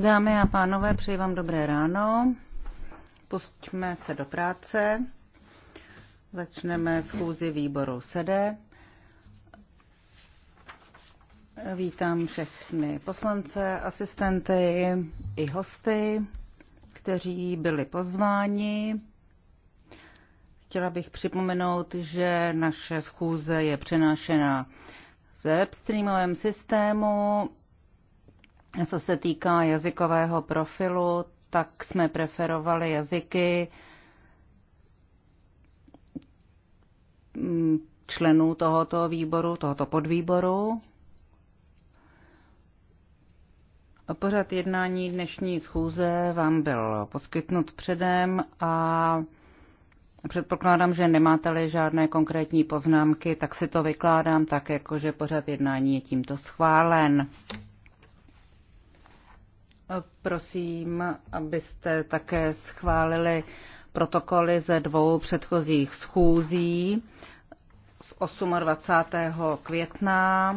Dámy a pánové, přeji vám dobré ráno. Pustíme se do práce. Začneme schůzi výboru SEDE. E. Vítám všechny poslance, asistenty i hosty, kteří byli pozváni. Chtěla bych připomenout, že naše schůze je přenášena v webstreamovém systému co se týká jazykového profilu, tak jsme preferovali jazyky členů tohoto výboru, tohoto podvýboru. Pořad jednání dnešní schůze vám byl poskytnut předem a předpokládám, že nemáte-li žádné konkrétní poznámky, tak si to vykládám tak, jako že pořad jednání je tímto schválen. Prosím, abyste také schválili protokoly ze dvou předchozích schůzí z 28. května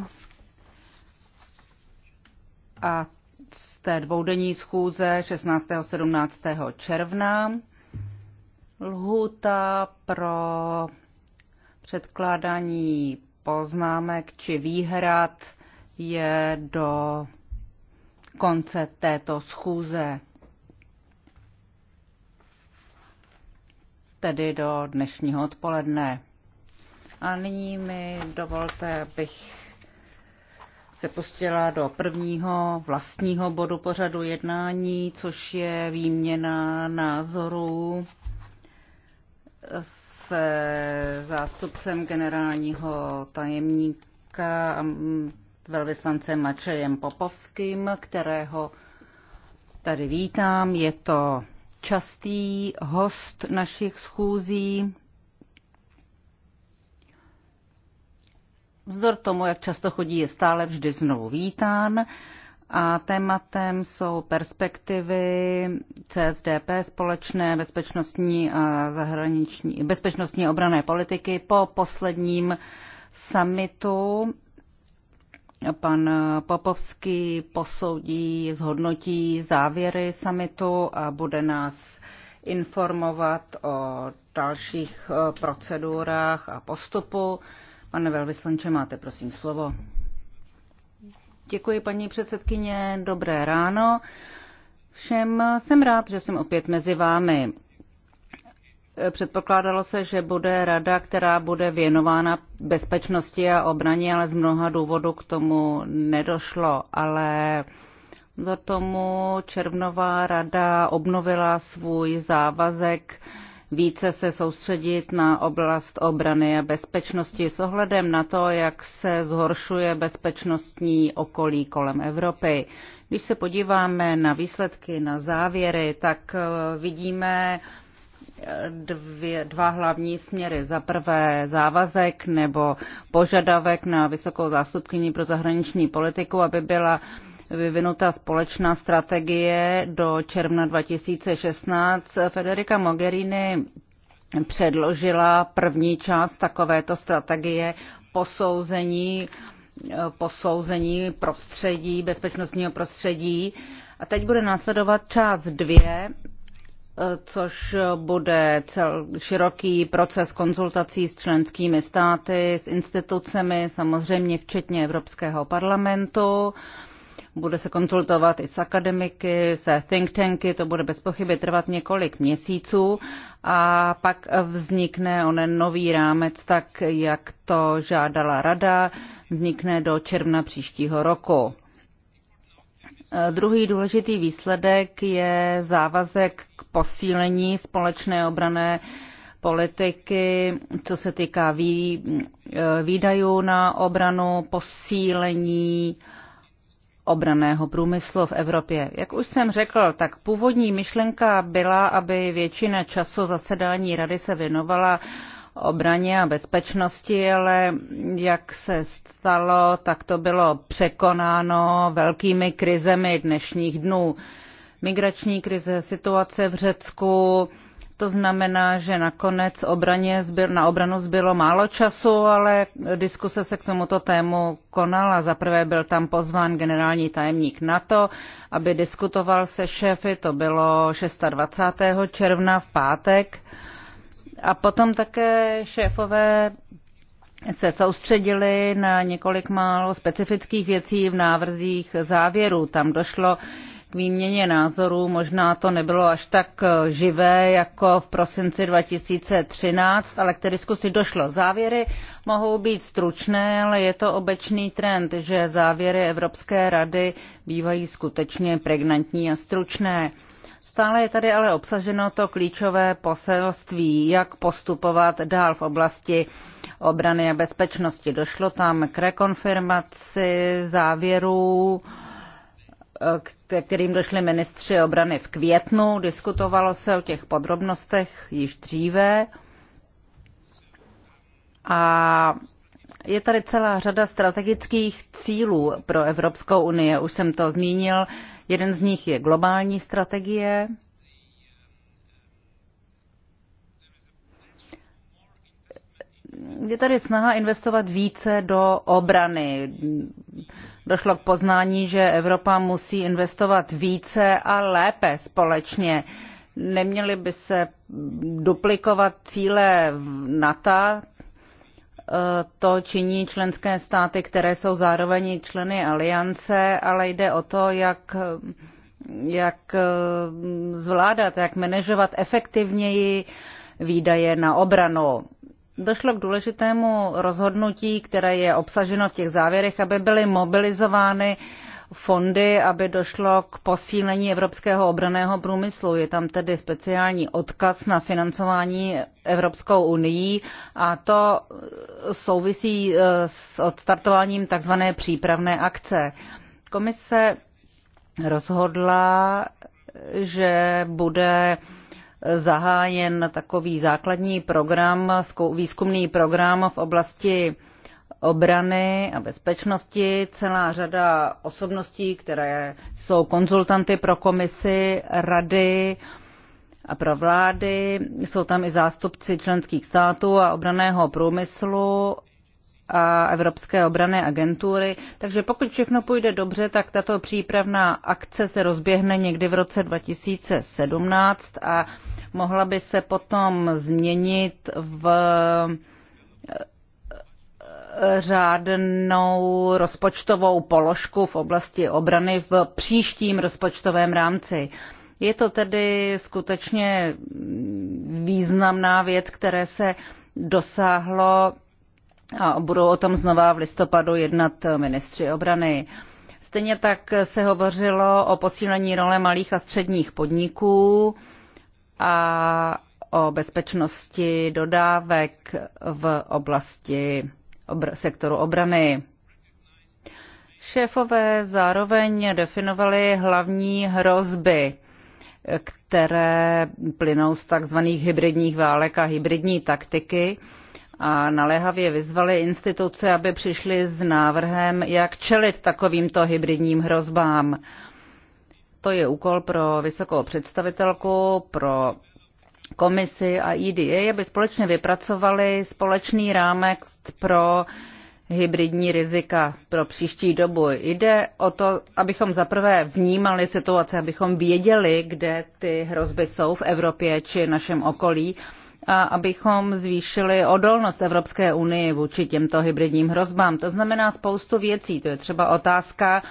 a z té dvoudenní schůze 16. a 17. června. Lhůta pro předkládání poznámek či výhrad je do konce této schůze. Tedy do dnešního odpoledne. A nyní mi dovolte, abych se pustila do prvního vlastního bodu pořadu jednání, což je výměna názorů se zástupcem generálního tajemníka velvyslancem Mačejem Popovským, kterého tady vítám. Je to častý host našich schůzí. Vzdor tomu, jak často chodí, je stále vždy znovu vítán. A tématem jsou perspektivy CSDP, společné bezpečnostní a zahraniční, bezpečnostní obrané politiky po posledním summitu Pan Popovský posoudí, zhodnotí závěry samitu a bude nás informovat o dalších eh, procedurách a postupu. Pane velvyslanče, máte prosím slovo. Děkuji, paní předsedkyně. Dobré ráno. Všem jsem rád, že jsem opět mezi vámi. Předpokládalo se, že bude rada, která bude věnována bezpečnosti a obraně, ale z mnoha důvodů k tomu nedošlo. Ale za tomu červnová rada obnovila svůj závazek více se soustředit na oblast obrany a bezpečnosti s ohledem na to, jak se zhoršuje bezpečnostní okolí kolem Evropy. Když se podíváme na výsledky, na závěry, tak eh, vidíme dvě, dva hlavní směry. Za prvé závazek nebo požadavek na vysokou zástupkyni pro zahraniční politiku, aby byla vyvinuta společná strategie do června 2016. Federica Mogherini předložila první část takovéto strategie posouzení, posouzení prostředí, bezpečnostního prostředí. A teď bude následovat část dvě, což bude cel široký proces konzultací s členskými státy, s institucemi, samozřejmě včetně Evropského parlamentu. Bude se konzultovat i s akademiky, se think tanky, to bude bez pochyby trvat několik měsíců a pak vznikne onen nový rámec, tak jak to žádala rada, vznikne do června příštího roku. Druhý důležitý výsledek je závazek posílení společné obrané politiky, co se týká vý, eh, výdajů na obranu, posílení obraného průmyslu v Evropě. Jak už jsem řekl, tak původní myšlenka byla, aby většina času zasedání rady se věnovala obraně a bezpečnosti, ale jak se stalo, tak to bylo překonáno velkými krizemi dnešních dnů migrační krize, situace v Řecku. To znamená, že nakonec obraně, na obranu zbylo málo času, ale diskuse se k tomuto tému konala. Zaprvé byl tam pozván generální tajemník NATO, aby diskutoval se šéfy, to bylo 26. června v pátek. A potom také šéfové se soustředili na několik málo specifických věcí v návrzích závěrů. Tam došlo k výměně názorů. Možná to nebylo až tak eh, živé jako v prosinci 2013, ale k té diskusi došlo. Závěry mohou být stručné, ale je to obecný trend, že závěry Evropské rady bývají skutečně pregnantní a stručné. Stále je tady ale obsaženo to klíčové poselství, jak postupovat dál v oblasti obrany a bezpečnosti. Došlo tam k rekonfirmaci závěrů, k eh, ke kterým došli ministři obrany v květnu. Diskutovalo se o těch podrobnostech již dříve. A je tady celá řada strategických cílů pro Evropskou unii. Už jsem to zmínil. Jeden z nich je globální strategie. Je tady snaha investovat více do obrany došlo k poznání, že Evropa musí investovat více a lépe společně. Neměly by se duplikovat cíle NATO, eh, to činí členské státy, které jsou zároveň členy aliance, ale jde o to, jak, jak eh, zvládat, jak manažovat efektivněji výdaje na obranu došlo k důležitému rozhodnutí, které je obsaženo v těch závěrech, aby byly mobilizovány fondy, aby došlo k posílení evropského obraného průmyslu. Je tam tedy speciální odkaz na financování Evropskou unii a to souvisí eh, s odstartováním tzv. přípravné akce. Komise rozhodla, že bude zahájen takový základní program, výzkumný program v oblasti obrany a bezpečnosti. Celá řada osobností, které jsou konzultanty pro komisi, rady a pro vlády. Jsou tam i zástupci členských států a obraného průmyslu a Evropské obrané agentury. Takže pokud všechno půjde dobře, tak tato přípravná akce se rozběhne někdy v roce 2017 a mohla by se potom změnit v eh, řádnou rozpočtovou položku v oblasti obrany v příštím rozpočtovém rámci. Je to tedy skutečně významná věc, které se dosáhlo a budou o tom znova v listopadu jednat ministři obrany. Stejně tak se hovořilo o posílení role malých a středních podniků a o bezpečnosti dodávek v oblasti obr- sektoru obrany. Šéfové zároveň definovali hlavní hrozby, které plynou z takzvaných hybridních válek a hybridní taktiky a naléhavě vyzvali instituce, aby přišly s návrhem, jak čelit takovýmto hybridním hrozbám. To je úkol pro vysokou představitelku, pro komisi a EDA, aby společně vypracovali společný rámec pro hybridní rizika pro příští dobu. Jde o to, abychom zaprvé vnímali situaci, abychom věděli, kde ty hrozby jsou v Evropě či našem okolí a abychom zvýšili odolnost Evropské unie vůči těmto hybridním hrozbám. To znamená spoustu věcí. To je třeba otázka,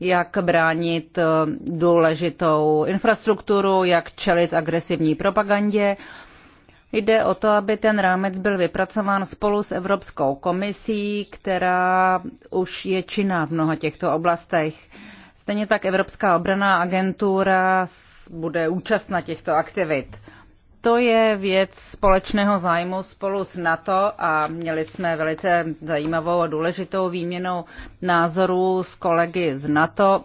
jak bránit eh, důležitou infrastrukturu, jak čelit agresivní propagandě. Jde o to, aby ten rámec byl vypracován spolu s Evropskou komisí, která už je činná v mnoha těchto oblastech. Stejně tak Evropská obraná agentura bude účastna těchto aktivit. To je věc společného zájmu spolu s NATO a měli jsme velice zajímavou a důležitou výměnou názorů s kolegy z NATO.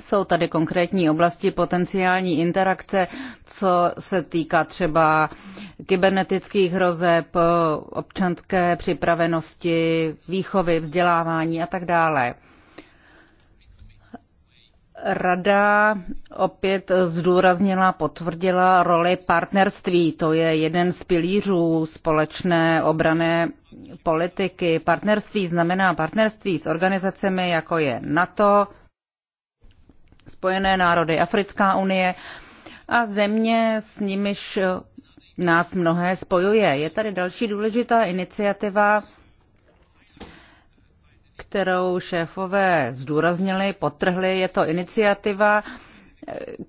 Jsou tady konkrétní oblasti potenciální interakce, co se týká třeba kybernetických hrozeb, občanské připravenosti, výchovy, vzdělávání a tak dále. Rada opět zdůraznila, potvrdila roli partnerství. To je jeden z pilířů společné obrané politiky. Partnerství znamená partnerství s organizacemi, jako je NATO, Spojené národy, Africká unie a země, s nimiž nás mnohé spojuje. Je tady další důležitá iniciativa kterou šéfové zdůraznili, potrhli. Je to iniciativa,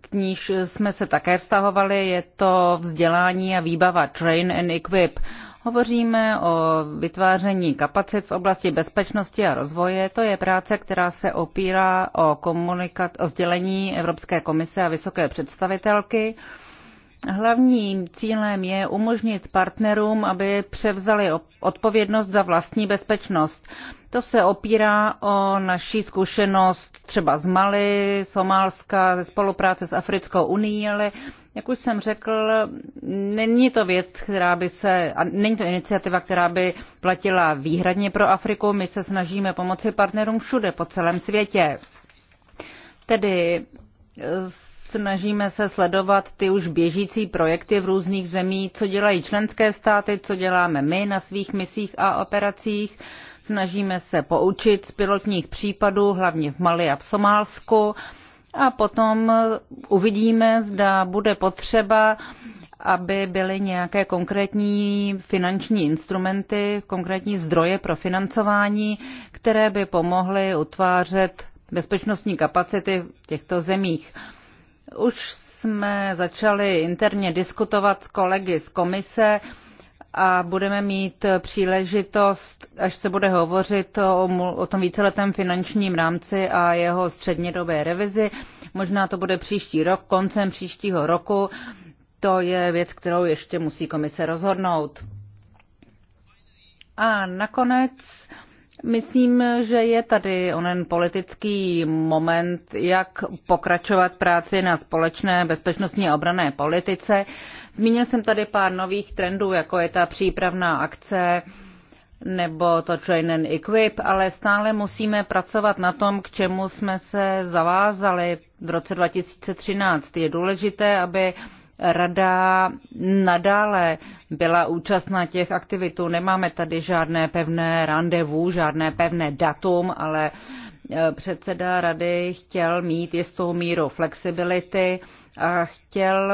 k níž jsme se také vztahovali, je to vzdělání a výbava Train and Equip. Hovoříme o vytváření kapacit v oblasti bezpečnosti a rozvoje. To je práce, která se opírá o, komunikat, o sdělení Evropské komise a vysoké představitelky. Hlavním cílem je umožnit partnerům, aby převzali odpovědnost za vlastní bezpečnost. To se opírá o naší zkušenost třeba z Mali, Somálska, ze spolupráce s Africkou unii, ale jak už jsem řekl, není to věc, která by se, a není to iniciativa, která by platila výhradně pro Afriku. My se snažíme pomoci partnerům všude po celém světě. Tedy snažíme se sledovat ty už běžící projekty v různých zemích, co dělají členské státy, co děláme my na svých misích a operacích. Snažíme se poučit z pilotních případů, hlavně v Mali a v Somálsku. A potom uvidíme, zda bude potřeba, aby byly nějaké konkrétní finanční instrumenty, konkrétní zdroje pro financování, které by pomohly utvářet bezpečnostní kapacity v těchto zemích. Už jsme začali interně diskutovat s kolegy z komise a budeme mít příležitost, až se bude hovořit o, o tom víceletém finančním rámci a jeho střednědobé revizi. Možná to bude příští rok, koncem příštího roku. To je věc, kterou ještě musí komise rozhodnout. A nakonec Myslím, že je tady onen politický moment, jak pokračovat práci na společné bezpečnostní a obrané politice. Zmínil jsem tady pár nových trendů, jako je ta přípravná akce nebo to train and equip, ale stále musíme pracovat na tom, k čemu jsme se zavázali v roce 2013. Je důležité, aby rada nadále byla účastna těch aktivitů. Nemáme tady žádné pevné randevu, žádné pevné datum, ale e, předseda rady chtěl mít jistou míru flexibility a chtěl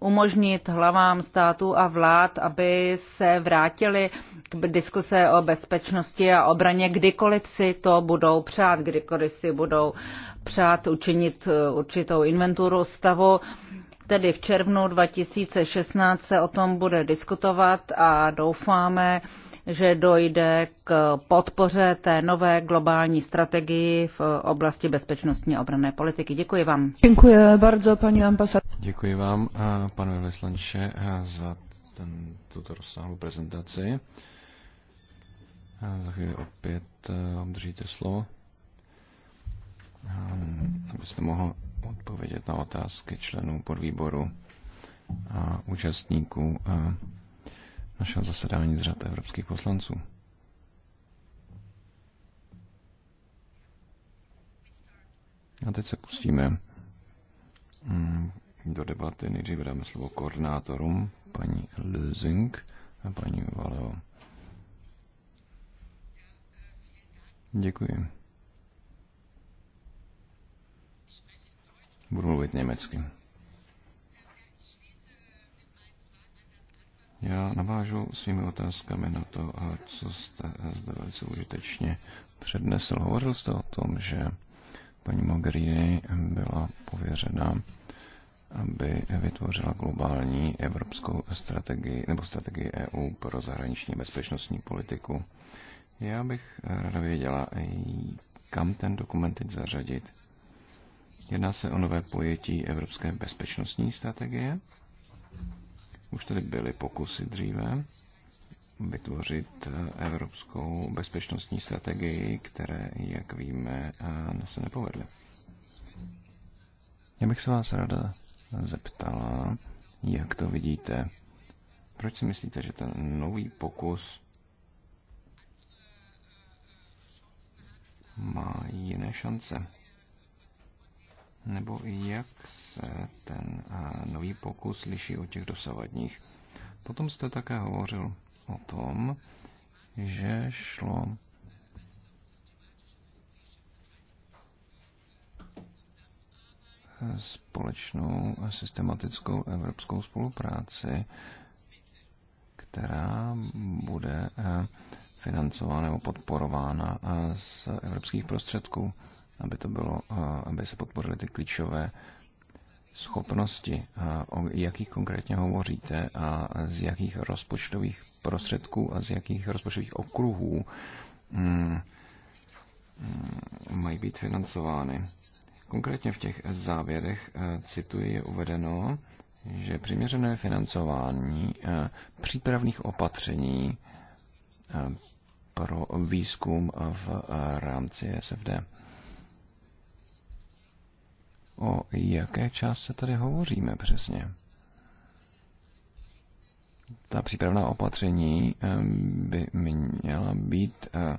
umožnit hlavám států a vlád, aby se vrátili k diskuse o bezpečnosti a obraně, kdykoliv si to budou přát, kdykoliv si budou přát učinit e, určitou inventuru stavu. Tedy v červnu 2016 se o tom bude diskutovat a doufáme, že dojde k podpoře té nové globální strategii v oblasti bezpečnostní obranné obrané politiky. Děkuji vám. Děkuji bardzo, paní ambasad. Děkuji vám, eh, pane Veslanče, eh, za ten, tuto rozsáhlou prezentaci. A eh, za chvíli opět obdržíte slovo, abyste mohl odpovědět na otázky členů podvýboru a účastníků našeho zasedání z řad evropských poslanců. A teď se pustíme mm, do debaty. Nejdříve dáme slovo koordinátorům, paní Lösing a paní Valeo. Děkuji. Budu mluvit německy. Já navážu svými otázkami na to, a co jste zde velice užitečně přednesl. Hovořil jste o tom, že paní Mogherini byla pověřena, aby vytvořila globální evropskou strategii nebo strategii EU pro zahraniční bezpečnostní politiku. Já bych ráda věděla, kam ten dokument teď zařadit Jedná se o nové pojetí Evropské bezpečnostní strategie. Už tady byly pokusy dříve vytvořit eh, evropskou bezpečnostní strategii, které, jak víme, eh, se nepovedly. Já bych se vás rada zeptala, jak to vidíte. Proč si myslíte, že ten nový pokus má jiné šance? nebo jak se ten nový pokus liší od těch dosavadních. Potom jste také hovořil o tom, že šlo společnou a systematickou evropskou spolupráci, která bude financována nebo podporována z evropských prostředků aby, to bylo, eh, aby se podpořily ty klíčové schopnosti, eh, o jakých konkrétně hovoříte a z jakých rozpočtových prostředků a z jakých rozpočtových okruhů mm, mm, mají být financovány. Konkrétně v těch závěrech, eh, cituji, je uvedeno, že přiměřené financování přípravných opatření pro výzkum v rámci SFD. O jaké částce tady hovoříme přesně? Ta přípravná opatření by měla být eh,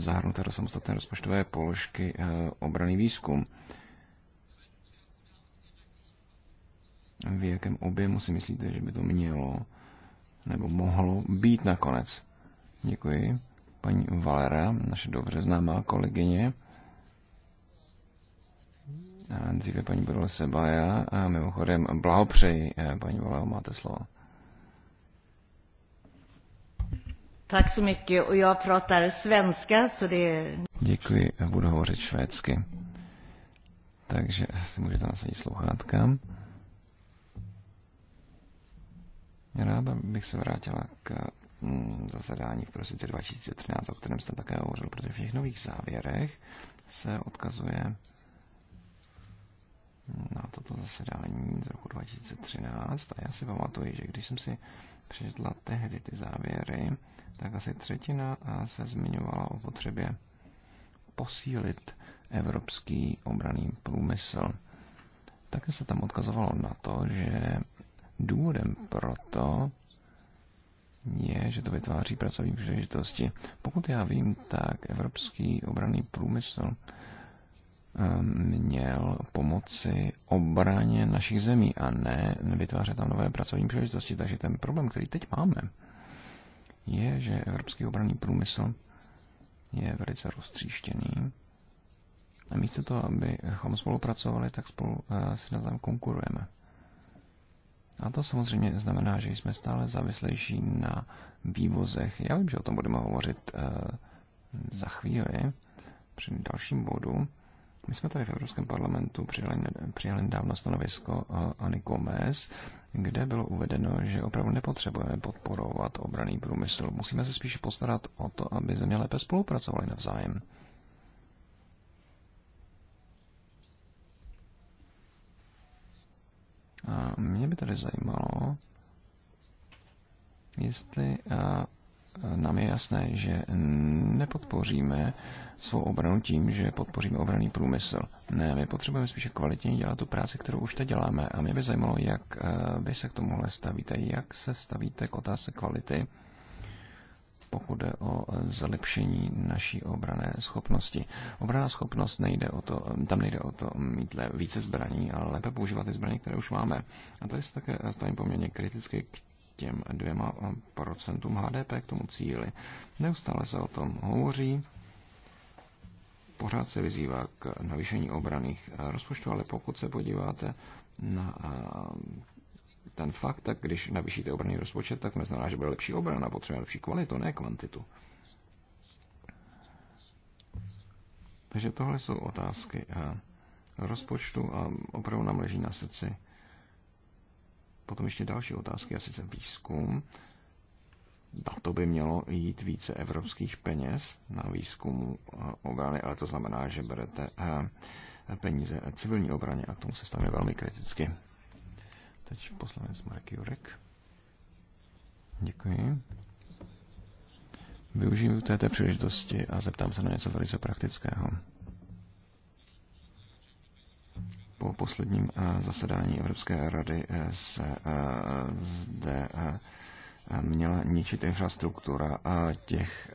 zahrnuta do samostatné rozpočtové položky eh, obraný výzkum. V jakém objemu si myslíte, že by to mělo nebo mohlo být nakonec? Děkuji. Paní Valera, naše dobře známá kolegyně a Dříve paní Borol Sebaja a mimochodem blahopřeji, eh, paní Borol, máte slovo. Tak så mycket och jag pratar svenska så det... Děkuji, budu hovořit švédsky. Takže si můžete nasadit sluchátka. Ráda bych se vrátila k mm, zasedání v prosinci 2013, o kterém jste také hovořil, protože v těch nových závěrech se odkazuje na toto zasedání z roku 2013 a já si pamatuju, že když jsem si přečetla tehdy ty závěry, tak asi třetina se zmiňovala o potřebě posílit evropský obraný průmysl. Také se tam odkazovalo na to, že důvodem pro to je, že to vytváří pracovní příležitosti. Pokud já vím, tak evropský obraný průmysl měl pomoci obraně našich zemí a ne vytvářet tam nové pracovní příležitosti. Takže ten problém, který teď máme, je, že evropský obranný průmysl je velice roztříštěný. A místo toho, abychom spolupracovali, tak spolu eh, si navzájem konkurujeme. A to samozřejmě znamená, že jsme stále závislejší na vývozech. Já vím, že o tom budeme hovořit eh, za chvíli při dalším bodu, my jsme tady v Evropském parlamentu přijali, přijali dávno stanovisko eh, Ani Gomez, kde bylo uvedeno, že opravdu nepotřebujeme podporovat obraný průmysl. Musíme se spíše postarat o to, aby země lépe spolupracovaly navzájem. A mě by tady zajímalo, jestli eh, nám je jasné, že nepodpoříme svou obranu tím, že podpoříme obraný průmysl. Ne, my potřebujeme spíše kvalitně dělat tu práci, kterou už teď děláme. A mě by zajímalo, jak eh, vy se k tomuhle stavíte, jak se stavíte k otázce kvality, pokud jde o eh, zlepšení naší obrané schopnosti. Obraná schopnost nejde o to, eh, tam nejde o to mít více zbraní, ale lépe používat ty zbraně, které už máme. A tady se také stavím poměrně kriticky k těm dvěma eh, procentům HDP k tomu cíli. Neustále se o tom hovoří, pořád se vyzývá k navýšení obraných eh, rozpočtů, ale pokud se podíváte na eh, ten fakt, tak když navýšíte obraný rozpočet, tak neznamená, že bude lepší obrana, potřebuje lepší kvalitu, ne kvantitu. Takže tohle jsou otázky rozpočtu a opravdu nám leží na srdci potom ještě další otázky, a sice výzkum. Na to by mělo jít více evropských peněz na výzkumu eh, obrany, ale to znamená, že berete eh, peníze civilní obraně a k tomu se stane velmi kriticky. Teď poslanec Marek Jurek. Děkuji. Využiju této příležitosti a zeptám se na něco velice praktického. Po posledním eh, zasedání Evropské rady eh, se eh, zde měla ničit infrastruktura těch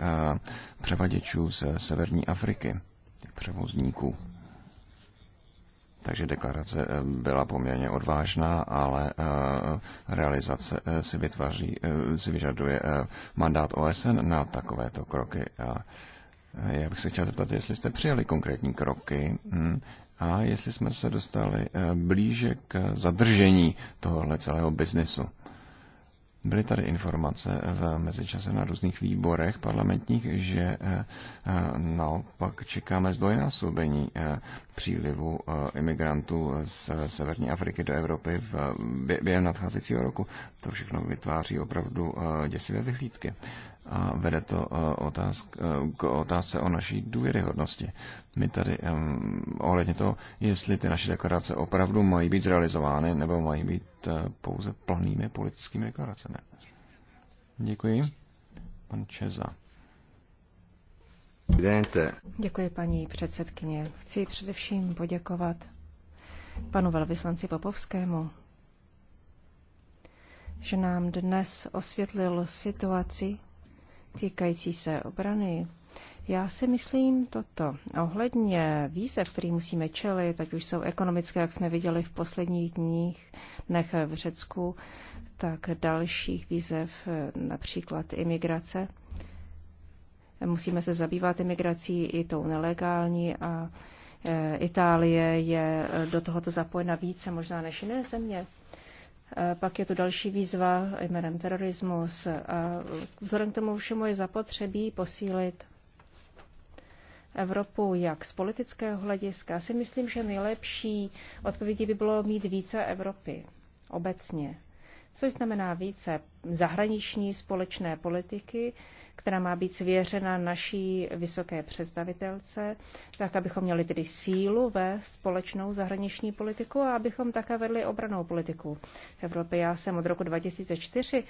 převaděčů ze severní Afriky, těch převozníků. Takže deklarace byla poměrně odvážná, ale realizace si, vytváří, si vyžaduje mandát OSN na takovéto kroky. A Eh, já bych se chtěl zeptat, jestli jste přijali konkrétní kroky hm, a jestli jsme se dostali eh, blíže k zadržení tohohle celého biznesu. Byly tady informace v mezičase na různých výborech parlamentních, že eh, naopak čekáme zdvojnásobení přílivu imigrantů z severní Afriky do Evropy v, během nadcházejícího roku. To všechno vytváří opravdu děsivé vyhlídky a vede to eh, otázk, eh, k otázce o naší důvěryhodnosti. My tady um, ohledně toho, jestli ty naše deklarace opravdu mají být zrealizovány nebo mají být eh, pouze planými politickými deklaracemi. Děkuji. Pan Čeza. Děkuji, paní předsedkyně. Chci především poděkovat panu velvyslanci Popovskému, že nám dnes osvětlil situaci týkající se obrany. Já si myslím toto. Ohledně výzev, který musíme čelit, ať už jsou ekonomické, jak jsme viděli v posledních dních, nech v Řecku, tak dalších výzev, například imigrace. Musíme se zabývat imigrací i tou nelegální a e, Itálie je do tohoto zapojena více možná než jiné země. Eh, pak je tu další výzva jménem terorismus. A eh, vzhledem k tomu všemu je zapotřebí posílit Evropu jak z politického hlediska. Si myslím, že nejlepší odpovědí by bylo mít více Evropy obecně, což znamená více zahraniční společné politiky, která má být svěřena naší vysoké představitelce, tak abychom měli tedy sílu ve společnou zahraniční politiku a abychom také vedli obranou politiku v Evropě. Já jsem od roku 2004 um,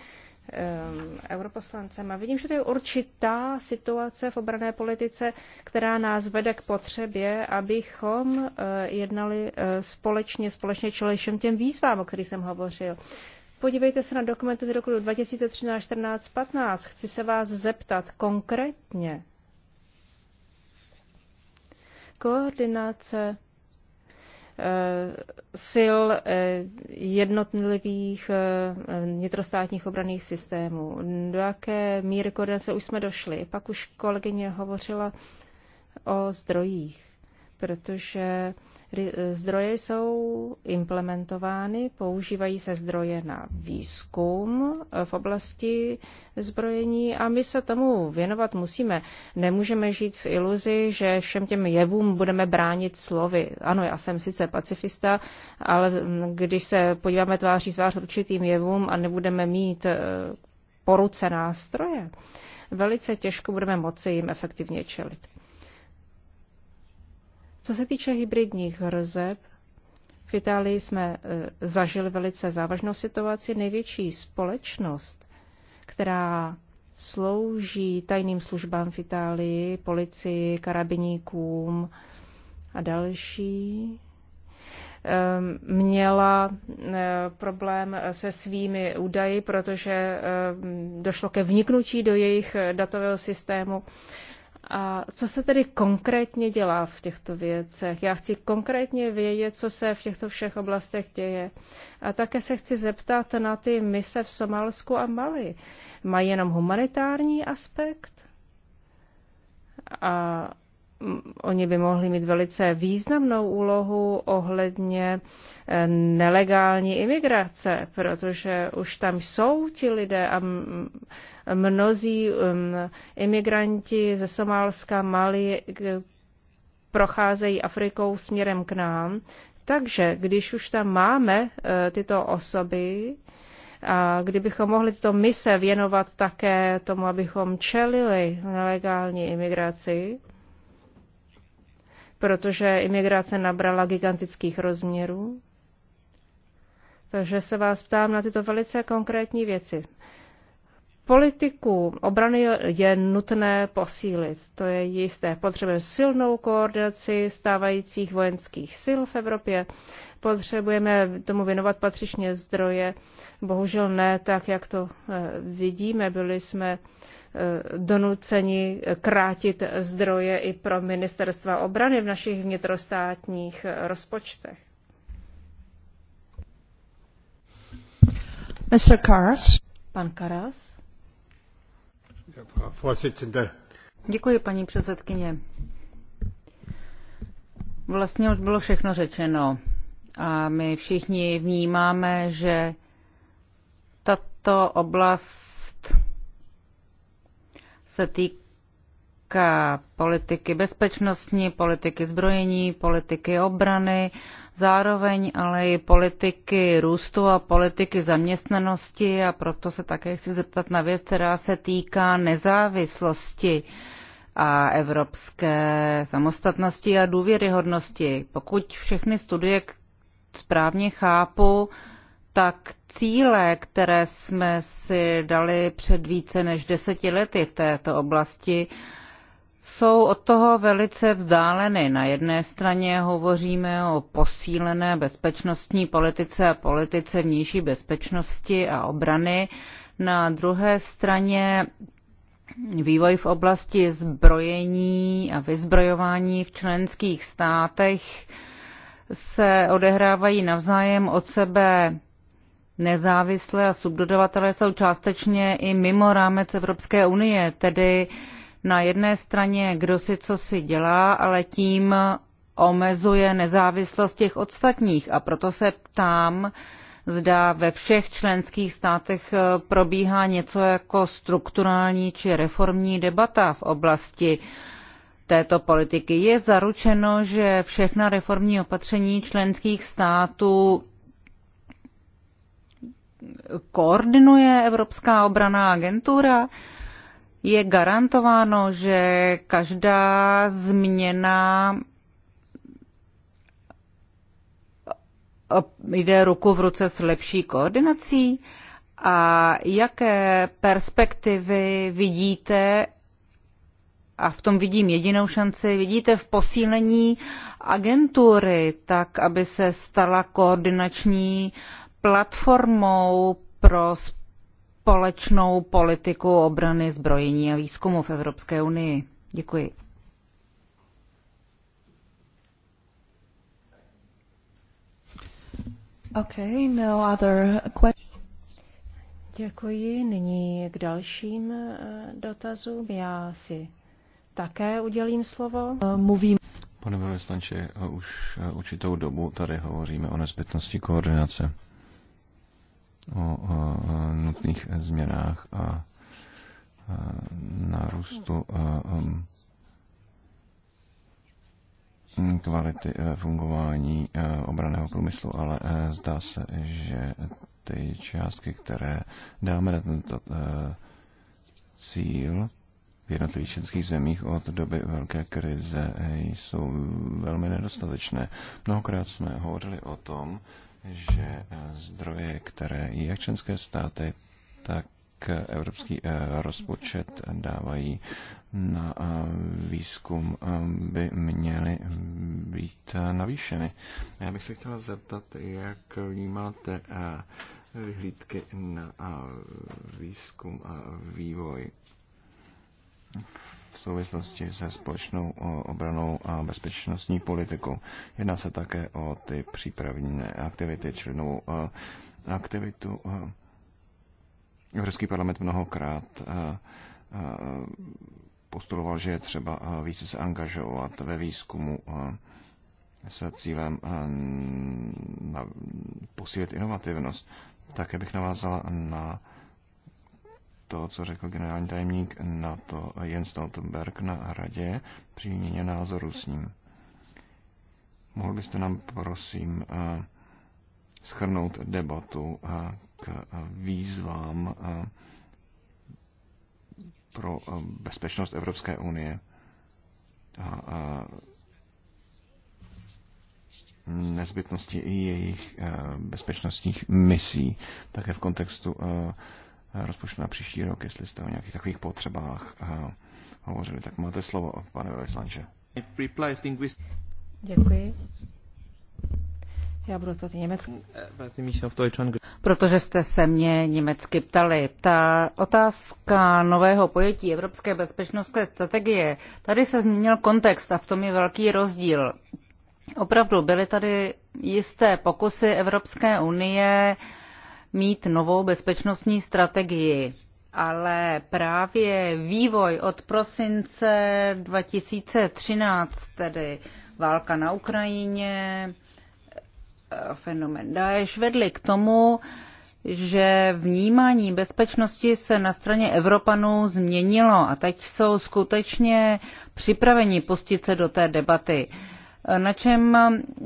ehm, europoslancem a vidím, že to je určitá situace v obrané politice, která nás vede k potřebě, abychom uh, jednali uh, společně, společně čelili těm výzvám, o kterých jsem hovořil. Podívejte se na dokumenty z roku 2013, 14, 15. Chci se vás zeptat konkrétně. Koordinace eh, sil eh, jednotlivých eh, vnitrostátních obraných systémů. Do jaké míry koordinace už jsme došli? Pak už kolegyně hovořila o zdrojích, protože Eh, zdroje jsou implementovány, používají se zdroje na výzkum eh, v oblasti zbrojení a my se tomu věnovat musíme. Nemůžeme žít v iluzi, že všem těm jevům budeme bránit slovy. Ano, já jsem sice pacifista, ale mm, když se podíváme tváří tvář určitým jevům a nebudeme mít eh, po ruce nástroje, velice těžko budeme moci jim efektivně čelit. Co se týče hybridních hrzeb, v Itálii jsme e, zažili velice závažnou situaci. Největší společnost, která slouží tajným službám v Itálii, policii, karabiníkům a další, e, měla e, problém se svými údaji, protože došlo ke vniknutí do jejich datového systému a co se tedy konkrétně dělá v těchto věcech? Já chci konkrétně vědět, co se v těchto všech oblastech děje. A také se chci zeptat na ty mise v Somálsku a Mali. Mají jenom humanitární aspekt? A oni by mohli mít velice významnou úlohu ohledně eh, nelegální imigrace, protože už tam jsou ti lidé a mnozí imigranti ze Somálska, Mali procházejí Afrikou směrem k nám. Takže když už tam máme eh, tyto osoby, a kdybychom mohli to mise věnovat také tomu, abychom čelili nelegální imigraci, protože imigrace nabrala gigantických rozměrů. Takže se vás ptám na tyto velice konkrétní věci. Politiku obrany je nutné posílit. To je jisté. Potřebujeme silnou koordinaci stávajících vojenských sil v Evropě. Potřebujeme tomu věnovat patřičně zdroje. Bohužel ne tak, jak to eh, vidíme. Byli jsme eh, donuceni krátit zdroje i pro ministerstva obrany v našich vnitrostátních eh, rozpočtech. Mr. Karas. Pan Karas paní předsedající Vlastně už bylo všechno řečeno a my všichni vnímáme, že tato oblast se týká týká politiky bezpečnostní, politiky zbrojení, politiky obrany, zároveň ale i politiky růstu a politiky zaměstnanosti a proto se také chci zeptat na věc, která se týká nezávislosti a evropské samostatnosti a důvěryhodnosti. Pokud všechny studie správně chápu, tak cíle, které jsme si dali před více než deseti lety v této oblasti, jsou od toho velice vzdáleny. Na jedné straně hovoříme o posílené bezpečnostní politice a politice vnější bezpečnosti a obrany. Na druhé straně vývoj v oblasti zbrojení a vyzbrojování v členských státech se odehrávají navzájem od sebe nezávisle a subdodavatelé jsou částečně i mimo rámec Evropské unie, tedy uh, na jedné straně kdo si co si dělá, ale tím omezuje nezávislost těch ostatních. A proto se ptám, zda ve všech členských státech eh, probíhá něco jako strukturální či reformní debata v oblasti této politiky. Je zaručeno, že všechna reformní opatření členských států koordinuje Evropská obraná agentura? je garantováno, že každá změna eh, jde ruku v ruce s lepší koordinací? A jaké perspektivy vidíte, a v tom vidím jedinou šanci, vidíte v posílení agentury, tak aby se stala koordinační platformou pro společnost? společnou politiku obrany, zbrojení a výzkumu v Evropské unii. Děkuji. Okay, no other Děkuji. Nyní k dalším eh, dotazům. Já si také udělím slovo. Eh, mluvím. Pane velvyslanče, už eh, určitou dobu tady hovoříme o nezbytnosti koordinace o nutných změnách a nárůstu um, kvality e, fungování e, obraného průmyslu, ale e, zdá se, že ty částky, které dáme na tento cíl v jednotlivých členských zemích od doby velké krize, jsou velmi nedostatečné. Mnohokrát jsme hovořili o tom, že eh, zdroje, které jak členské státy, tak eh, evropský eh, rozpočet dávají na výzkum, by měly být navýšeny. Já bych se chtěla zeptat, jak vnímáte vyhlídky na výzkum a vývoj v souvislosti se společnou obranou a bezpečnostní politikou. Jedná se také o ty přípravní aktivity, čili novou aktivitu. Evropský parlament mnohokrát postuloval, že je třeba více se angažovat ve výzkumu s cílem posílit inovativnost. Také bych navázala na to, co řekl generální tajemník na to Jens Stoltenberg na radě při měně názoru s ním. Mohl byste nám prosím eh, schrnout debatu eh, k výzvám eh, pro bezpečnost Evropské unie a nezbytnosti i jejich bezpečnostních misí, také v kontextu rozpočtu na příští rok, jestli jste o nějakých takových potřebách eh, hovořili. Tak máte slovo, pane Veslanče. Děkuji. Já budu odpovědět německy. Protože jste se mě německy ptali. Ta otázka nového pojetí Evropské bezpečnostní strategie, tady se změnil kontext a v tom je velký rozdíl. Opravdu byly tady jisté pokusy Evropské unie uh, mít novou bezpečnostní strategii. Ale právě vývoj od prosince 2013, tedy válka na Ukrajině, eh, fenomen Daesh, vedli k tomu, že vnímání bezpečnosti se na straně Evropanů změnilo a teď jsou skutečně připraveni pustit se do té debaty na čem,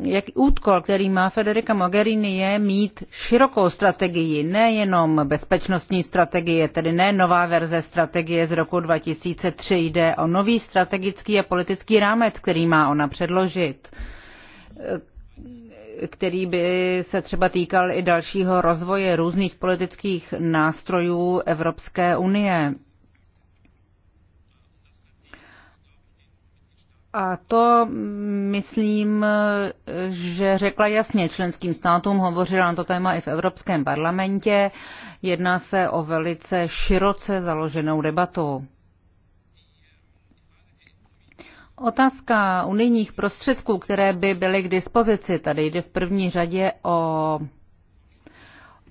jaký úkol, který má Federica Mogherini, je mít širokou strategii, nejenom bezpečnostní strategie, tedy ne nová verze strategie z roku 2003, jde o nový strategický a politický rámec, který má ona předložit který by se třeba týkal i dalšího rozvoje různých politických nástrojů Evropské unie. A to mm, myslím, že řekla jasně členským státům, hovořila na to téma i v Evropském parlamentě. Jedná se o velice široce založenou debatu. Otázka unijních prostředků, které by byly k dispozici, tady jde v první řadě o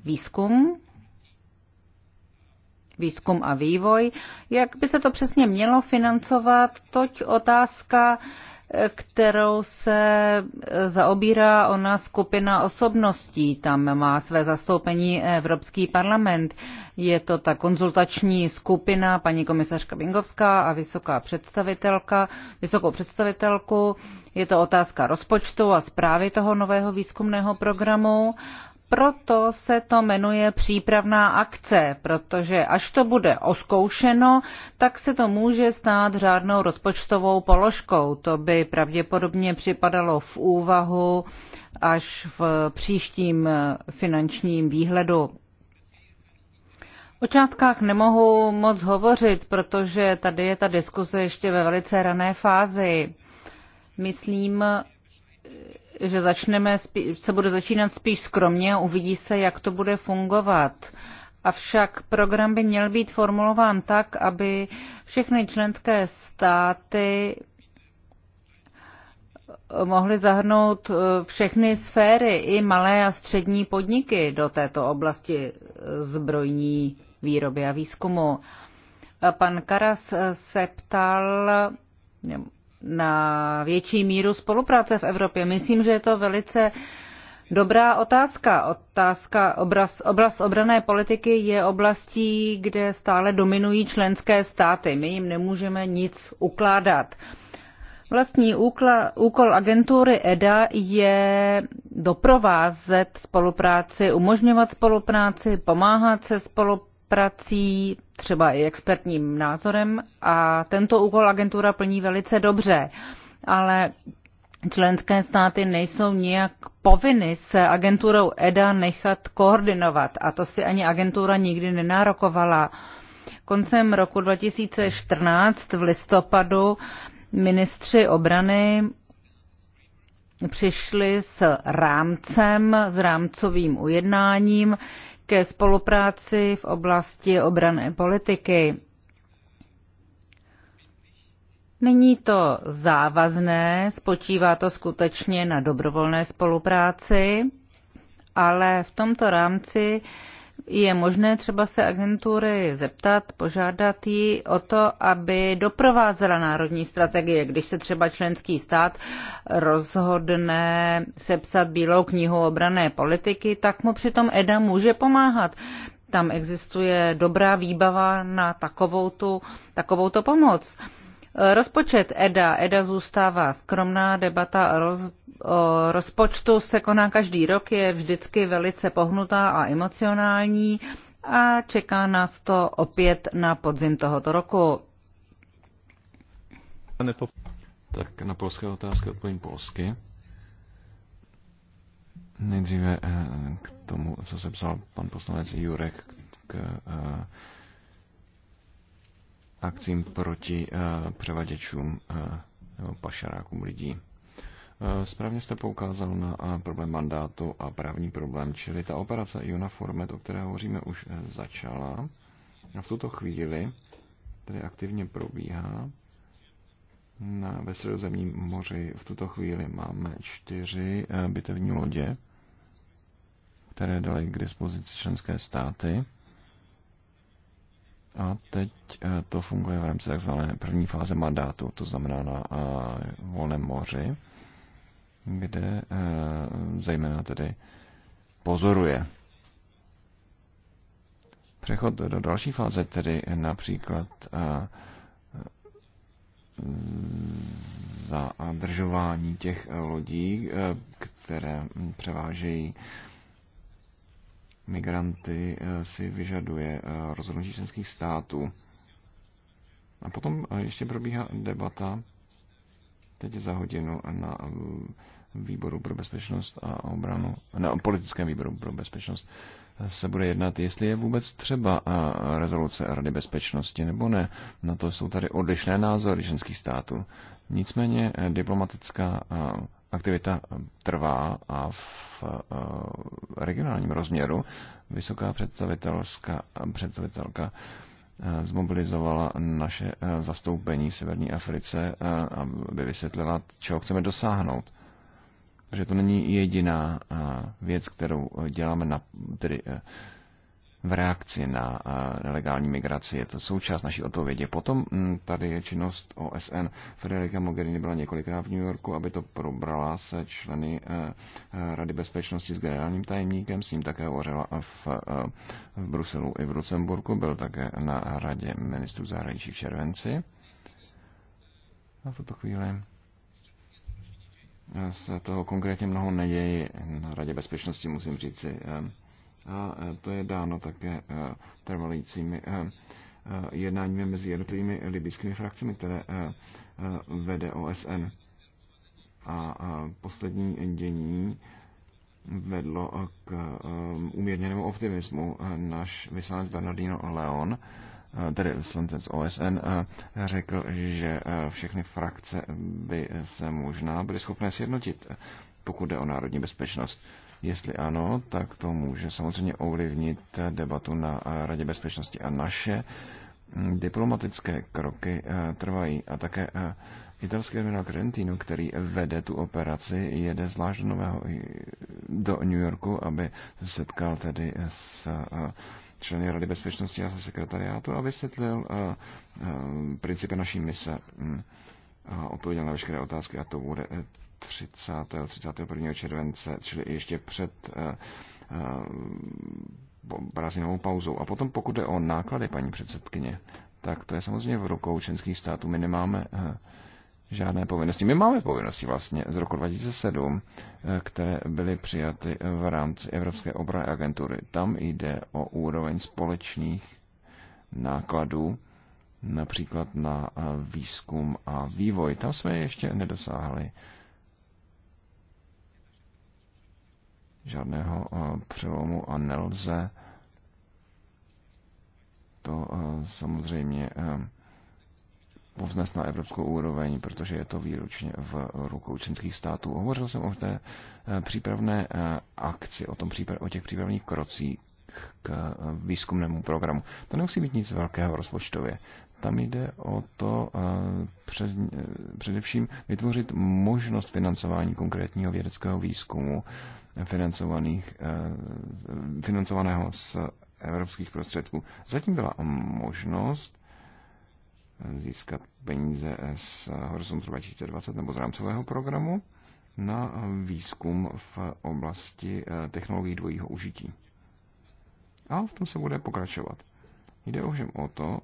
výzkum, výzkum a vývoj. Jak by se to přesně mělo financovat, toť otázka, kterou se zaobírá ona skupina osobností. Tam má své zastoupení Evropský parlament. Je to ta konzultační skupina paní komisařka Bingovská a vysoká představitelka, vysokou představitelku. Je to otázka rozpočtu a zprávy toho nového výzkumného programu proto se to jmenuje přípravná akce, protože až to bude oskoušeno, tak se to může stát řádnou rozpočtovou položkou. To by pravděpodobně připadalo v úvahu až v příštím finančním výhledu. O částkách nemohu moc hovořit, protože tady je ta diskuse ještě ve velice rané fázi. Myslím, že začneme, se bude začínat spíš skromně a uvidí se, jak to bude fungovat. Avšak program by měl být formulován tak, aby všechny členské státy mohly zahrnout eh, všechny sféry, i malé a střední podniky do této oblasti zbrojní výroby a výzkumu. Pan Karas se ptal, na větší míru spolupráce v Evropě? Myslím, že je to velice dobrá otázka. Otázka obraz, oblast obrané politiky je oblastí, kde stále dominují členské státy. My jim nemůžeme nic ukládat. Vlastní úkla, úkol agentury EDA je doprovázet spolupráci, umožňovat spolupráci, pomáhat se spolupráci prací, třeba i expertním názorem a tento úkol agentura plní velice dobře, ale členské státy nejsou nijak povinny se agenturou EDA nechat koordinovat a to si ani agentura nikdy nenárokovala. Koncem roku 2014 v listopadu ministři obrany přišli s rámcem, s rámcovým ujednáním, ke spolupráci v oblasti obrané politiky. Není to závazné, spočívá to skutečně na dobrovolné spolupráci, ale v tomto rámci je možné třeba se agentury zeptat, požádat ji o to, aby doprovázela národní strategie, když se třeba členský stát rozhodne sepsat Bílou knihu obrané politiky, tak mu přitom EDA může pomáhat. Tam existuje dobrá výbava na takovou takovouto pomoc. Rozpočet EDA. EDA zůstává skromná, debata roz, o rozpočtu se koná každý rok, je vždycky velice pohnutá a emocionální a čeká nás to opět na podzim tohoto roku. Tak na polské otázky odpovím polsky. Nejdříve eh, k tomu, co se psal pan poslanec Jurek k eh, akcím proti eh, převaděčům eh, nebo pašarákům lidí. Eh, správně jste poukázal na problém mandátu a právní problém, čili ta operace Iona Formet, o které hovoříme, už začala. A v tuto chvíli tedy aktivně probíhá. Na, ve Středozemním moři v tuto chvíli máme čtyři bitevní lodě, které dali k dispozici členské státy. A teď eh, to funguje v rámci takzvané první fáze mandátu, to znamená na eh, volném moři, kde eh, zejména tedy pozoruje. Přechod do další fáze, tedy například zadržování těch lodí, které převážejí migranty eh, si vyžaduje eh, rozhodnutí členských států. A potom eh, ještě probíhá debata teď za hodinu na výboru pro bezpečnost a obranu, na politickém výboru pro bezpečnost se bude jednat, jestli je vůbec třeba rezoluce Rady bezpečnosti nebo ne. Na to jsou tady odlišné názory členských států. Nicméně diplomatická aktivita eh, trvá a v eh, regionálním rozměru vysoká představitelka, představitelka eh, zmobilizovala naše zastoupení v Severní Africe, aby vysvětlila, čeho chceme dosáhnout. Protože to není jediná věc, kterou děláme na, tedy v reakci na eh, nelegální migraci. Je to součást naší odpovědi. Potom hm, tady je činnost OSN. Federica Mogherini byla několikrát v New Yorku, aby to probrala se členy eh, eh, Rady bezpečnosti s generálním tajemníkem. S ním také hovořila v, v Bruselu i v Lucemburku. Byl také na Radě ministrů zahraničí v červenci. A v tuto chvíli se toho konkrétně mnoho neděje Na Radě bezpečnosti musím říci, a e, to je dáno také e, trvalícími e, jednáními mezi jednotlivými libyskými frakcemi, které vede OSN. A poslední dění vedlo k umírněnému optimismu. Náš vyslanec Bernardino Leon, tedy vyslanec OSN, řekl, že všechny frakce by se možná byly schopné sjednotit, pokud jde o národní bezpečnost. Jestli ano, tak to může samozřejmě ovlivnit debatu na eh, Radě bezpečnosti a naše mm, diplomatické kroky eh, trvají a také eh, italský admirál Crentino, který vede tu operaci, jede zvlášť do, nového, do New Yorku, aby se setkal tedy s členy Rady bezpečnosti a se sekretariátu a vysvětlil principy naší mise mm, a odpověděl na veškeré otázky a to bude 30. 31. července, čili ještě před eh, eh, prázdninovou pauzou. A potom pokud jde o náklady, paní předsedkyně, tak to je samozřejmě v rukou členských států. My nemáme eh, žádné povinnosti. My máme povinnosti vlastně z roku 2007, které byly přijaty v rámci Evropské obrany agentury. Tam jde o úroveň společných nákladů, například na výzkum a vývoj. Tam jsme ještě nedosáhli žádného eh, přelomu a nelze to eh, samozřejmě eh, povznes na evropskou úroveň, protože je to výročně v rukou členských států. Hovořil jsem o té přípravné akci, o, tom o těch přípravných krocích k výzkumnému programu. To nemusí být nic velkého rozpočtově tam jde o to eh, přes, eh, především vytvořit možnost financování konkrétního vědeckého výzkumu financovaných, eh, financovaného z evropských prostředků. Zatím byla možnost získat peníze z Horizontu 2020 nebo z rámcového programu na výzkum v oblasti technologií dvojího užití. A v tom se bude pokračovat. Jde ovšem o to,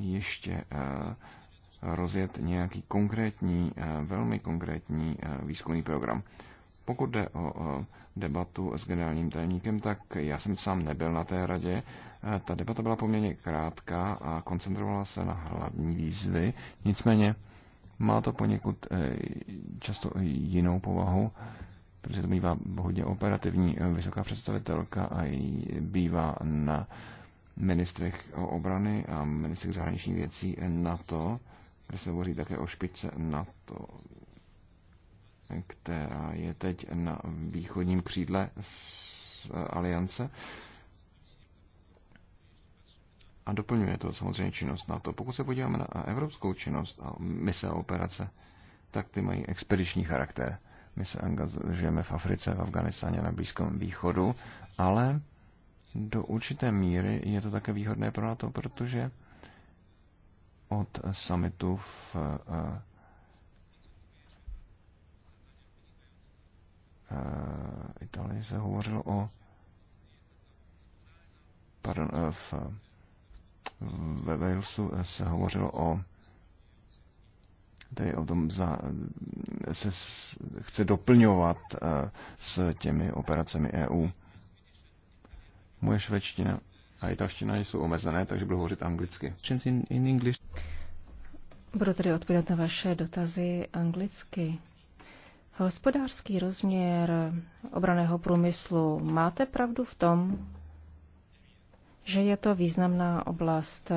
ještě eh, rozjet nějaký konkrétní, eh, velmi konkrétní eh, výzkumný program. Pokud jde o debatu s generálním tajemníkem, tak já jsem sám nebyl na té radě. Ta debata byla poměrně krátká a koncentrovala se na hlavní výzvy. Nicméně má to poněkud často jinou povahu, protože to bývá hodně operativní. Vysoká představitelka a bývá na ministrech obrany a ministrech zahraničních věcí NATO, kde se hovoří také o špičce NATO, která je teď na východním křídle z eh, aliance. A doplňuje to samozřejmě činnost NATO. Pokud se podíváme na evropskou činnost a mise a operace, tak ty mají expediční charakter. My se angažujeme v Africe, v Afganistáně, na Blízkém východu, ale do určité míry je to také výhodné pro NATO, protože od summitu v eh, eh, Itálii se hovořilo o pardon, eh, v, ve Walesu se hovořilo o tedy o tom za, se chce doplňovat s těmi operacemi EU. Moje švédština a italština jsou omezené, takže budu hovořit anglicky. Budu tedy odpovědět na vaše dotazy anglicky. Hospodářský rozměr obraného průmyslu. Máte pravdu v tom, že je to významná oblast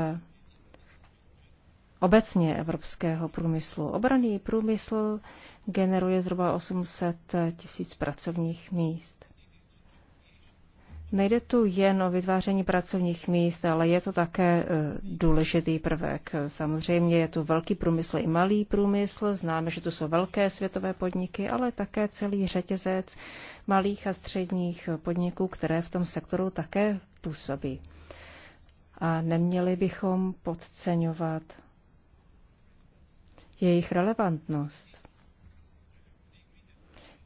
obecně evropského průmyslu. Obraný průmysl generuje zhruba 800 tisíc pracovních míst. Nejde tu jen o vytváření pracovních míst, ale je to také e, důležitý prvek. Samozřejmě je tu velký průmysl i malý průmysl, známe, že tu jsou velké světové podniky, ale také celý řetězec malých a středních podniků, které v tom sektoru také působí. A neměli bychom podceňovat jejich relevantnost.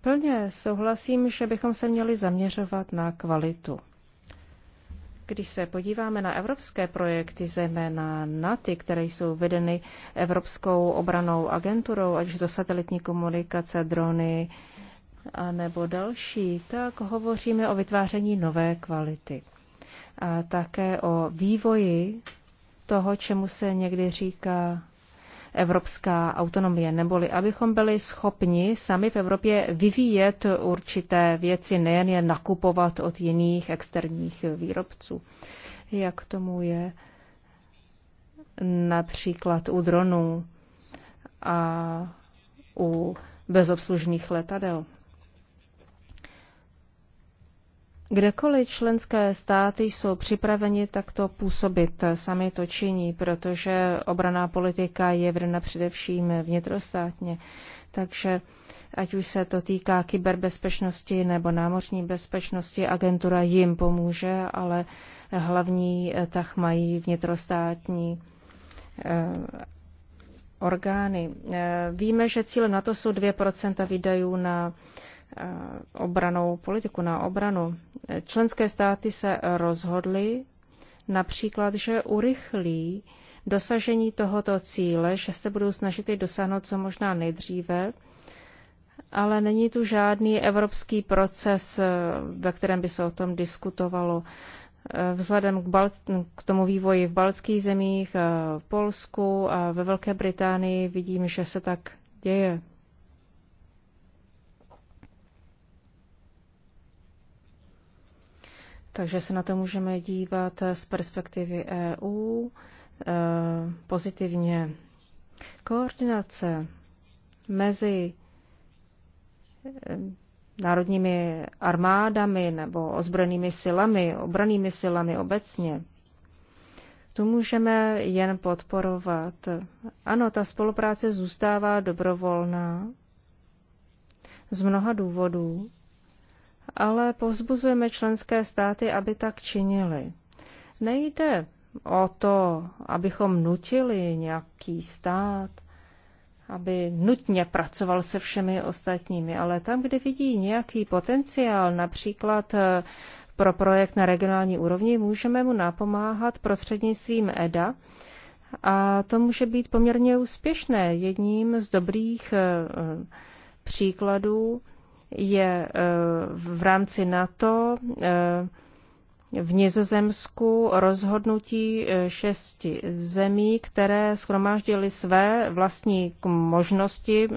Plně souhlasím, že bychom se měli zaměřovat na kvalitu. Když se podíváme na evropské projekty, zejména na ty, které jsou vedeny Evropskou obranou agenturou, ať to satelitní komunikace, drony a nebo další, tak hovoříme o vytváření nové kvality. A také o vývoji toho, čemu se někdy říká evropská autonomie, neboli abychom byli schopni sami v Evropě vyvíjet určité věci, nejen je nakupovat od jiných externích výrobců. Jak tomu je například u dronů a u bezobslužných letadel. Kdekoliv členské státy jsou připraveni takto působit, sami to činí, protože obraná politika je vrna především vnitrostátně. Takže ať už se to týká kyberbezpečnosti nebo námořní bezpečnosti, agentura jim pomůže, ale hlavní eh, tah mají vnitrostátní eh, orgány. Eh, víme, že cíle na to jsou 2% výdajů na Eh, obranou politiku, na obranu. Členské státy se rozhodly například, že urychlí dosažení tohoto cíle, že se budou snažit i dosáhnout co možná nejdříve, ale není tu žádný evropský proces, eh, ve kterém by se o tom diskutovalo. Eh, vzhledem k, Bal- k tomu vývoji v baltských zemích, v Polsku a ve Velké Británii vidím, že se tak děje. Takže se na to můžeme dívat z perspektivy EU eh, pozitivně. Koordinace mezi eh, národními armádami nebo ozbrojenými silami, obranými silami obecně. Tu můžeme jen podporovat. Ano, ta spolupráce zůstává dobrovolná z mnoha důvodů ale povzbuzujeme členské státy, aby tak činili. Nejde o to, abychom nutili nějaký stát, aby nutně pracoval se všemi ostatními, ale tam, kde vidí nějaký potenciál, například eh, pro projekt na regionální úrovni, můžeme mu napomáhat prostřednictvím EDA. A to může být poměrně úspěšné. Jedním z dobrých eh, eh, příkladů je e, v rámci NATO e, v Nizozemsku rozhodnutí e, šesti zemí, které schromáždily své vlastní možnosti,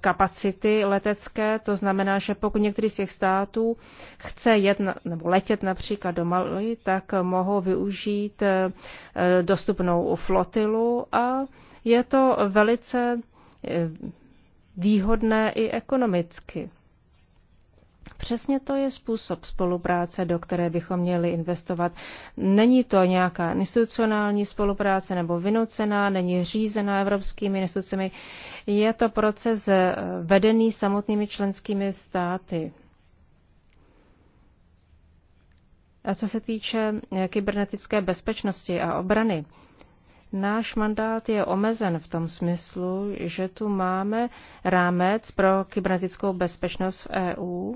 kapacity letecké. To znamená, že pokud některý z těch států chce jet, nebo letět například do Mali, tak mohou využít dostupnou flotilu a je to velice výhodné i ekonomicky. Přesně to je způsob spolupráce, do které bychom měli investovat. Není to nějaká institucionální spolupráce nebo vynucená, není řízená evropskými institucemi. Je to proces eh, vedený samotnými členskými státy. A co se týče eh, kybernetické bezpečnosti a obrany, Náš mandát je omezen v tom smyslu, že tu máme rámec pro kybernetickou bezpečnost v EU,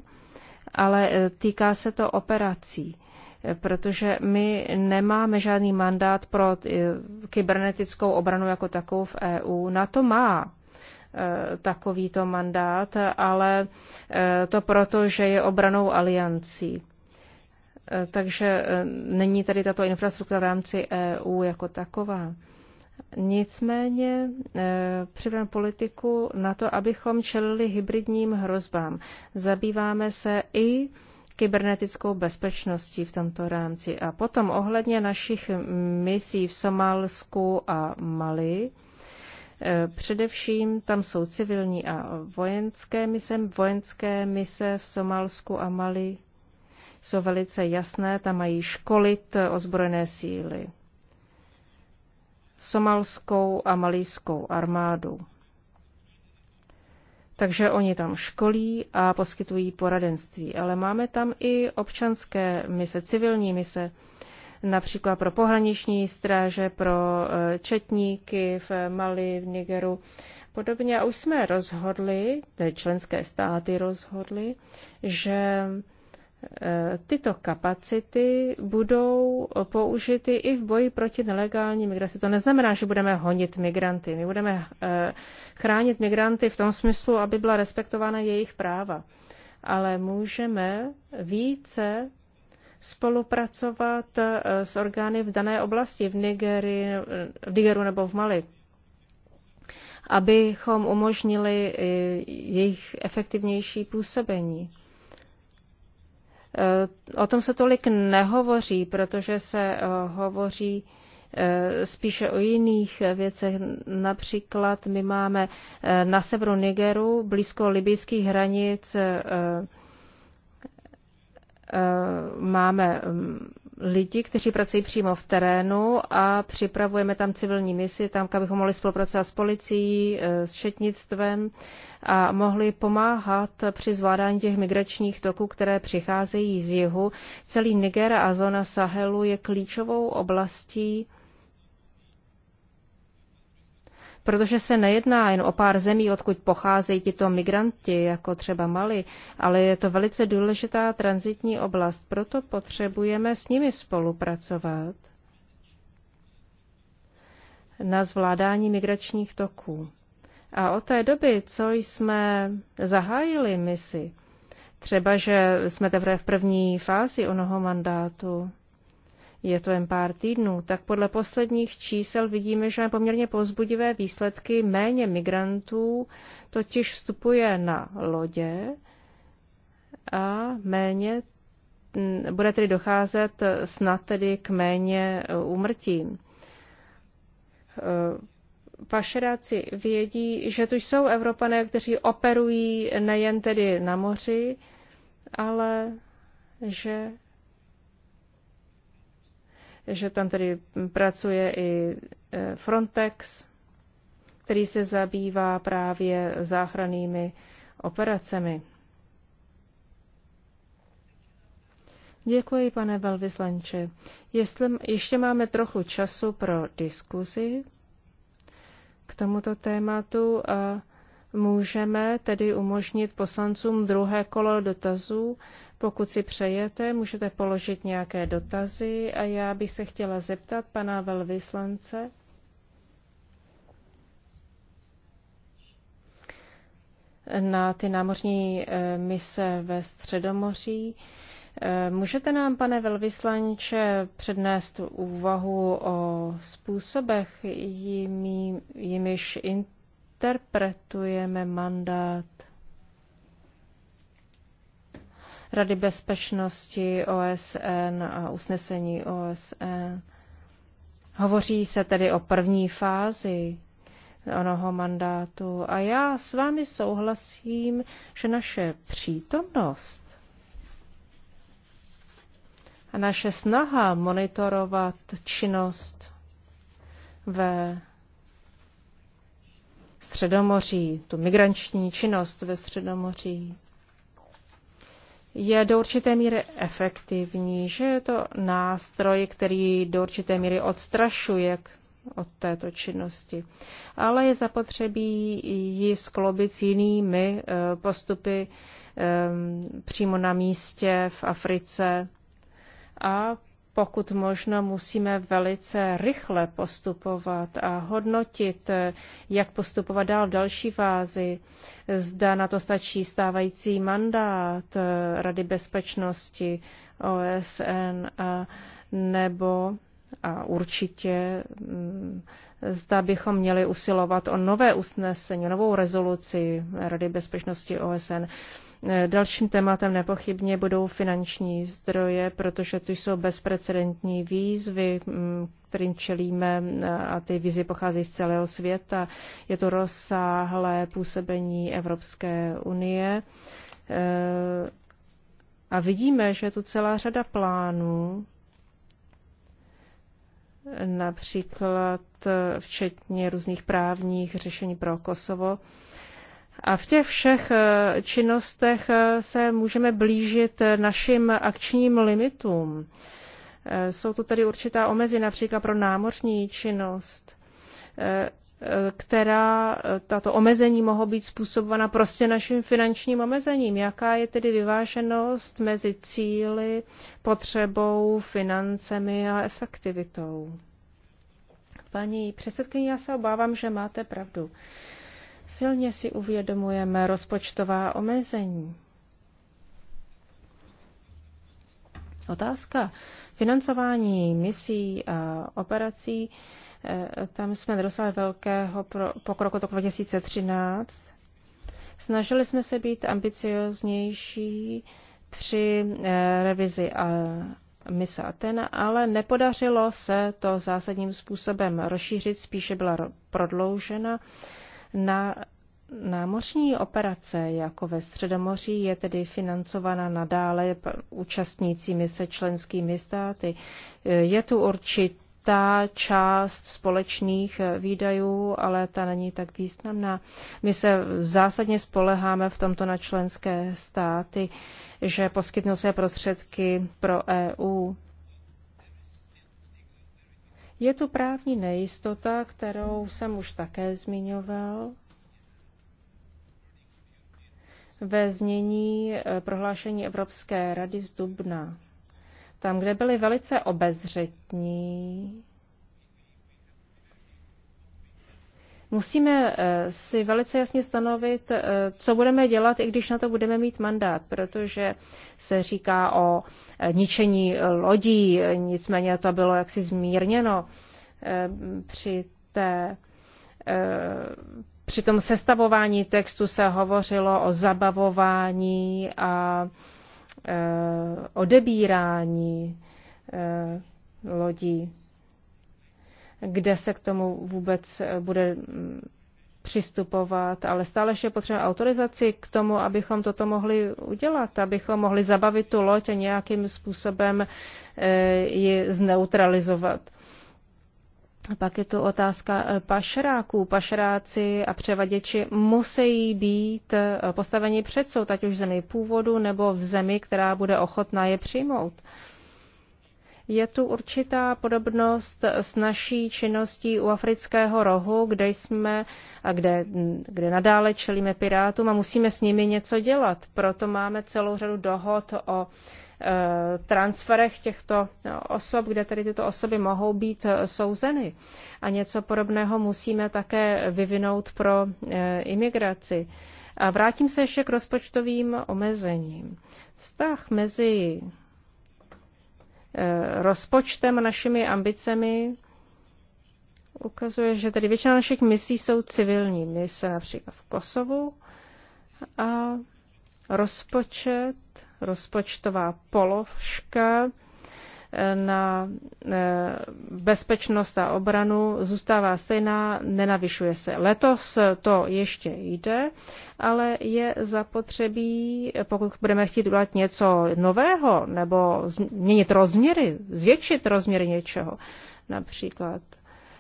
ale e, týká se to operací, e, protože my nemáme žádný mandát pro e, kybernetickou obranu jako takovou v EU. Na to má takovýto mandát, ale to proto, že je obranou aliancí. Eh, takže eh, není tady tato infrastruktura v rámci EU jako taková. Nicméně eh, přivedeme politiku na to, abychom čelili hybridním hrozbám. Zabýváme se i kybernetickou bezpečností v tomto rámci. A potom ohledně našich misí v Somálsku a Mali, Především tam jsou civilní a vojenské mise. Vojenské mise v Somálsku a Mali jsou velice jasné, tam mají školit eh, ozbrojené síly. Somalskou a malijskou armádu. Takže oni tam školí a poskytují poradenství. Ale máme tam i občanské mise, civilní mise, například pro pohraniční stráže, pro eh, četníky v Mali, v Nigeru. Podobně a už jsme rozhodli, členské státy rozhodly, že Eh, tyto kapacity budou použity i v boji proti nelegální migraci. To neznamená, že budeme honit migranty. My budeme eh, chránit migranty v tom smyslu, aby byla respektována jejich práva. Ale můžeme více spolupracovat eh, s orgány v dané oblasti, v, Nigeri, v Nigeru nebo v Mali, abychom umožnili jejich efektivnější působení. Eh, o tom se tolik nehovoří, protože se eh, hovoří eh, spíše o jiných věcech. Například my máme na severu Nigeru, blízko libijských hranic, máme mm, lidi, kteří pracují přímo v terénu a připravujeme tam civilní misi, tam, abychom mohli spolupracovat s policií, eh, s šetnictvem a mohli pomáhat při zvládání těch migračních toků, které přicházejí z jihu. Celý Niger a zóna Sahelu je klíčovou oblastí protože se nejedná jen o pár zemí, odkud pocházejí tito migranti, jako třeba Mali, ale je to velice důležitá transitní oblast, proto potřebujeme s nimi spolupracovat na zvládání migračních toků. A od té doby, co jsme zahájili misi, třeba že jsme teprve v první fázi onoho mandátu, je to jen pár týdnů, tak podle posledních čísel vidíme, že máme poměrně pozbudivé výsledky. Méně migrantů totiž vstupuje na lodě a méně bude tedy docházet snad tedy k méně uh, úmrtím. Uh, pašeráci vědí, že tu jsou Evropané, kteří operují nejen tedy na moři, ale že že tam tedy pracuje i e, Frontex, který se zabývá právě záchrannými operacemi. Děkuji, pane velvyslanče. Jestli ještě máme trochu času pro diskuzi k tomuto tématu a Můžeme tedy umožnit poslancům druhé kolo dotazů. Pokud si přejete, můžete položit nějaké dotazy a já bych se chtěla zeptat pana velvyslance. na ty námořní eh, mise ve Středomoří. Eh, můžete nám, pane velvyslanče, přednést úvahu o způsobech, jimiž jim interpretujeme mandát Rady bezpečnosti OSN a usnesení OSN. Hovoří se tedy o první fázi onoho mandátu a já s vámi souhlasím, že naše přítomnost a naše snaha monitorovat činnost ve Středomoří, tu migranční činnost ve Středomoří, je do určité míry efektivní, že je to nástroj, který do určité míry odstrašuje od této činnosti. Ale je zapotřebí ji sklobit s jinými eh, postupy eh, přímo na místě v Africe a pokud možno musíme velice rychle postupovat a hodnotit, jak postupovat dál v další fázi. Zda na to stačí stávající mandát eh, Rady bezpečnosti OSN a nebo a určitě mm, zda bychom měli usilovat o nové usnesení, novou rezoluci Rady bezpečnosti OSN. Eh, dalším tématem nepochybně budou finanční zdroje, protože tu jsou bezprecedentní výzvy, mm, kterým čelíme eh, a ty výzvy pocházejí z celého světa. Je to rozsáhlé působení Evropské unie. Eh, a vidíme, že je tu celá řada plánů, například včetně různých právních řešení pro Kosovo, a v těch všech eh, činnostech eh, se můžeme blížit eh, našim akčním limitům. Jsou tu tedy určitá omezení, například pro námořní činnost, která tato omezení mohou být způsobena prostě naším finančním omezením. Jaká je tedy vyváženost mezi cíly, potřebou, financemi a efektivitou? Paní předsedkyně, já se obávám, že máte pravdu. Silně si uvědomujeme rozpočtová omezení. Otázka financování misí a operací. Eh, tam jsme dosáhli velkého pokroku roku 2013. Snažili jsme se být ambicioznější při eh, revizi mise Atena, ale nepodařilo se to zásadním způsobem rozšířit, spíše byla prodloužena na Námořní operace, jako ve Středomoří, je tedy financována nadále účastnícími se členskými státy. Je tu určitá část společných výdajů, ale ta není tak významná. My se zásadně spoleháme v tomto na členské státy, že poskytnou se prostředky pro EU. Je tu právní nejistota, kterou jsem už také zmiňoval ve znění eh, prohlášení Evropské rady z Dubna. Tam, kde byli velice obezřetní, Musíme eh, si velice jasně stanovit, eh, co budeme dělat, i když na to budeme mít mandát, protože se říká o eh, ničení lodí, nicméně to bylo jaksi zmírněno při té při tom sestavování textu se hovořilo o zabavování a odebírání lodí kde se k tomu vůbec eh, bude mm, přistupovat, ale stále je potřeba autorizaci k tomu, abychom toto mohli udělat, abychom mohli zabavit tu loď a nějakým způsobem eh, ji zneutralizovat. Pak je tu otázka eh, pašeráků. Pašeráci a převaděči musí být postaveni před soud, ať už v zemi původu nebo v zemi, která bude ochotná je přijmout. Je tu určitá podobnost s naší činností u afrického rohu, kde jsme a kde, kde nadále čelíme pirátům a musíme s nimi něco dělat. Proto máme celou řadu dohod o e, transferech těchto osob, kde tedy tyto osoby mohou být souzeny. A něco podobného musíme také vyvinout pro e, imigraci. A vrátím se ještě k rozpočtovým omezením. Vztah mezi rozpočtem a našimi ambicemi ukazuje, že tedy většina našich misí jsou civilní mise, například v Kosovu. A rozpočet, rozpočtová položka na e, bezpečnost a obranu zůstává stejná, nenavyšuje se. Letos to ještě jde, ale je zapotřebí, pokud budeme chtít udělat něco nového nebo změnit rozměry, zvětšit rozměry něčeho, například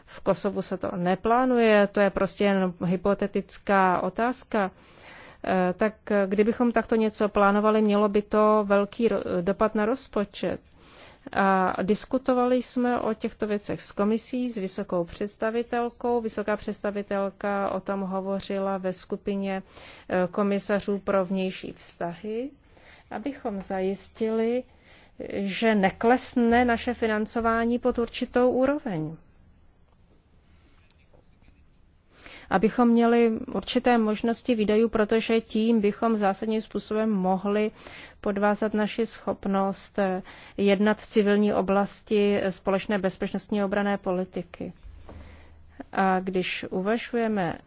v Kosovu se to neplánuje, to je prostě jen hypotetická otázka. E, tak kdybychom takto něco plánovali, mělo by to velký dopad na rozpočet. A diskutovali jsme o těchto věcech s komisí, s vysokou představitelkou. Vysoká představitelka o tom hovořila ve skupině e, komisařů pro vnější vztahy, abychom zajistili, že neklesne naše financování pod určitou úroveň. abychom měli určité možnosti výdajů, protože tím bychom zásadním způsobem mohli podvázat naši schopnost eh, jednat v civilní oblasti společné bezpečnostní obrané politiky. A když uvažujeme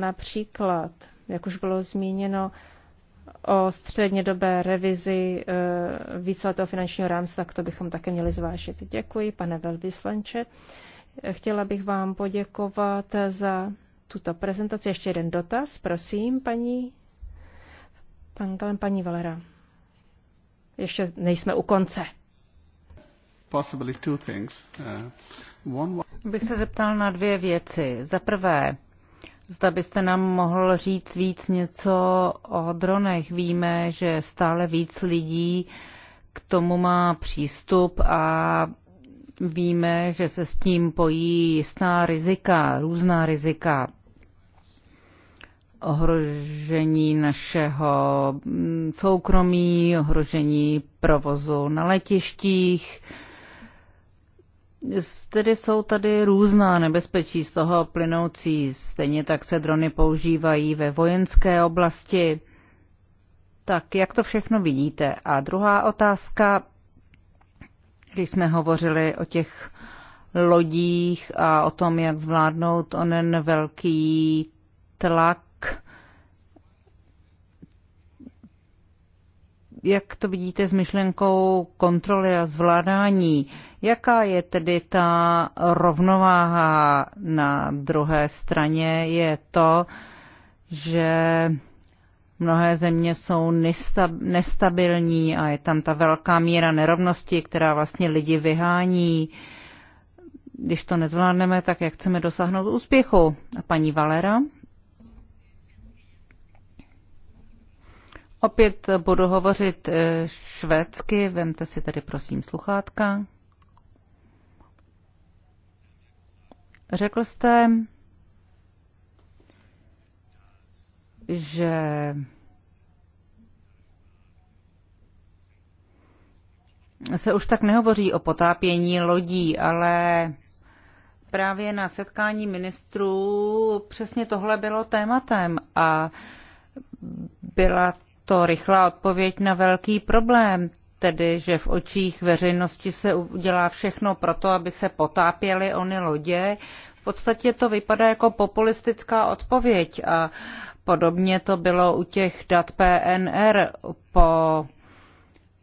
například, jak už bylo zmíněno, o střednědobé revizi eh, víceletého finančního rámce, tak to bychom také měli zvážit. Děkuji, pane velvyslanče. Chtěla bych vám poděkovat za tuto prezentaci. Ještě jeden dotaz, prosím, paní, pan tam paní Valera. Ještě nejsme u konce. Possibly two things. Uh, one... Bych se zeptal na dvě věci. Za prvé, Zda byste nám mohl říct víc něco o dronech. Víme, že stále víc lidí k tomu má přístup a Víme, že se s tím pojí jistá rizika, různá rizika ohrožení našeho soukromí, ohrožení provozu na letištích. Tedy jsou tady různá nebezpečí z toho plynoucí. Stejně tak se drony používají ve vojenské oblasti. Tak jak to všechno vidíte? A druhá otázka, když jsme hovořili o těch lodích a o tom, jak zvládnout onen velký tlak. Jak to vidíte s myšlenkou kontroly a zvládání? Jaká je tedy ta rovnováha na druhé straně? Je to, že Mnohé země jsou nestabilní a je tam ta velká míra nerovnosti, která vlastně lidi vyhání. Když to nezvládneme, tak jak chceme dosáhnout úspěchu? A paní Valera? Opět budu hovořit eh, švédsky, vemte si tady prosím sluchátka. Řekl jste, že se už tak nehovoří o potápění lodí, ale právě na setkání ministrů přesně tohle bylo tématem a byla to rychlá odpověď na velký problém, tedy že v očích veřejnosti se udělá všechno pro to, aby se potápěly ony lodě, v podstatě to vypadá jako populistická odpověď a podobně to bylo u těch dat PNR. Po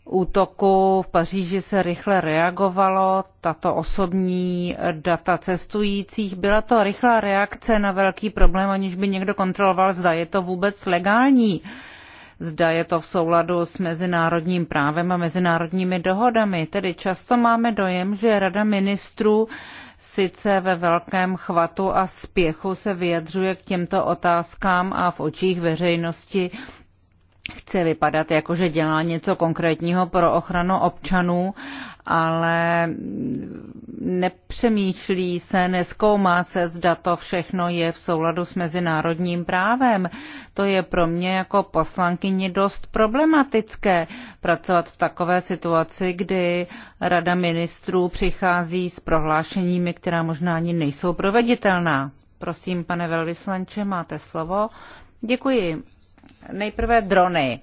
útoku v Paříži se rychle reagovalo, tato osobní data cestujících. Byla to rychlá reakce na velký problém, aniž by někdo kontroloval, zda je to vůbec legální, zda je to v souladu s mezinárodním právem a mezinárodními dohodami. Tedy často máme dojem, že Rada ministrů sice ve velkém chvatu a spěchu se vyjadřuje k těmto otázkám a v očích veřejnosti chce vypadat jako, že dělá něco konkrétního pro ochranu občanů, ale nepřemýšlí se, neskoumá se, zda to všechno je v souladu s mezinárodním právem. To je pro mě jako poslankyni dost problematické pracovat v takové situaci, kdy Rada ministrů přichází s prohlášeními, která možná ani nejsou proveditelná. Prosím, pane velvyslanče, máte slovo. Děkuji. Nejprve drony.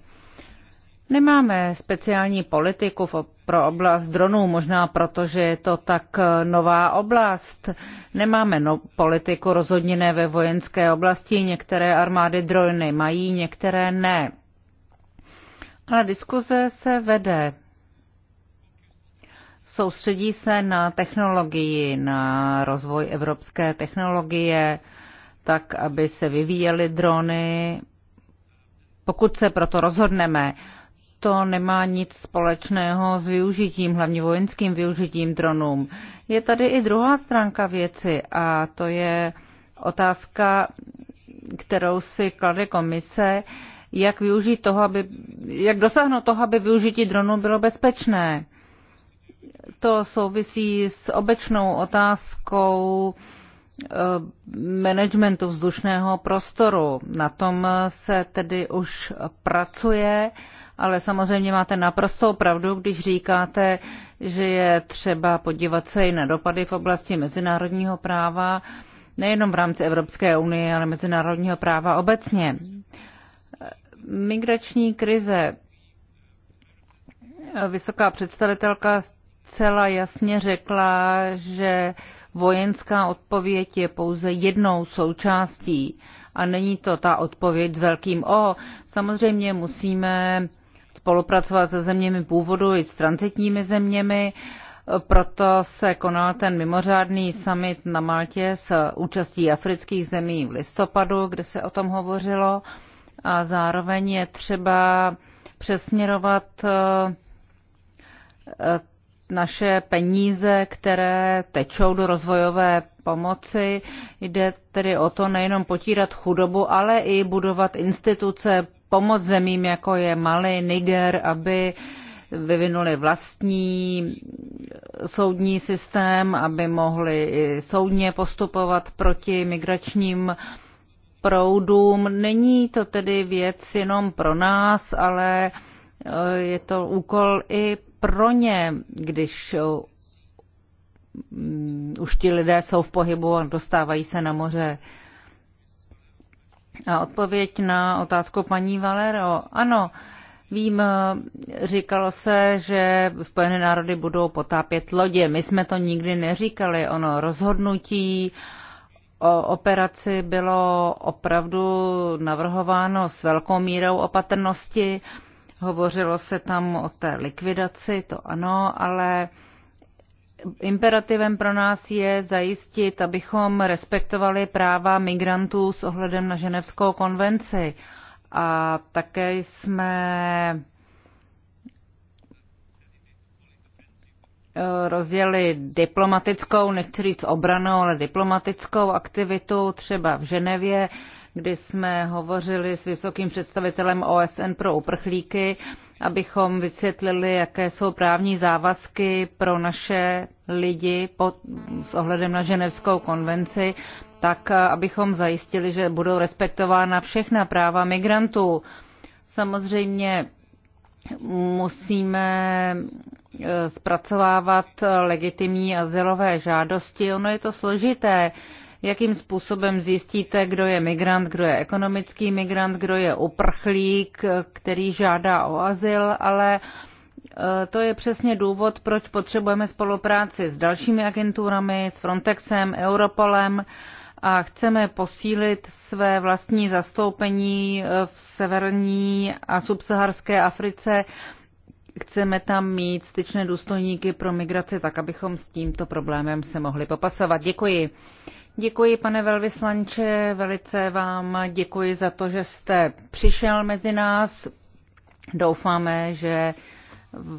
Nemáme speciální politiku pro oblast dronů, možná proto, že je to tak eh, nová oblast. Nemáme no, politiku rozhodně ne ve vojenské oblasti, některé armády drony mají, některé ne. Ale diskuze se vede. Soustředí se na technologii, na rozvoj evropské technologie, tak, aby se vyvíjely drony, pokud se proto rozhodneme to nemá nic společného s využitím, hlavně vojenským využitím dronům. Je tady i druhá stránka věci a to je otázka, kterou si klade komise, jak, využít toho, aby, jak dosáhnout toho, aby využití dronů bylo bezpečné. To souvisí s obecnou otázkou eh, managementu vzdušného prostoru. Na tom se tedy už pracuje ale samozřejmě máte naprostou pravdu, když říkáte, že je třeba podívat se i na dopady v oblasti mezinárodního práva, nejenom v rámci Evropské unie, ale mezinárodního práva obecně. Migrační krize. Vysoká představitelka zcela jasně řekla, že vojenská odpověď je pouze jednou součástí a není to ta odpověď s velkým O. Samozřejmě musíme spolupracovat se zeměmi původu i s transitními zeměmi. Proto se konal ten mimořádný summit na Maltě s účastí afrických zemí v listopadu, kde se o tom hovořilo. A zároveň je třeba přesměrovat eh, eh, naše peníze, které tečou do rozvojové pomoci. Jde tedy o to nejenom potírat chudobu, ale i budovat instituce pomoc zemím, jako je Mali, Niger, aby vyvinuli vlastní soudní systém, aby mohli soudně postupovat proti migračním proudům. Není to tedy věc jenom pro nás, ale eh, je to úkol i pro ně, když eh, mm, už ti lidé jsou v pohybu a dostávají se na moře. A odpověď na otázku paní Valero. Ano, vím, říkalo se, že Spojené národy budou potápět lodě. My jsme to nikdy neříkali. Ono rozhodnutí o operaci bylo opravdu navrhováno s velkou mírou opatrnosti. Hovořilo se tam o té likvidaci, to ano, ale uh, imperativem pro nás je zajistit, abychom respektovali práva migrantů s ohledem na Ženevskou konvenci. A také jsme eh, rozjeli diplomatickou, nechci říct obranou, ale diplomatickou aktivitu třeba v Ženevě kdy jsme hovořili s vysokým představitelem OSN pro uprchlíky, abychom vysvětlili, jaké jsou právní závazky pro naše lidi pod, s ohledem na Ženevskou konvenci, tak abychom zajistili, že budou respektována všechna práva migrantů. Samozřejmě musíme e, zpracovávat legitimní azylové žádosti. Ono je to složité jakým způsobem zjistíte, kdo je migrant, kdo je ekonomický migrant, kdo je uprchlík, který žádá o azyl, ale e, to je přesně důvod, proč potřebujeme spolupráci s dalšími agenturami, s Frontexem, Europolem a chceme posílit své vlastní zastoupení e, v severní a subsaharské Africe. Chceme tam mít styčné důstojníky pro migraci, tak abychom s tímto problémem se mohli popasovat. Děkuji. Děkuji, pane velvyslanče, velice vám děkuji za to, že jste přišel mezi nás. Doufáme, že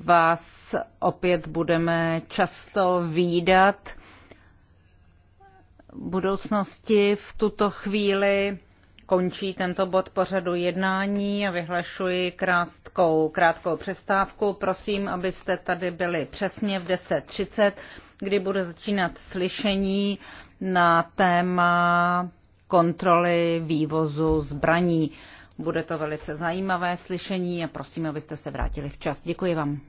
vás opět budeme často výdat v budoucnosti. V tuto chvíli končí tento bod pořadu jednání a vyhlašuji krátkou, krátkou přestávku. Prosím, abyste tady byli přesně v 10.30, kdy bude začínat slyšení na téma kontroly vývozu zbraní. Bude to velice zajímavé slyšení a prosím, abyste se vrátili včas. Děkuji vám.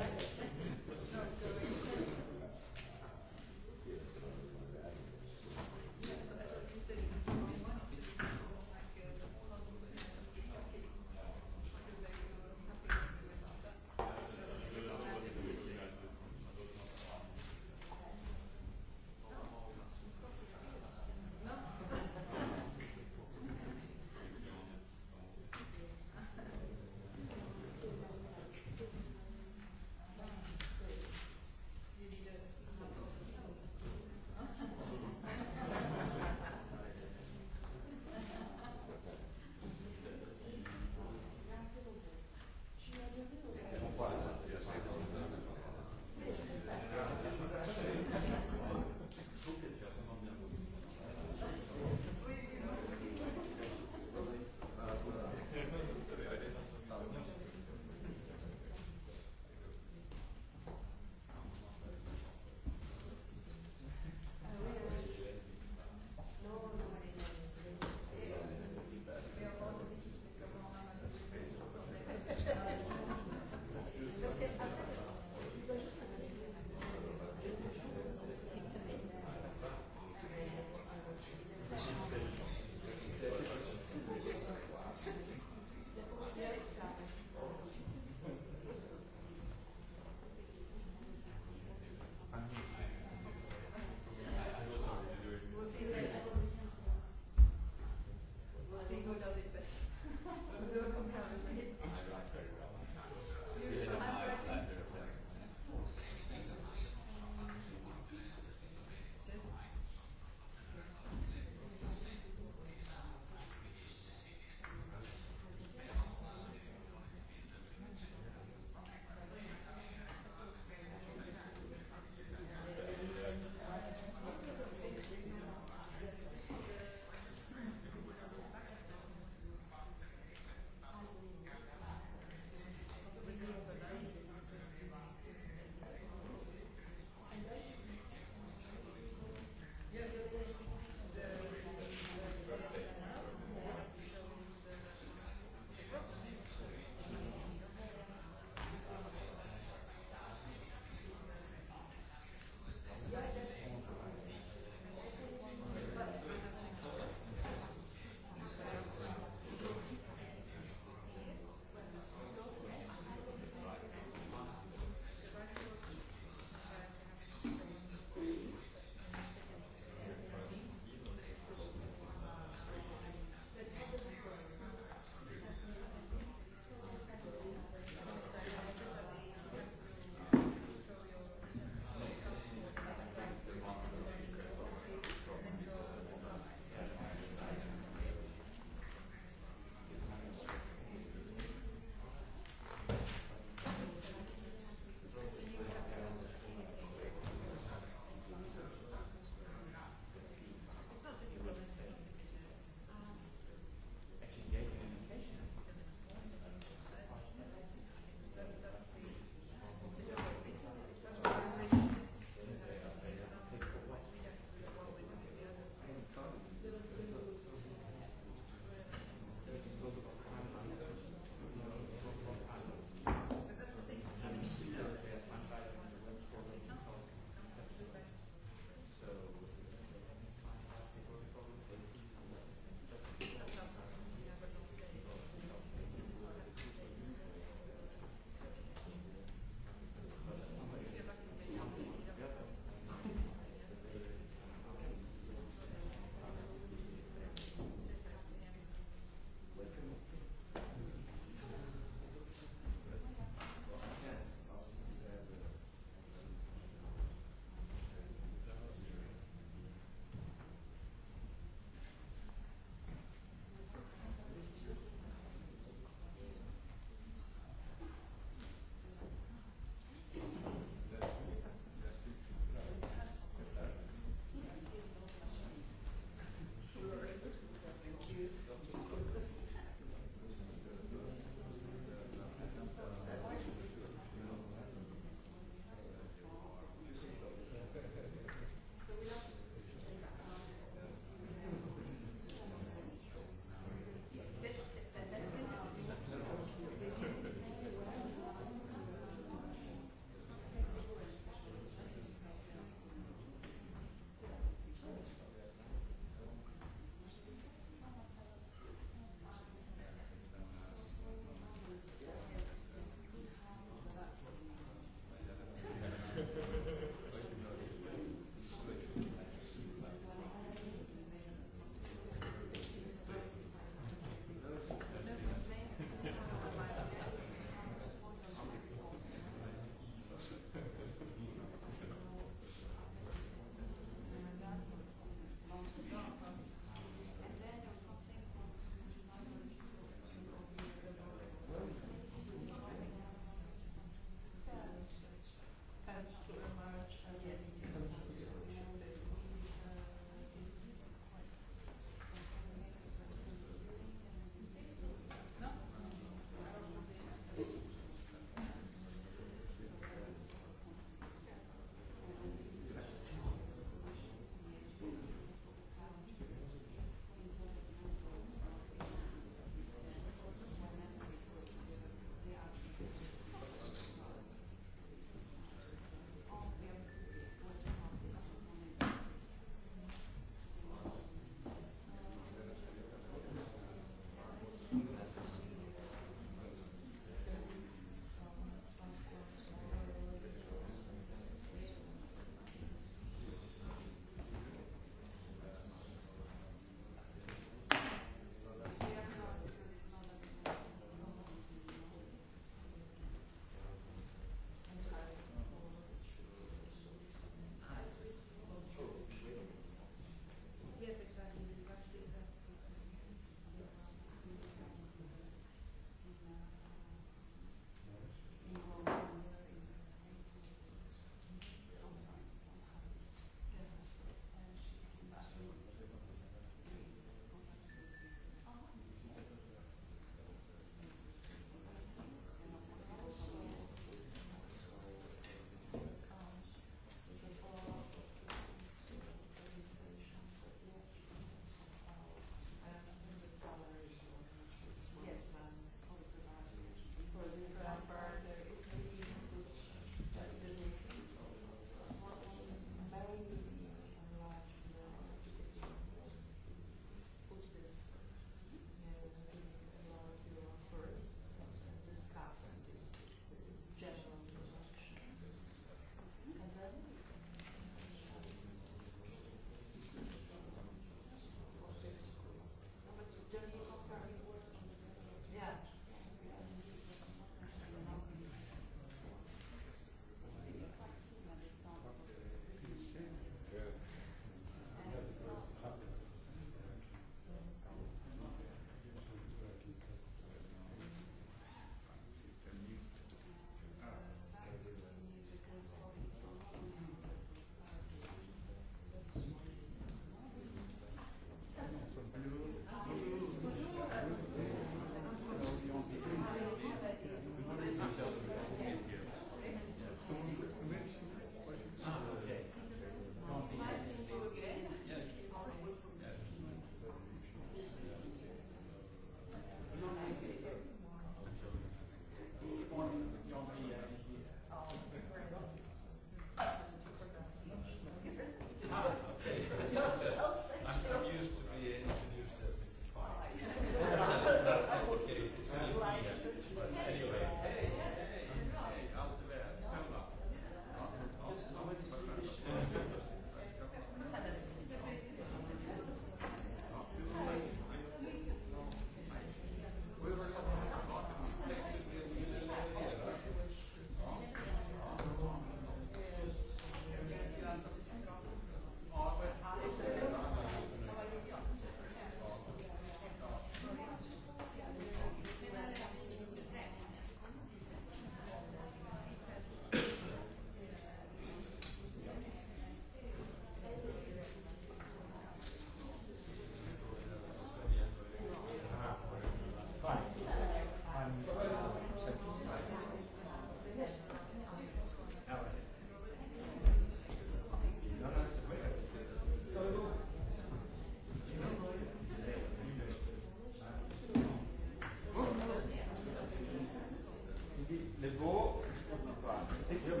Yep.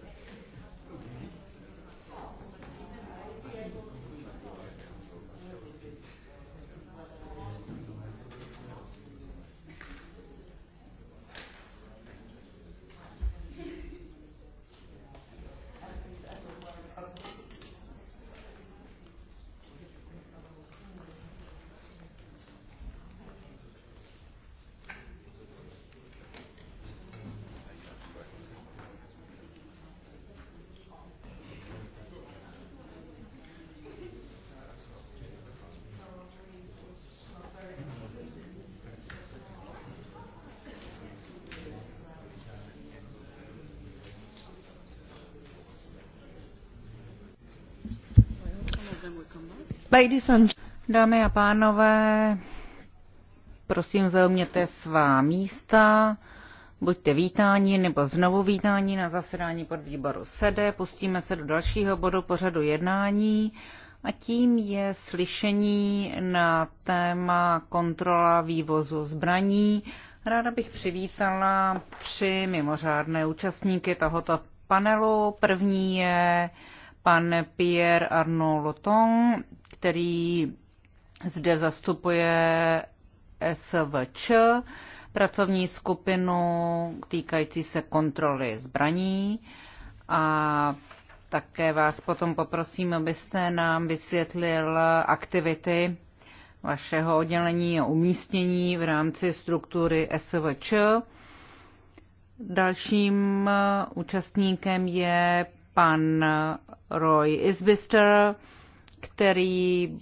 Dámy a pánové, prosím zaujměte svá místa, buďte vítáni nebo znovu vítáni na zasedání podvýboru SEDE, pustíme se do dalšího bodu pořadu jednání a tím je slyšení na téma kontrola vývozu zbraní. Ráda bych přivítala tři mimořádné účastníky tohoto panelu. První je pan Pierre Arnaud Loton, který zde zastupuje SVČ, pracovní skupinu týkající se kontroly zbraní a také vás potom poprosím, abyste nám vysvětlil aktivity vašeho oddělení a umístění v rámci struktury SVČ. Dalším účastníkem je pan Roy Isbister, který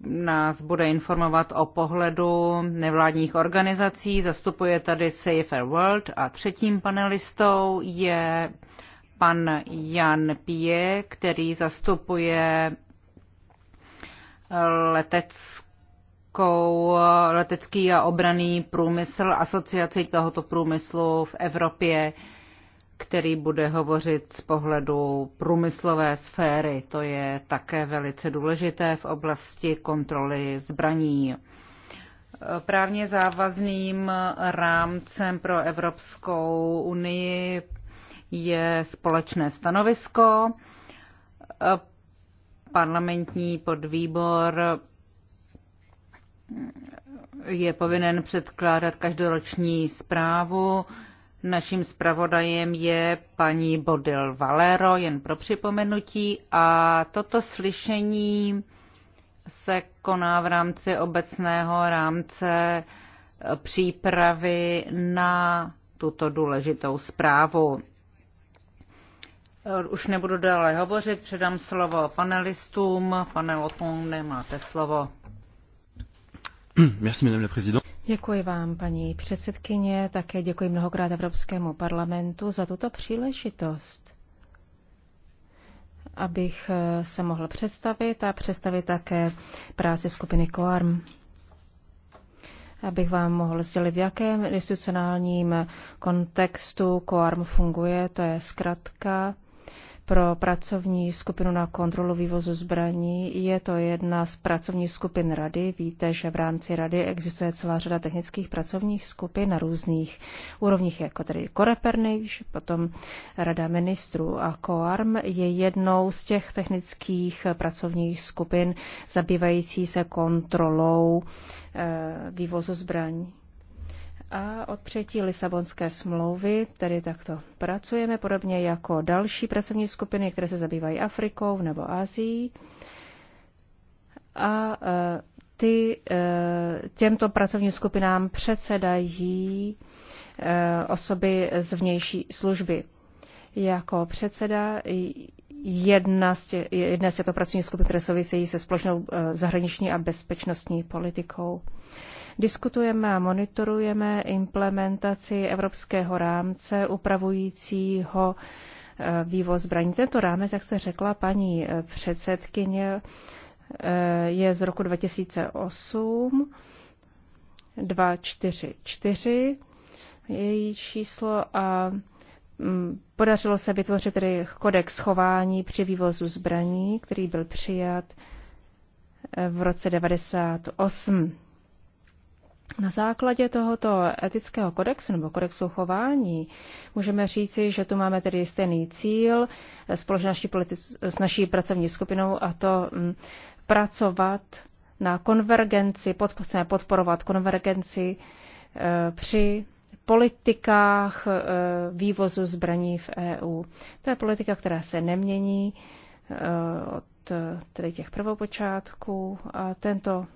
nás bude informovat o pohledu nevládních organizací. Zastupuje tady Safer World a třetím panelistou je pan Jan Pie, který zastupuje leteckou, letecký a obraný průmysl, asociaci tohoto průmyslu v Evropě který bude hovořit z pohledu průmyslové sféry. To je také velice důležité v oblasti kontroly zbraní. Právně závazným rámcem pro Evropskou unii je společné stanovisko. Parlamentní podvýbor je povinen předkládat každoroční zprávu Naším zpravodajem je paní Bodil Valero, jen pro připomenutí, a toto slyšení se koná v rámci obecného rámce eh, přípravy na tuto důležitou zprávu. Eh, už nebudu dále hovořit, předám slovo panelistům. Pane Lotonde, nemáte slovo. Merci, madame la présidente. Děkuji vám, paní předsedkyně, také děkuji mnohokrát Evropskému parlamentu za tuto příležitost, abych se mohl představit a představit také práci skupiny COARM abych vám mohl sdělit, v jakém institucionálním kontextu COARM funguje. To je zkratka pro pracovní skupinu na kontrolu vývozu zbraní. Je to jedna z pracovních skupin rady. Víte, že v rámci rady existuje celá řada technických pracovních skupin na různých úrovních, jako tedy Coreper potom Rada ministrů a COARM je jednou z těch technických pracovních skupin zabývající se kontrolou eh, vývozu zbraní. A od přijetí Lisabonské smlouvy tedy takto pracujeme, podobně jako další pracovní skupiny, které se zabývají Afrikou nebo Asií. A e, ty, e, těmto pracovním skupinám předsedají e, osoby z vnější služby. Jako předseda jedna z, tě, jedna z těchto pracovních skupin, které souvisejí se společnou zahraniční a bezpečnostní politikou. Diskutujeme a monitorujeme implementaci evropského rámce upravujícího eh, vývoz zbraní. Tento rámec, jak se řekla paní eh, předsedkyně, eh, je z roku 2008 244 její číslo a mm, podařilo se vytvořit tedy kodex chování při vývozu zbraní, který byl přijat v roce 1998. Na základě tohoto etického kodexu nebo kodexu chování můžeme říci, že tu máme tedy stejný cíl společně naší s naší pracovní skupinou a to mm, pracovat na konvergenci, pod, chceme podporovat konvergenci e, při politikách e, vývozu zbraní v EU. To je politika, která se nemění e, od tedy těch prvopočátků a tento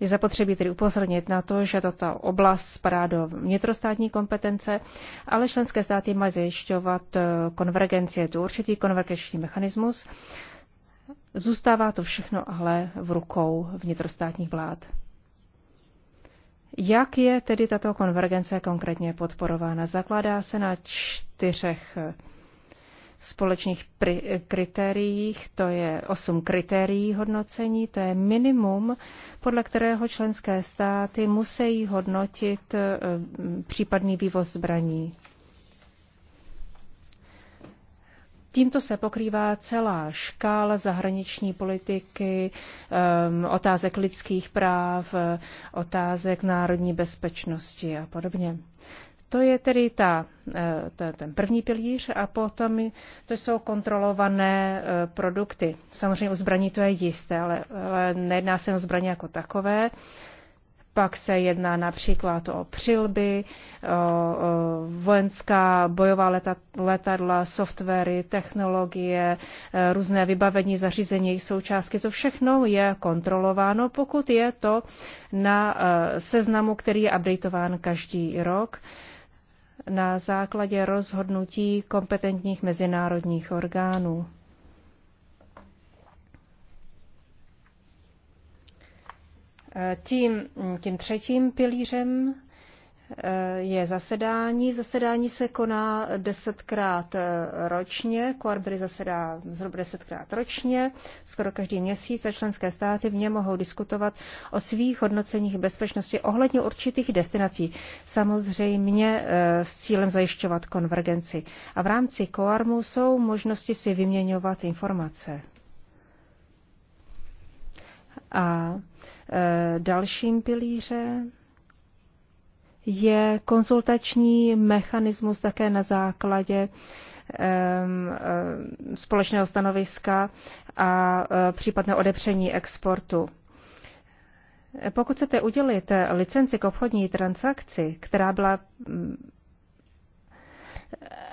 je zapotřebí tedy upozornit na to, že tato oblast spadá do vnitrostátní kompetence, ale členské státy mají zajišťovat eh, konvergenci. Je to určitý konvergenční mechanismus. Zůstává to všechno ale v rukou vnitrostátních vlád. Jak je tedy tato konvergence konkrétně podporována? Zakládá se na čtyřech společných kritériích, to je osm kritérií hodnocení, to je minimum, podle kterého členské státy musí hodnotit eh, případný vývoz zbraní. Tímto se pokrývá celá škála zahraniční politiky, ehm, otázek lidských práv, eh, otázek národní bezpečnosti a podobně. To je tedy eh, ta, ten první pilíř a potom to jsou kontrolované eh, produkty. Samozřejmě u zbraní to je jisté, ale, ale nejedná se o zbraně jako takové. Pak se jedná například o přilby, o, o vojenská bojová leta, letadla, softwary, technologie, eh, různé vybavení, zařízení, jejich součástky. To všechno je kontrolováno, pokud je to na seznamu, který je updateován každý rok na základě rozhodnutí kompetentních mezinárodních orgánů. Tím, tím třetím pilířem Eh, je zasedání. Zasedání se koná desetkrát eh, ročně, Korbery zasedá zhruba desetkrát ročně, skoro každý měsíc a členské státy v něm mohou diskutovat o svých hodnoceních bezpečnosti ohledně určitých destinací, samozřejmě eh, s cílem zajišťovat konvergenci. A v rámci Koarmu jsou možnosti si vyměňovat informace. A dalším pilířem je konzultační mechanismus také na základě společného stanoviska a e, případné odepření exportu. Pokud chcete udělit licenci k obchodní transakci, která byla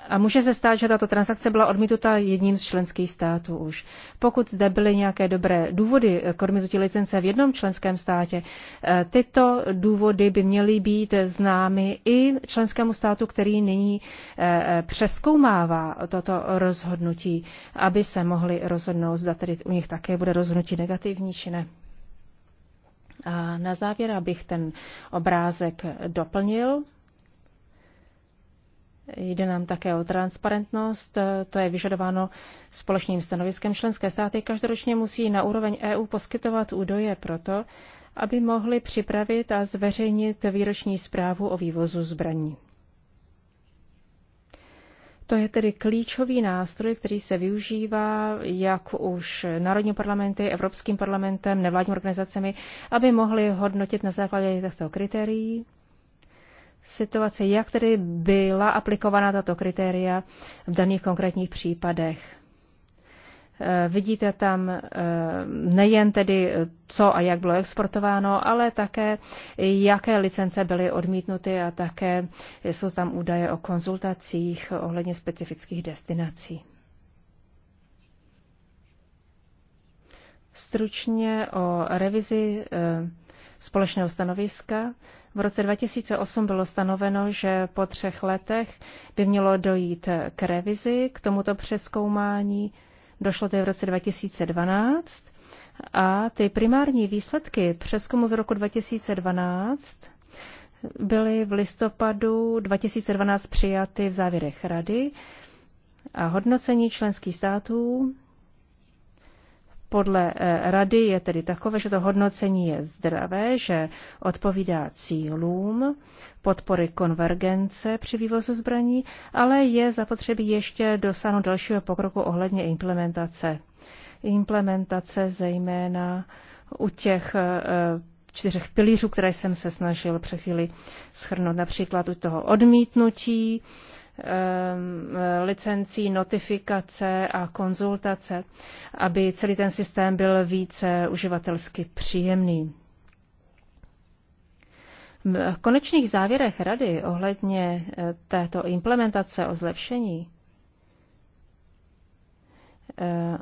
a může se stát, že tato transakce byla odmítnuta jedním z členských států už. Pokud zde byly nějaké dobré důvody eh, k odmítnutí licence v jednom členském státě, eh, tyto důvody by měly být známy i členskému státu, který nyní eh, přeskoumává toto rozhodnutí, aby se mohli rozhodnout, zda tedy u nich také bude rozhodnutí negativní či ne. A na závěr, abych ten obrázek doplnil, Jde nám také o transparentnost, e, to je vyžadováno společným stanoviskem. Členské státy každoročně musí na úroveň EU poskytovat údaje proto, aby mohly připravit a zveřejnit výroční zprávu o vývozu zbraní. To je tedy klíčový nástroj, který se využívá jak už národní parlamenty, Evropským parlamentem, nevládním organizacemi, aby mohli hodnotit na základě těchto kritérií situace, jak tedy byla aplikována tato kritéria v daných konkrétních případech. Eh, vidíte tam eh, nejen tedy, eh, co a jak bylo exportováno, ale také, jaké licence byly odmítnuty a také jsou tam údaje o konzultacích ohledně specifických destinací. Stručně o revizi společného stanoviska. V roce 2008 bylo stanoveno, že po třech letech by mělo dojít k revizi, k tomuto přeskoumání. Došlo to v roce 2012 a ty primární výsledky přeskumu z roku 2012 byly v listopadu 2012 přijaty v závěrech rady a hodnocení členských států podle eh, rady je tedy takové, že to hodnocení je zdravé, že odpovídá cílům podpory konvergence při vývozu zbraní, ale je zapotřebí ještě dosáhnout dalšího pokroku ohledně implementace. Implementace zejména u těch eh, čtyřech pilířů, které jsem se snažil před chvíli schrnout, například u toho odmítnutí, Ehm, licencí, notifikace a konzultace, aby celý ten systém byl více uživatelsky příjemný. V konečných závěrech rady ohledně eh, této implementace o zlepšení eh,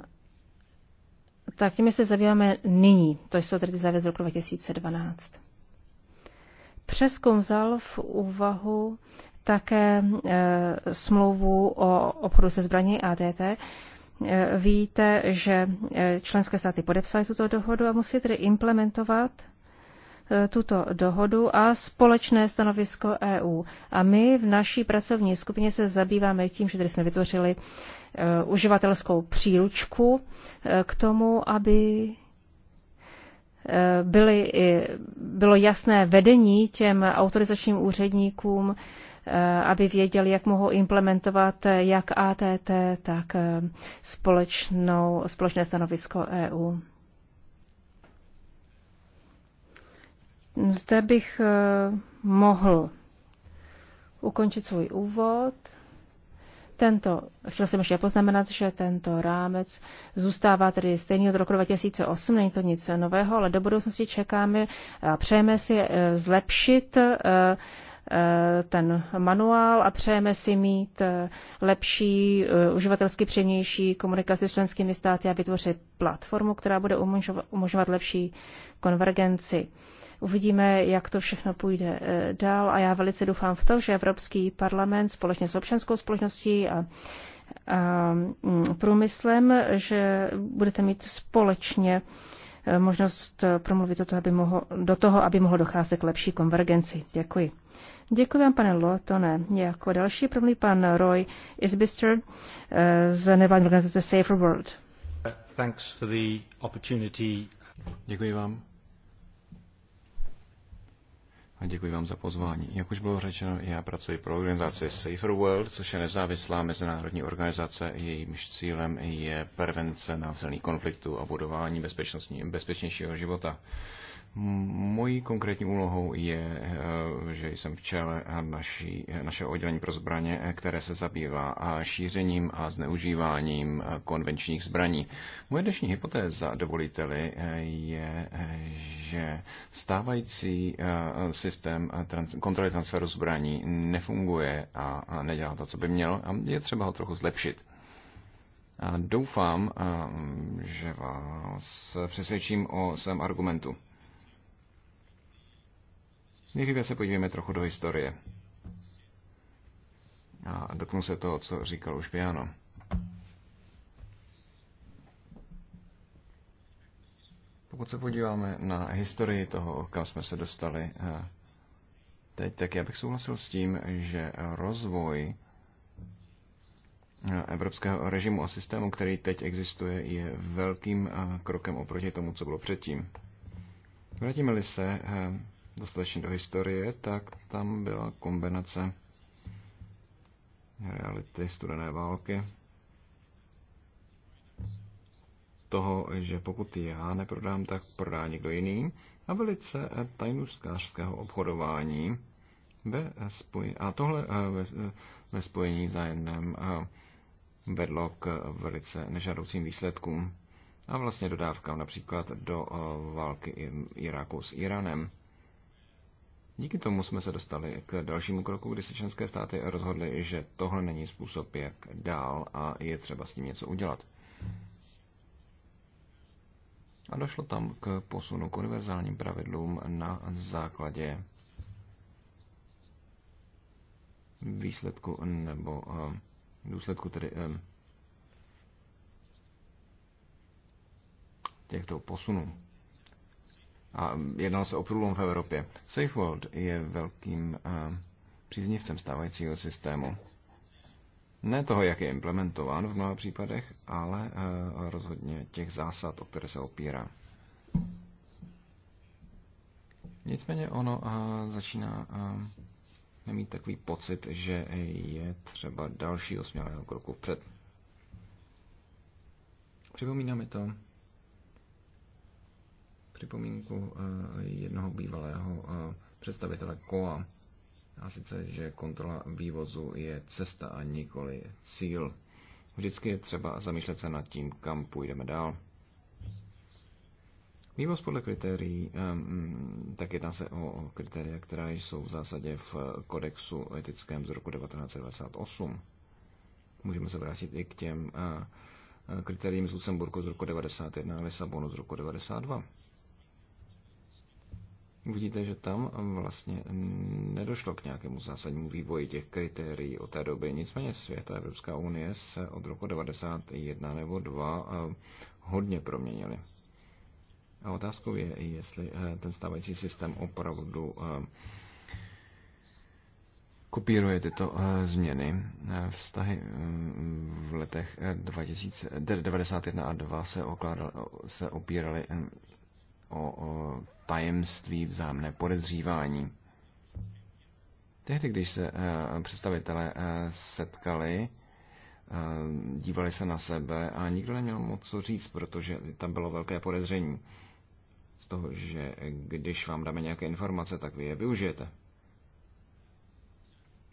tak těmi se zabýváme nyní. To jsou tedy závěry z roku 2012. Přeskum vzal v úvahu také e, smlouvu o obchodu se zbraní ATT. E, víte, že e, členské státy podepsaly tuto dohodu a musí tedy implementovat tuto dohodu a společné stanovisko EU. A my v naší pracovní skupině se zabýváme tím, že tady jsme vytvořili uživatelskou příručku k tomu, aby byly, bylo jasné vedení těm autorizačním úředníkům Eh, aby věděli, jak mohou implementovat eh, jak ATT, tak eh, společnou, společné stanovisko EU. Zde bych mohl ukončit svůj úvod. Tento, chtěl jsem ještě poznamenat, že tento rámec zůstává tedy stejný od roku 2008, není to nic nového, ale do budoucnosti čekáme a přejeme si zlepšit Eh, ten manuál a přejeme si mít eh, lepší, eh, uživatelsky přímější komunikaci s členskými státy a vytvořit platformu, která bude umožňovat lepší konvergenci. Uvidíme, jak to všechno půjde dál a já velice doufám v to, že Evropský parlament společně s občanskou společností a a mm, průmyslem, že budete mít společně možnost promluvit do toho, aby mohlo, do toho, aby mohlo docházet k lepší konvergenci. Děkuji. Děkuji vám, pane Lotone. Jako další první pan Roy Isbister eh, z nevládní organizace Safer World. Thanks for the opportunity. Děkuji vám. A děkuji vám za pozvání. Jak už bylo řečeno, já pracuji pro organizaci Safer World, což je nezávislá mezinárodní organizace. Jejímž cílem je prevence násilných konfliktů a budování bezpečnějšího života. Mojí konkrétní úlohou je, eh, že jsem v čele naší, našeho oddělení pro zbraně, eh, které se zabývá eh, šířením a zneužíváním konvenčních zbraní. Moje dnešní hypotéza, dovoliteli, je, že stávající systém kontroly transferu zbraní nefunguje a nedělá to, co by měl a je třeba ho trochu zlepšit. doufám, že vás přesvědčím o svém argumentu. Nejdříve se podívejme trochu do historie. A dotknu se toho, co říkal už Piano. Pokud se podíváme na historii toho, kam jsme se dostali eh, teď, tak já bych souhlasil s tím, že rozvoj eh, evropského režimu a systému, který teď existuje, je velkým eh, krokem oproti tomu, co bylo předtím. Vrátíme-li se dostatečně do historie, tak tam byla kombinace reality studené války. Toho, že pokud já neprodám, tak prodá někdo jiný. A velice eh, tajnůstkářského obchodování ve spojení, a tohle eh, ve, eh, ve spojení zájemném vedlo k velice nežádoucím výsledkům a vlastně dodávkám například do války Iráku s Iránem. Díky tomu jsme se dostali k dalšímu kroku, kdy se členské státy rozhodly, že tohle není způsob, jak dál a je třeba s tím něco udělat. A došlo tam k posunu k univerzálním pravidlům na základě výsledku nebo eh, důsledku tedy eh, těchto posunů a jednal se o průlom v Evropě. SafeWorld je velkým eh, příznivcem stávajícího systému. Ne toho, jak je implementován v mnoha případech, ale eh, rozhodně těch zásad, o které se opírá. Nicméně ono eh, začíná nemít takový pocit, že je třeba dalšího smělého kroku vpřed. Připomíná mi to připomínku eh, jednoho bývalého eh, představitele KOA, a sice, že kontrola vývozu je cesta a nikoli cíl. Vždycky je třeba zamýšlet se nad tím, kam půjdeme dál. Vývoz podle kritérií, eh, tak jedná se o kritéria, která jsou v zásadě v kodexu etickém z roku 1928. Můžeme se vrátit i k těm kritériím z Lucemburku z roku 91 a Lisabonu z roku 92. Vidíte, že tam vlastně nedošlo k nějakému zásadnímu vývoji těch kritérií od té doby. Nicméně svět a Evropská unie se od roku 1991 nebo 2 eh, hodně proměnily. A otázkou je, jestli eh, ten stávající systém opravdu eh, kopíruje tyto změny. Vztahy mm, v letech 2000, 91 a 2 se, okládal, se opíraly o tajemství vzájemné podezřívání. Tehdy, když se e, představitelé e, setkali, e, dívali se na sebe a nikdo neměl moc co říct, protože tam bylo velké podezření z toho, že když vám dáme nějaké informace, tak vy je využijete.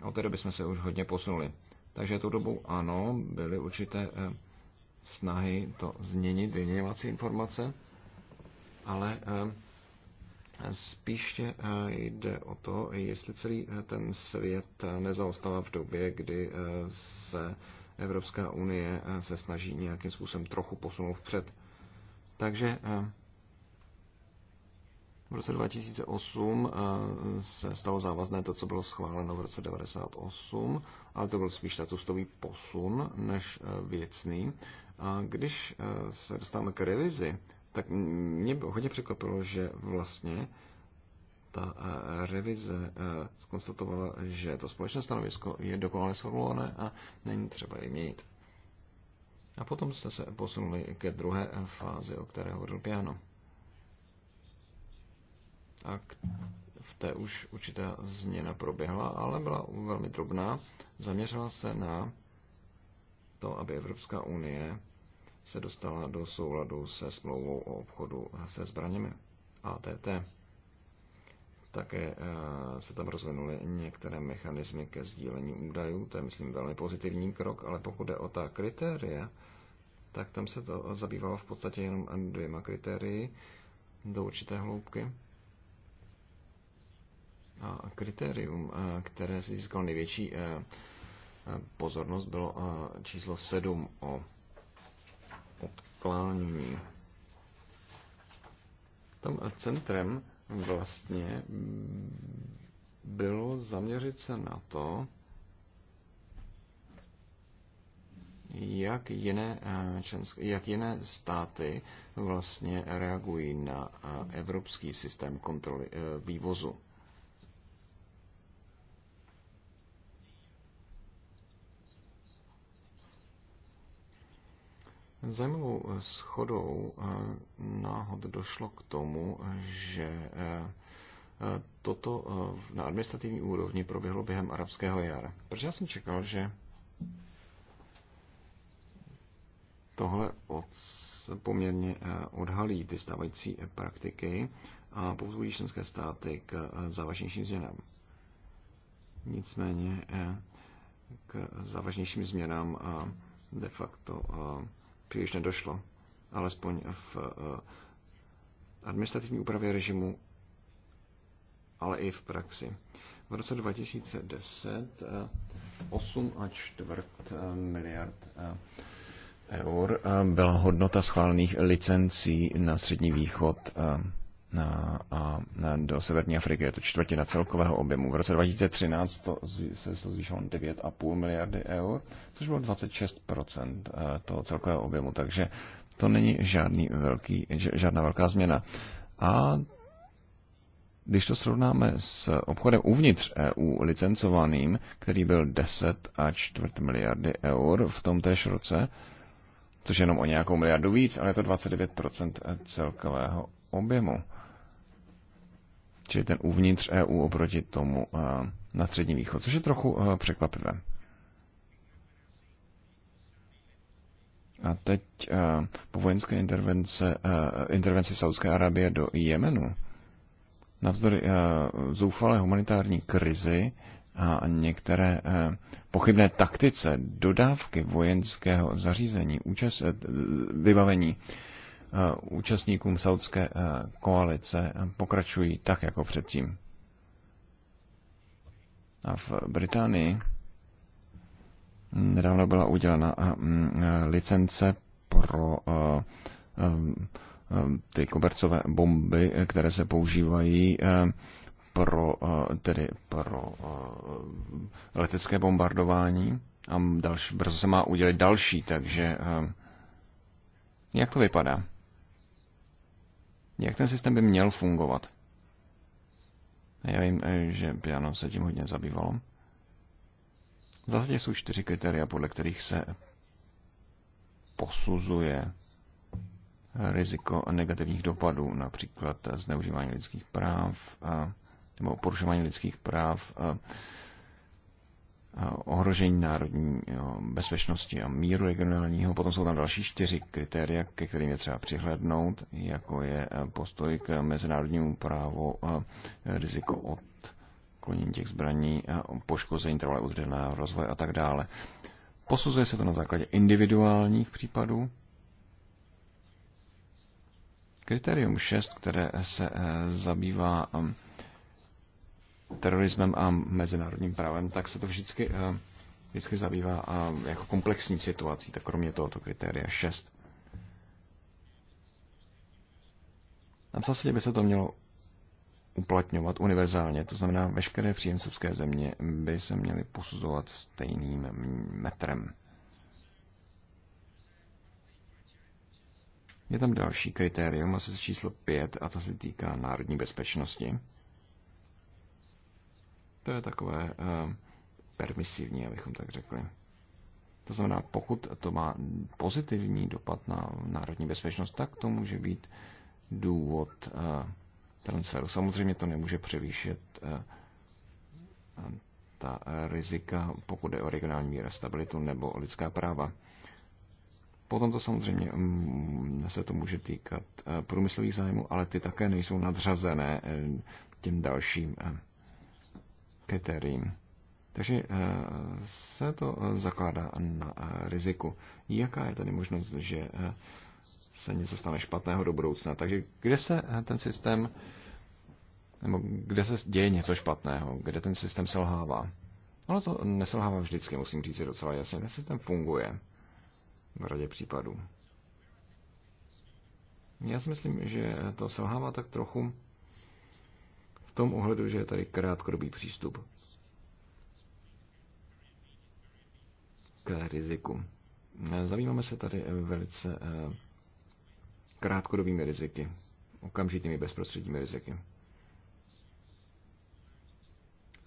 Od té doby jsme se už hodně posunuli. Takže tu dobu ano, byly určité snahy to změnit, vyměňovat si informace, ale eh, spíše eh, jde o to, jestli celý eh, ten svět nezaostává v době, kdy se Evropská unie se snaží nějakým způsobem trochu posunout vpřed. Takže v roce 2008 se stalo závazné to, co bylo schváleno v roce 1998, ale to byl spíš tacustový posun než věcný. A když se dostáváme k revizi tak mě hodně překvapilo, že vlastně ta eh, revize skonstatovala, eh, že to společné stanovisko je dokonale sformulované a není třeba je měnit. A potom jste se posunuli ke druhé eh, fázi, o které hovořil Piano. A v té už určitá změna proběhla, ale byla velmi drobná. Zaměřila se na to, aby Evropská unie se dostala do souladu se smlouvou o obchodu se zbraněmi ATT. Také eh, se tam rozvinuly některé mechanismy ke sdílení údajů, to je, myslím, velmi pozitivní krok, ale pokud jde o ta kritéria, tak tam se to zabývalo v podstatě jenom dvěma kritérii do určité hloubky. A kritérium, eh, které si získalo největší eh, pozornost, bylo číslo 7 o sklání. Tam centrem vlastně bylo zaměřit se na to, jak jiné, eh, členské, jak jiné státy vlastně reagují na eh, evropský systém kontroly eh, vývozu. Zajímavou eh, schodou eh, náhod došlo k tomu, že eh, toto na administrativní úrovni proběhlo během arabského jara. Protože já jsem čekal, že tohle od, poměrně odhalí ty stávající praktiky a povzbudí členské státy k závažnějším změnám. Nicméně k závažnějším změnám de facto příliš nedošlo. Alespoň v eh, administrativní úpravě režimu, ale i v praxi. V roce 2010 8 eh, a čtvrt eh, miliard eur byla hodnota schválených licencí na Střední východ a do Severní Afriky je to čtvrtina celkového objemu. V roce 2013 to, se to zvýšilo 9,5 miliardy eur, což bylo 26 eh, toho celkového objemu, takže to není žádný velký, žádná velká změna. A když to srovnáme s obchodem uvnitř EU licencovaným, který byl 10 a čtvrt miliardy eur v tom též roce, což je jenom o nějakou miliardu víc, ale je to 29% eh, celkového objemu čili ten uvnitř EU oproti tomu eh, na Střední východ, což je trochu eh, překvapivé. A teď eh, po vojenské intervence, intervenci Saudské Arábie do Jemenu, navzdory zoufalé humanitární krizi a některé pochybné taktice dodávky vojenského zařízení, účast, vybavení, Eh, účastníkům saudské eh, koalice eh, pokračují tak jako předtím. A v Británii nedávno byla udělena mm, licence pro ty kobercové bomby, které se používají pro, tedy pro letecké bombardování a další, brzo se má udělat další, takže jak to vypadá? Jak ten systém by měl fungovat? Já vím, eh, že piano se tím hodně zabývalo. V zásadě jsou čtyři kritéria, podle kterých se posuzuje riziko negativních dopadů, například zneužívání lidských práv eh, nebo porušování lidských práv, eh, ohrožení národní bezpečnosti a míru regionálního. Potom jsou tam další čtyři kritéria, ke kterým je třeba přihlednout, jako je e, postoj k mezinárodnímu právu, e, riziko od klonění těch zbraní, poškození trvalé udržená rozvoje a tak dále. Posuzuje se to na základě individuálních případů. Kritérium 6, které se e, zabývá terorismem a mezinárodním právem, tak se to vždycky, eh, vždycky zabývá eh, jako komplexní situací, tak kromě tohoto kritéria 6. A v zásadě by se to mělo uplatňovat univerzálně, to znamená, veškeré příjemcovské země by se měly posuzovat stejným metrem. Je tam další kritérium, asi číslo 5, a to se týká národní bezpečnosti. To je takové eh, permisivní, abychom tak řekli. To znamená, pokud to má pozitivní dopad na národní bezpečnost, tak to může být důvod eh, transferu. Samozřejmě to nemůže převýšet eh, ta rizika, pokud je o regionální mír stabilitu nebo lidská práva. Potom to samozřejmě mm, se to může týkat průmyslových zájmů, ale ty také nejsou nadřazené těm dalším kritériím. Takže eh, se to eh, zakládá na eh, riziku. Jaká je tady možnost, že se něco stane špatného do budoucna? Takže kde se ten systém, nebo kde se děje něco špatného, kde ten systém selhává? Ono to neselhává vždycky, musím říct si docela jasně. Ten systém funguje v radě případů. Já si myslím, že to selhává tak trochu tom ohledu, že je tady krátkodobý přístup k riziku. Zabýváme se tady velice eh, krátkodobými riziky, okamžitými bezprostředními riziky.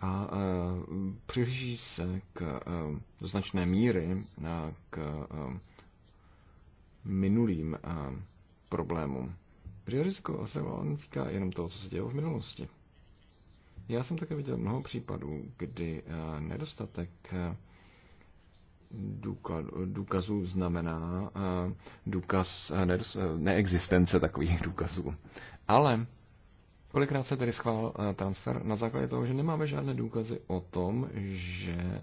A eh, přihlíží se k, eh, do značné míry k minulým problémům. Protože riziko se týká jenom toho, co se dělo v minulosti. Já jsem také viděl mnoho případů, kdy eh, nedostatek eh, důkazů znamená eh, důkaz neexistence takových důkazů. Ale kolikrát se tedy schvál transfer na základě toho, že nemáme žádné důkazy o tom, že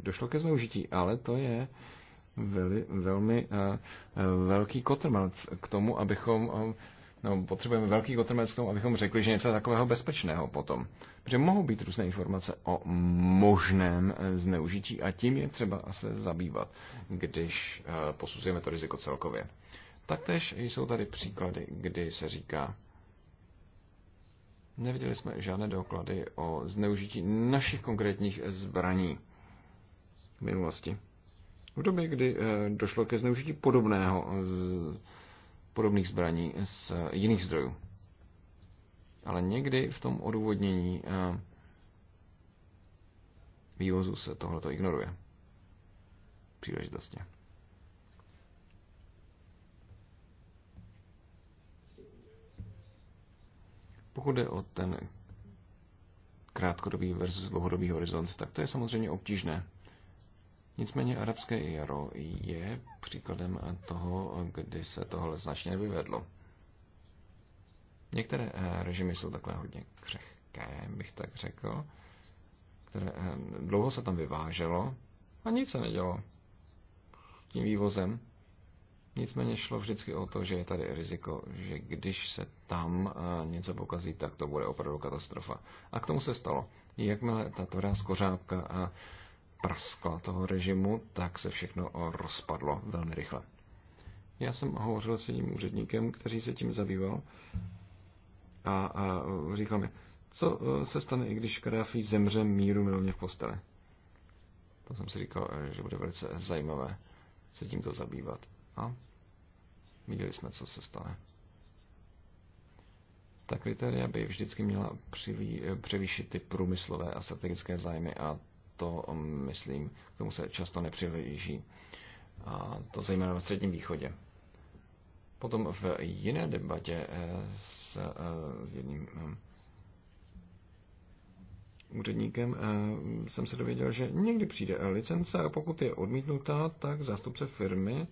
došlo ke zneužití, ale to je veli, velmi velký kotrmelc k tomu, abychom no, potřebujeme velký kotrmec k tomu, abychom řekli, že něco takového bezpečného potom. Protože mohou být různé informace o možném eh, zneužití a tím je třeba se zabývat, když eh, posuzujeme to riziko celkově. Taktéž jsou tady příklady, kdy se říká, neviděli jsme žádné doklady o zneužití našich konkrétních zbraní v minulosti. V době, kdy eh, došlo ke zneužití podobného podobných zbraní z jiných zdrojů. Ale někdy v tom odůvodnění eh, vývozu se tohleto ignoruje. Příležitostně. Pokud jde o ten krátkodobý versus dlouhodobý horizont, tak to je samozřejmě obtížné. Nicméně arabské jaro je příkladem toho, kdy se tohle značně nevyvedlo. Některé eh, režimy jsou takové hodně křehké, bych tak řekl, které eh, dlouho se tam vyváželo a nic se nedělo tím vývozem. Nicméně šlo vždycky o to, že je tady riziko, že když se tam eh, něco pokazí, tak to bude opravdu katastrofa. A k tomu se stalo. Jakmile ta tvrdá skořápka a praskla toho režimu, tak se všechno rozpadlo velmi rychle. Já jsem hovořil s jedním úředníkem, který se tím zabýval a, a říkal mi, co e, se stane, i když Kadáfi zemře míru milovně v posteli. To jsem si říkal, e, že bude velice zajímavé se tímto zabývat. A viděli jsme, co se stane. Ta kritéria by vždycky měla e, převýšit ty průmyslové a strategické zájmy a to, um, myslím, k tomu se často nepřihlíží. A to zejména ve Středním východě. Potom v jiné debatě eh, s, eh, s jedním eh, úředníkem jsem se dověděl, že někdy přijde licence a pokud je odmítnutá, tak zástupce firmy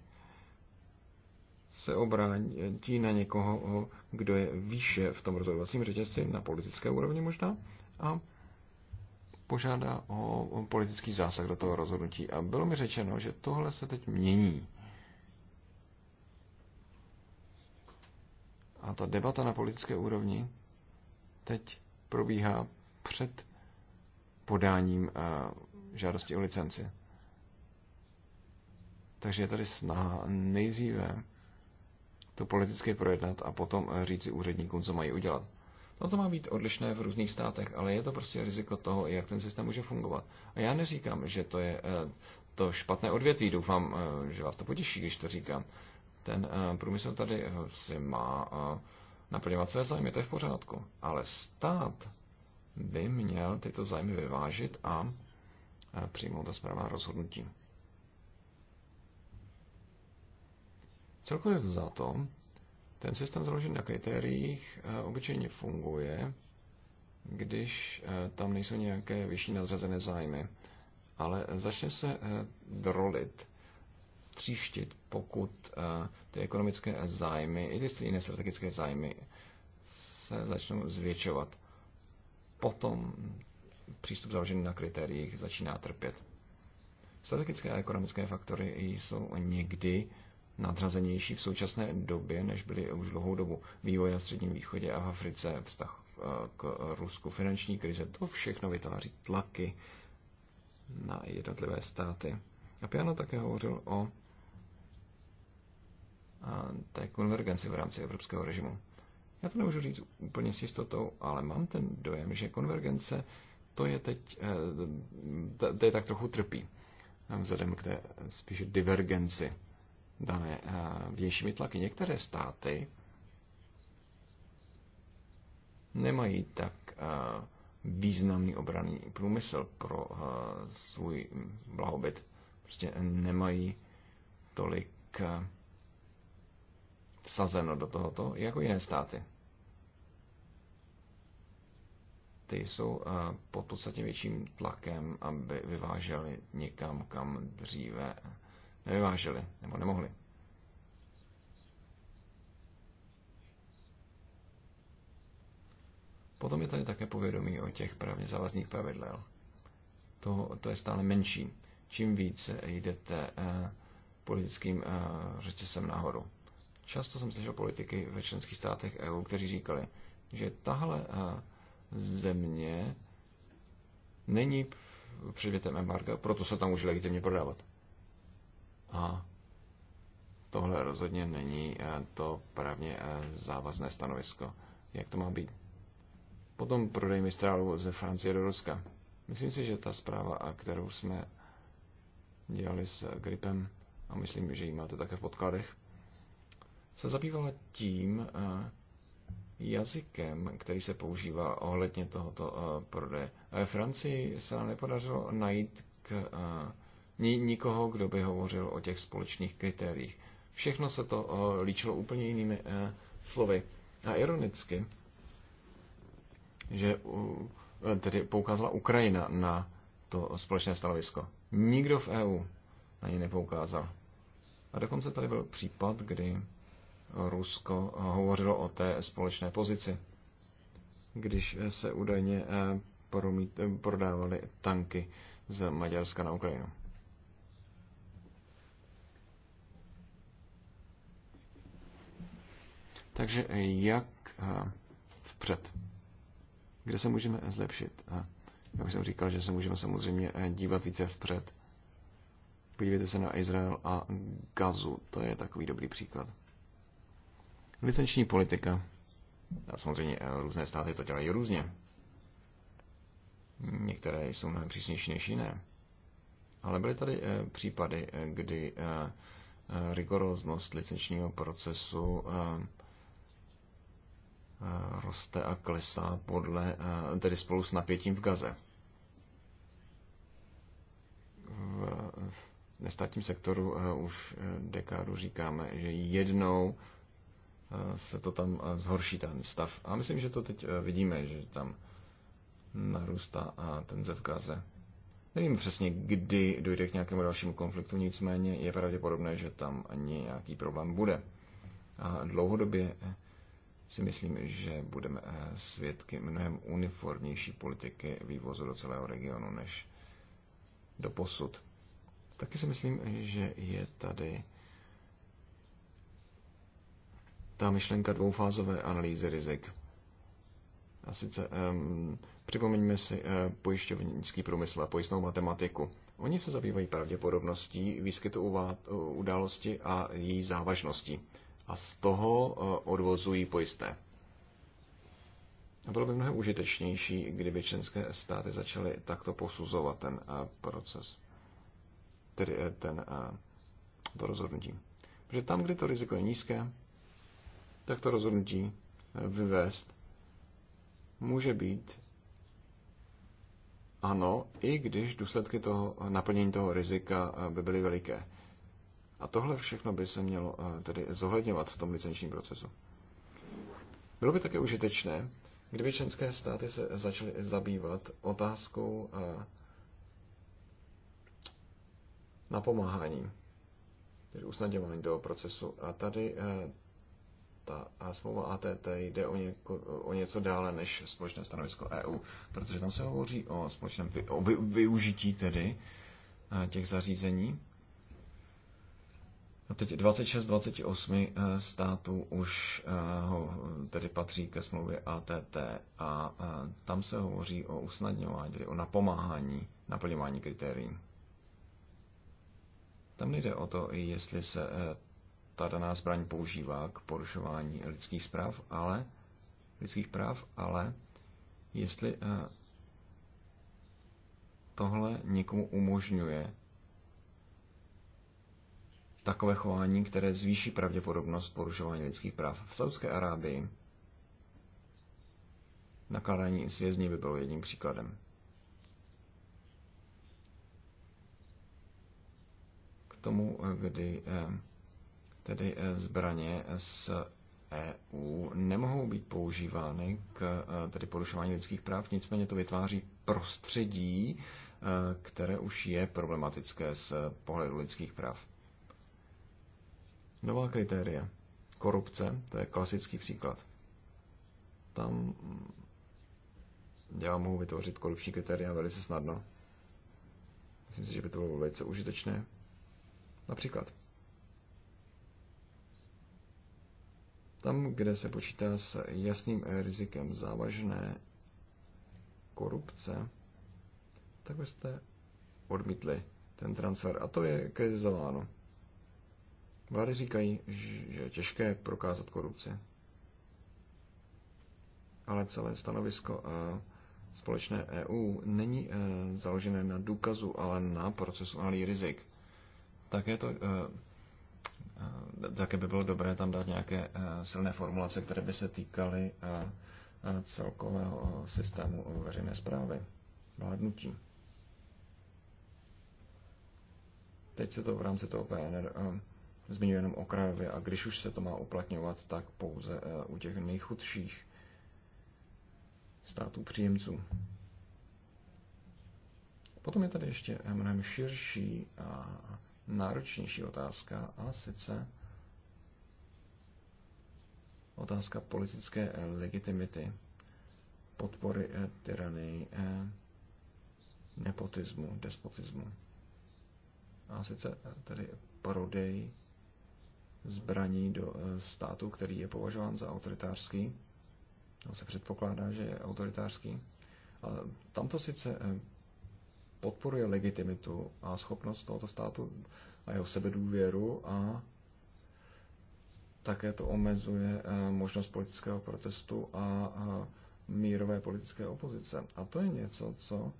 se obrátí na někoho, kdo je výše v tom rozhodovacím řetězci, na politické úrovni možná, a požádá o politický zásah do toho rozhodnutí. A bylo mi řečeno, že tohle se teď mění. A ta debata na politické úrovni teď probíhá před podáním eh, žádosti o licenci. Takže je tady snaha nejdříve to politicky projednat a potom si eh, úředníkům, co mají udělat. No to má být odlišné v různých státech, ale je to prostě riziko toho, jak ten systém může fungovat. A já neříkám, že to je eh, to špatné odvětví. Doufám, eh, že vás to potěší, když to říkám. Ten eh, průmysl tady si má naplňovat své zájmy, to je v pořádku. Ale stát by měl tyto zájmy vyvážit a přijmout ta správná rozhodnutí. Celkově za to ten systém založený na kritériích eh, obyčejně funguje, když eh, tam nejsou nějaké vyšší nadřazené zájmy. Ale začne se eh, drolit, tříštit, pokud ty ekonomické zájmy i ty stejné strategické zájmy se začnou zvětšovat. Potom přístup založený na kritériích začíná trpět. Strategické a ekonomické faktory jsou někdy nadřazenější v současné době, než byly už dlouhou dobu. Vývoj na Středním východě a v Africe, vztah eh, k Rusku, finanční krize, to všechno vytváří tlaky na jednotlivé státy. A Piano také hovořil o té konvergenci v rámci evropského režimu. Já to nemůžu říct úplně s jistotou, ale mám ten dojem, že konvergence to je teď, eh, je tak trochu trpí eh, vzhledem k té spíše divergenci dané eh, vnějšími tlaky. Některé státy nemají tak eh, významný obranný průmysl pro eh, svůj blahobyt. Prostě nemají tolik vsazeno do tohoto jako jiné státy. Ty jsou pod podstatně větším tlakem, aby vyvážely někam, kam dříve nevyvážili nebo nemohli. Potom je tady také povědomí o těch právně závazných pravidlech. To, to je stále menší. Čím více jdete eh, politickým eh, řetězem nahoru. Často jsem slyšel politiky ve členských státech EU, kteří říkali, že tahle eh, země není předmětem embarga, proto se tam může legitimně prodávat. A tohle rozhodně není eh, to právně eh, závazné stanovisko. Jak to má být? Potom prodej mistrálu ze Francie do Ruska. Myslím si, že ta zpráva, kterou jsme dělali s Gripem, a myslím, že ji máte také v podkladech, se zabývala tím eh, jazykem, který se používá ohledně tohoto prodeje. Francii se nám nepodařilo najít k ni, nikoho, kdo by hovořil o těch společných kritériích. Všechno se to o, eh, líčilo úplně jinými e, slovy. A ironicky, že u, eh, tedy poukázala Ukrajina na to společné stanovisko. Nikdo v EU na ně nepoukázal. A dokonce tady byl případ, kdy Rusko hovořilo o té společné pozici, když se údajně prodávaly tanky z Maďarska na Ukrajinu. Takže eh, jak eh, vpřed? Kde se můžeme zlepšit? Eh, Já už jsem říkal, že se můžeme samozřejmě dívat více vpřed. Podívejte se na Izrael a Gazu, to je takový dobrý příklad. Licenční politika. A samozřejmě různé státy to dělají různě. Některé jsou mnohem přísnější než jiné. Ale byly tady případy, kdy rigoróznost licenčního procesu Eh, roste a klesá podle, eh, tedy spolu s napětím v Gaze. V nestátním sektoru eh, už dekádu říkáme, že jednou se to tam zhorší ten stav. A myslím, že to teď vidíme, že tam narůstá tenze v Gaze. Nevím přesně, kdy dojde k nějakému dalšímu konfliktu, nicméně je pravděpodobné, že tam nějaký problém bude. A dlouhodobě si myslím, že budeme eh, svědky mnohem uniformnější politiky vývozu do celého regionu než do posud. Taky si myslím, že je tady ta myšlenka dvoufázové analýzy rizik. A sice um, připomeňme si uh, pojišťovnický průmysl a pojistnou matematiku. Oni se zabývají pravděpodobností výskytu události a její závažností a z toho eh, odvozují pojisté. A bylo by mnohem užitečnější, kdyby členské státy začaly takto posuzovat ten eh, proces, tedy eh, ten, to rozhodnutí. Protože tam, kde to riziko je nízké, tak to rozhodnutí vyvést může být ano, i když důsledky toho naplnění toho rizika by byly veliké. A tohle všechno by se mělo eh, tedy zohledňovat v tom licenčním procesu. Bylo by také užitečné, kdyby členské státy se začaly zabývat otázkou eh, napomáhání, tedy usnadňování toho procesu. A tady eh, ta smlouva ATT jde o, něko, o něco dále než společné stanovisko EU, protože tam se hovoří o společném o vy, využití tedy těch zařízení a no teď 26, 28 eh, států už eh, ho tedy patří ke smlouvě ATT a eh, tam se hovoří o usnadňování, tedy o napomáhání, naplňování kritérií. Tam nejde o to, jestli se ta daná zbraň používá k porušování lidských práv, ale lidských práv, ale jestli tohle někomu umožňuje takové chování, které zvýší pravděpodobnost porušování lidských práv. V Saudské Arábii nakládání s vězni by bylo jedním příkladem. K tomu, kdy eh, tedy eh, zbraně z EU nemohou být používány k eh, tedy porušování lidských práv, nicméně to vytváří prostředí, které už je problematické z pohledu lidských práv. Nová kritéria. Korupce, to je klasický příklad. Tam já mohu vytvořit korupční kritéria velice snadno. Myslím si, že by to bylo velice užitečné. Například. Tam, kde se počítá s jasným rizikem závažné korupce, tak byste odmítli ten transfer. A to je kritizováno. Vlády říkají, že je těžké prokázat korupci. Ale celé stanovisko eh, společné EU není eh, založené na důkazu, ale na procesu analý rizik. Také to eh, také by bylo dobré tam dát nějaké silné formulace, které by se týkaly celkového systému veřejné zprávy, vládnutí. Teď se to v rámci toho PNR zmiňuji jenom okrajově a když už se to má uplatňovat, tak pouze eh, u těch nejchudších států příjemců. Potom je tady ještě mnohem širší a náročnější otázka a sice otázka politické eh, legitimity, podpory eh, tyranii, nepotismu, despotismu. A sice tady prodej zbraní do eh, státu, který je považován za autoritářský, On se předpokládá, že je autoritářský. A tam to sice eh, podporuje legitimitu a schopnost tohoto státu a jeho sebedůvěru a také to omezuje eh, možnost politického protestu a mírové politické opozice. A to je něco, co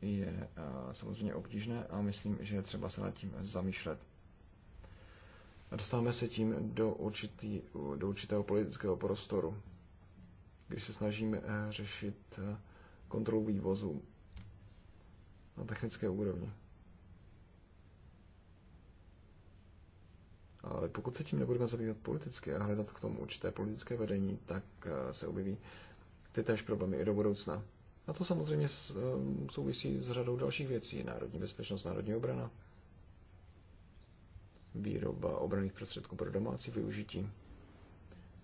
je samozřejmě obtížné a myslím, že je třeba se nad tím zamýšlet. Dostáváme se tím do, určitý, do určitého politického prostoru, když se snažíme eh, řešit eh, kontrolu vývozu na technické úrovni. Ale pokud se tím nebudeme zabývat politicky a hledat k tomu určité politické vedení, tak eh, se objeví ty problémy i do budoucna. A to samozřejmě souvisí s řadou dalších věcí. Národní bezpečnost, národní obrana výroba obraných prostředků pro domácí využití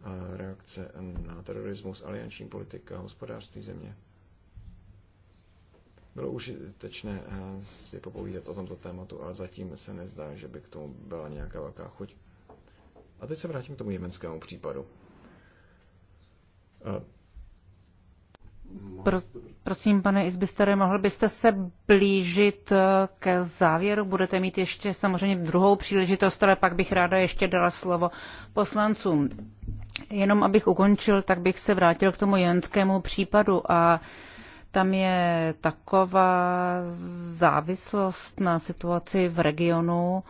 a reakce na terorismus, alianční politika, hospodářství země. Bylo užitečné eh, si popovídat o tomto tématu, ale zatím se nezdá, že by k tomu byla nějaká velká chuť. A teď se vrátím k tomu jemenskému případu. Eh, pro, prosím, pane Izbistere, mohl byste se blížit eh, ke závěru? Budete mít ještě samozřejmě druhou příležitost, ale pak bych ráda ještě dala slovo poslancům. Jenom abych ukončil, tak bych se vrátil k tomu jenskému případu a tam je taková závislost na situaci v regionu.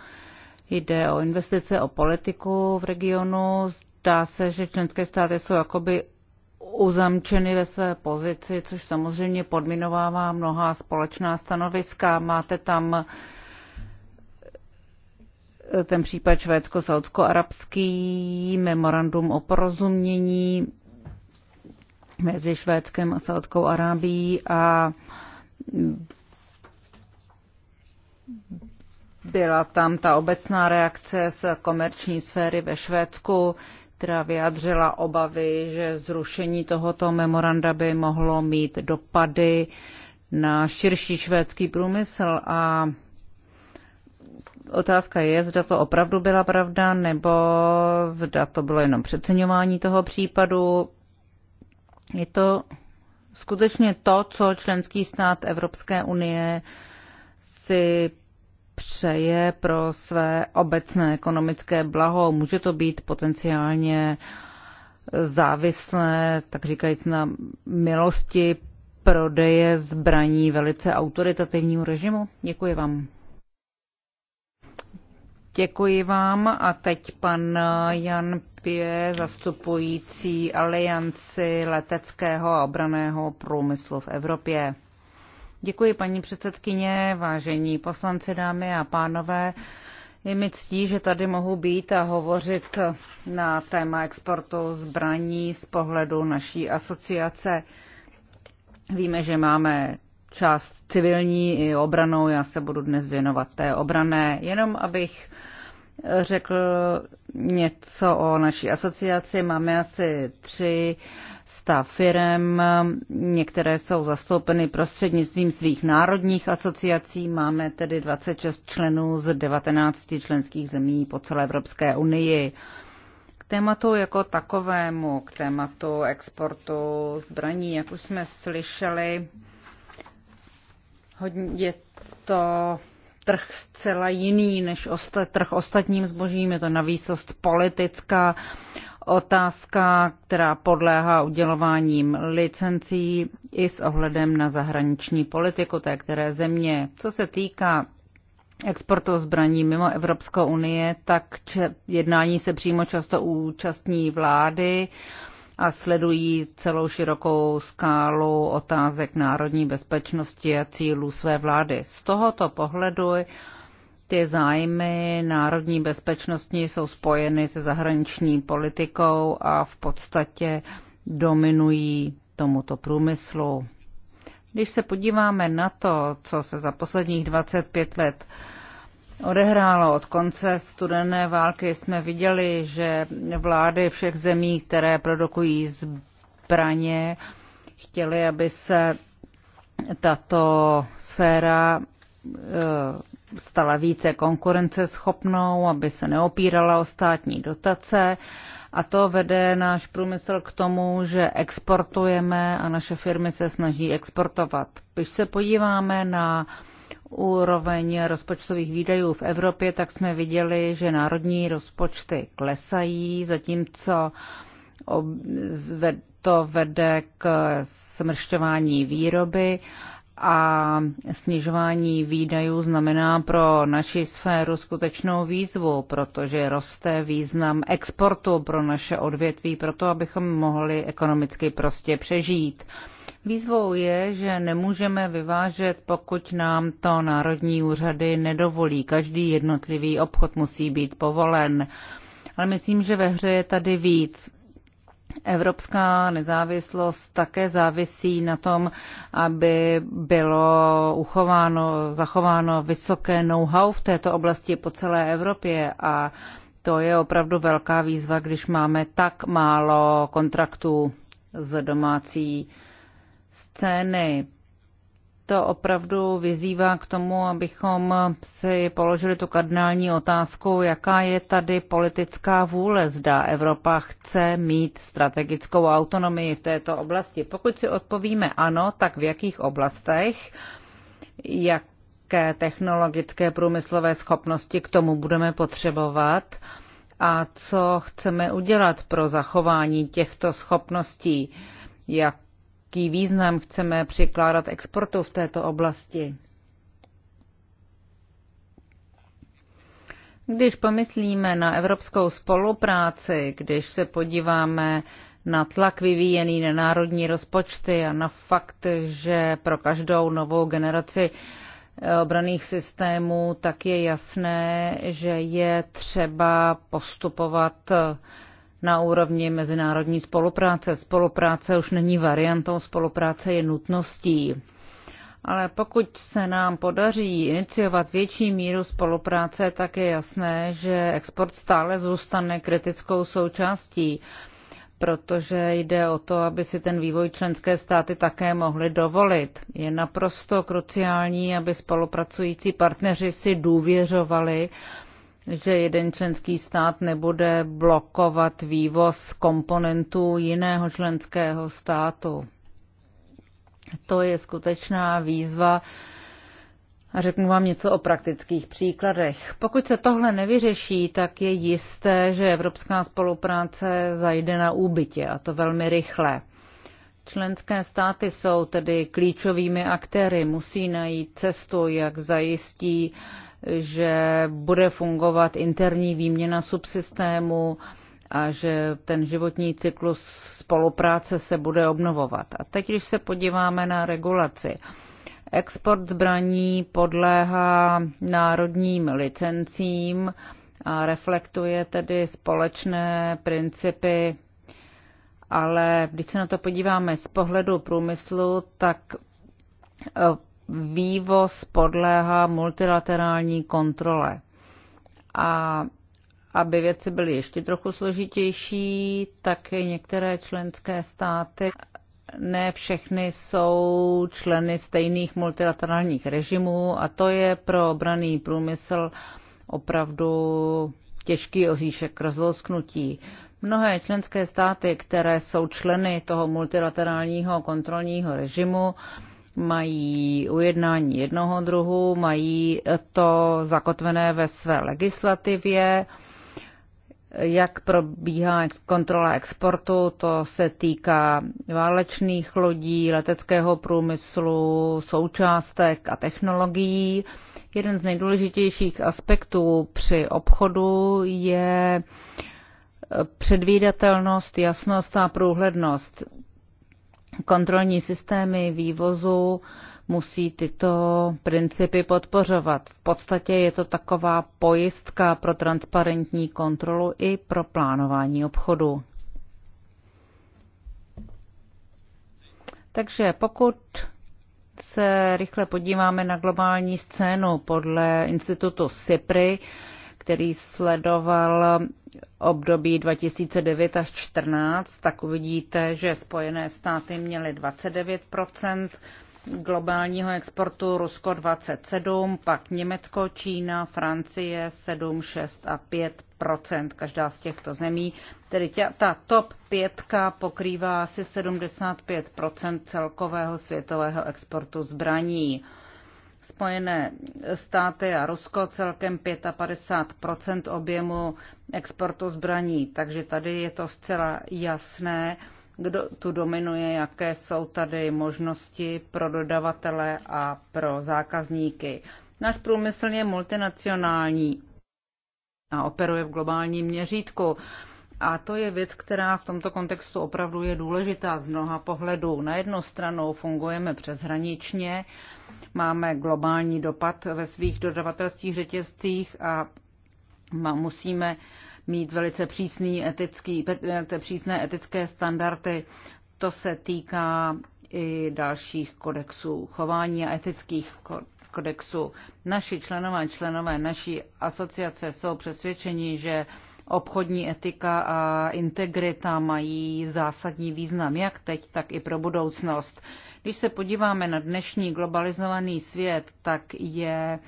Jde o investice, o politiku v regionu. Zdá se, že členské státy jsou jakoby uzamčeny ve své pozici, což samozřejmě podminovává mnoha společná stanoviska. Máte tam eh, ten případ švédsko-saudsko-arabský, memorandum o porozumění mezi Švédskem a Saudskou Arábií a byla tam ta obecná reakce z komerční sféry ve Švédsku, která vyjadřila obavy, že zrušení tohoto memoranda by mohlo mít dopady na širší švédský průmysl a otázka je, zda to opravdu byla pravda, nebo zda to bylo jenom přeceňování toho případu. Je to skutečně to, co členský stát Evropské unie si přeje pro své obecné ekonomické blaho. Může to být potenciálně závislé, tak říkajíc, na milosti prodeje zbraní velice autoritativnímu režimu? Děkuji vám. Děkuji vám a teď pan Jan Pě, zastupující alianci leteckého a obraného průmyslu v Evropě. Děkuji, paní předsedkyně, vážení poslanci, dámy a pánové. Je mi ctí, že tady mohu být a hovořit na téma exportu zbraní z pohledu naší asociace. Víme, že máme část civilní i obranou, já se budu dnes věnovat té obrané, jenom abych řekl něco o naší asociaci. Máme asi tři sta firem, některé jsou zastoupeny prostřednictvím svých národních asociací. Máme tedy 26 členů z 19 členských zemí po celé Evropské unii. K tématu jako takovému, k tématu exportu zbraní, jak už jsme slyšeli, hodně je to trh zcela jiný než osta- trh ostatním zbožím, je to navýsost politická otázka, která podléhá udělováním licencí i s ohledem na zahraniční politiku té které země. Co se týká exportu zbraní mimo Evropskou unie, tak jednání se přímo často účastní vlády. Uh, a sledují celou širokou skálu otázek národní bezpečnosti a cílů své vlády. Z tohoto pohledu ty zájmy národní bezpečnosti jsou spojeny se zahraniční politikou a v podstatě dominují tomuto průmyslu. Když se podíváme na to, co se za posledních 25 let odehrálo od konce studené války, jsme viděli, že vlády všech zemí, které produkují zbraně, chtěly, aby se tato sféra eh, stala více konkurenceschopnou, aby se neopírala o státní dotace. A to vede náš průmysl k tomu, že exportujeme a naše firmy se snaží exportovat. Když se podíváme na uh, úroveň rozpočtových výdajů v Evropě, tak jsme viděli, že národní rozpočty klesají, zatímco to vede k smršťování výroby a snižování výdajů znamená pro naši sféru skutečnou výzvu, protože roste význam exportu pro naše odvětví, proto abychom mohli ekonomicky prostě přežít. Výzvou je, že nemůžeme vyvážet, pokud nám to národní úřady nedovolí. Každý jednotlivý obchod musí být povolen. Ale myslím, že ve hře je tady víc. Evropská nezávislost také závisí na tom, aby bylo uchováno, zachováno vysoké know-how v této oblasti po celé Evropě a to je opravdu velká výzva, když máme tak málo kontraktů z domácí scény. To opravdu vyzývá k tomu, abychom si položili tu kardinální otázku, jaká je tady politická vůle. Zda Evropa chce mít strategickou autonomii v této oblasti. Pokud si odpovíme ano, tak v jakých oblastech, jaké technologické průmyslové schopnosti k tomu budeme potřebovat a co chceme udělat pro zachování těchto schopností jak jaký význam chceme přikládat exportu v této oblasti. Když pomyslíme na evropskou spolupráci, když se podíváme na tlak vyvíjený na národní rozpočty a na fakt, že pro každou novou generaci eh, obraných systémů, tak je jasné, že je třeba postupovat eh, na úrovni mezinárodní spolupráce. Spolupráce už není variantou, spolupráce je nutností. Ale pokud se nám podaří iniciovat větší míru spolupráce, tak je jasné, že export stále zůstane kritickou součástí, protože jde o to, aby si ten vývoj členské státy také mohly dovolit. Je naprosto kruciální, aby spolupracující partneři si důvěřovali že jeden členský stát nebude blokovat vývoz komponentů jiného členského státu. To je skutečná výzva a řeknu vám něco o praktických příkladech. Pokud se tohle nevyřeší, tak je jisté, že evropská spolupráce zajde na úbytě a to velmi rychle. Členské státy jsou tedy klíčovými aktéry, musí najít cestu, jak zajistí že bude fungovat interní výměna subsystému a že ten životní cyklus spolupráce se bude obnovovat. A teď, když se podíváme na regulaci, export zbraní podléhá národním licencím a reflektuje tedy společné principy, ale když se na to podíváme z pohledu průmyslu, tak eh, vývoz podléhá multilaterální kontrole. A aby věci byly ještě trochu složitější, tak některé členské státy, ne všechny jsou členy stejných multilaterálních režimů a to je pro obraný průmysl opravdu těžký oříšek rozlousknutí. Mnohé členské státy, které jsou členy toho multilaterálního kontrolního režimu, mají ujednání jednoho druhu, mají to zakotvené ve své legislativě, jak probíhá kontrola exportu, to se týká válečných lodí, leteckého průmyslu, součástek a technologií. Jeden z nejdůležitějších aspektů při obchodu je předvídatelnost, jasnost a průhlednost. Kontrolní systémy vývozu musí tyto principy podpořovat. V podstatě je to taková pojistka pro transparentní kontrolu i pro plánování obchodu. Takže pokud se rychle podíváme na globální scénu podle institutu SIPRI, který sledoval období 2009 až 2014, tak uvidíte, že Spojené státy měly 29 globálního exportu, Rusko 27, pak Německo, Čína, Francie 7, 6 a 5 každá z těchto zemí. Tedy tě, ta top pětka pokrývá asi 75 celkového světového exportu zbraní. Spojené státy a Rusko celkem 55 objemu exportu zbraní. Takže tady je to zcela jasné, kdo tu dominuje, jaké jsou tady možnosti pro dodavatele a pro zákazníky. Náš průmysl je multinacionální a operuje v globálním měřítku. A to je věc, která v tomto kontextu opravdu je důležitá z mnoha pohledů. Na jednu stranu fungujeme přeshraničně, máme globální dopad ve svých dodavatelských řetězcích a musíme mít velice přísný etický, eh, přísné etické standardy. To se týká i dalších kodexů chování a etických kodexů. Naši členové členové naší asociace jsou přesvědčeni, že Obchodní etika a integrita mají zásadní význam jak teď, tak i pro budoucnost. Když se podíváme na dnešní globalizovaný svět, tak je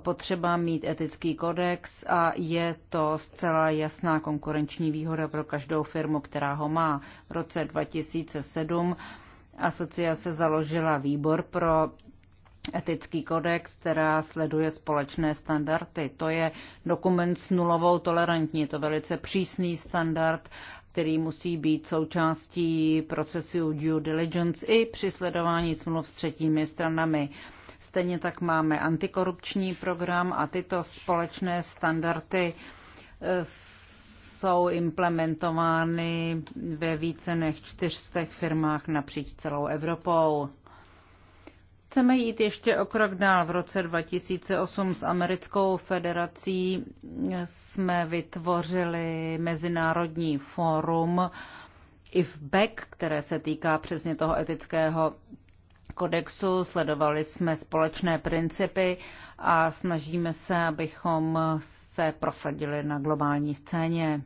potřeba mít etický kodex a je to zcela jasná konkurenční výhoda pro každou firmu, která ho má. V roce 2007 asociace založila výbor pro etický kodex, která sleduje společné standardy. To je dokument s nulovou tolerantní, je to velice přísný standard, který musí být součástí procesu due diligence i při sledování smluv s třetími stranami. Stejně tak máme antikorupční program a tyto společné standardy eh, jsou implementovány ve více než 400 firmách napříč celou Evropou. Chceme jít ještě o krok dál. V roce 2008 s Americkou federací jsme vytvořili Mezinárodní fórum IFBEC, které se týká přesně toho etického kodexu, sledovali jsme společné principy a snažíme se, abychom se prosadili na globální scéně.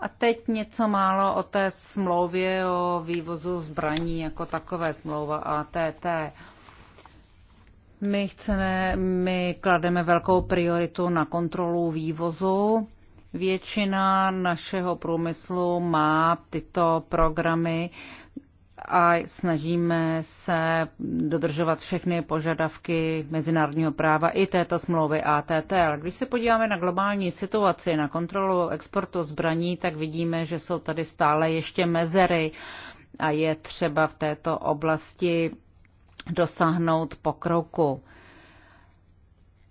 A teď něco málo o té smlouvě o vývozu zbraní jako takové smlouva ATT. My chceme, my klademe velkou prioritu na kontrolu vývozu. Většina našeho průmyslu má tyto programy, a snažíme se dodržovat všechny požadavky mezinárodního práva i této smlouvy ATT. Ale když se podíváme na globální situaci, na kontrolu exportu zbraní, tak vidíme, že jsou tady stále ještě mezery a je třeba v této oblasti dosáhnout pokroku.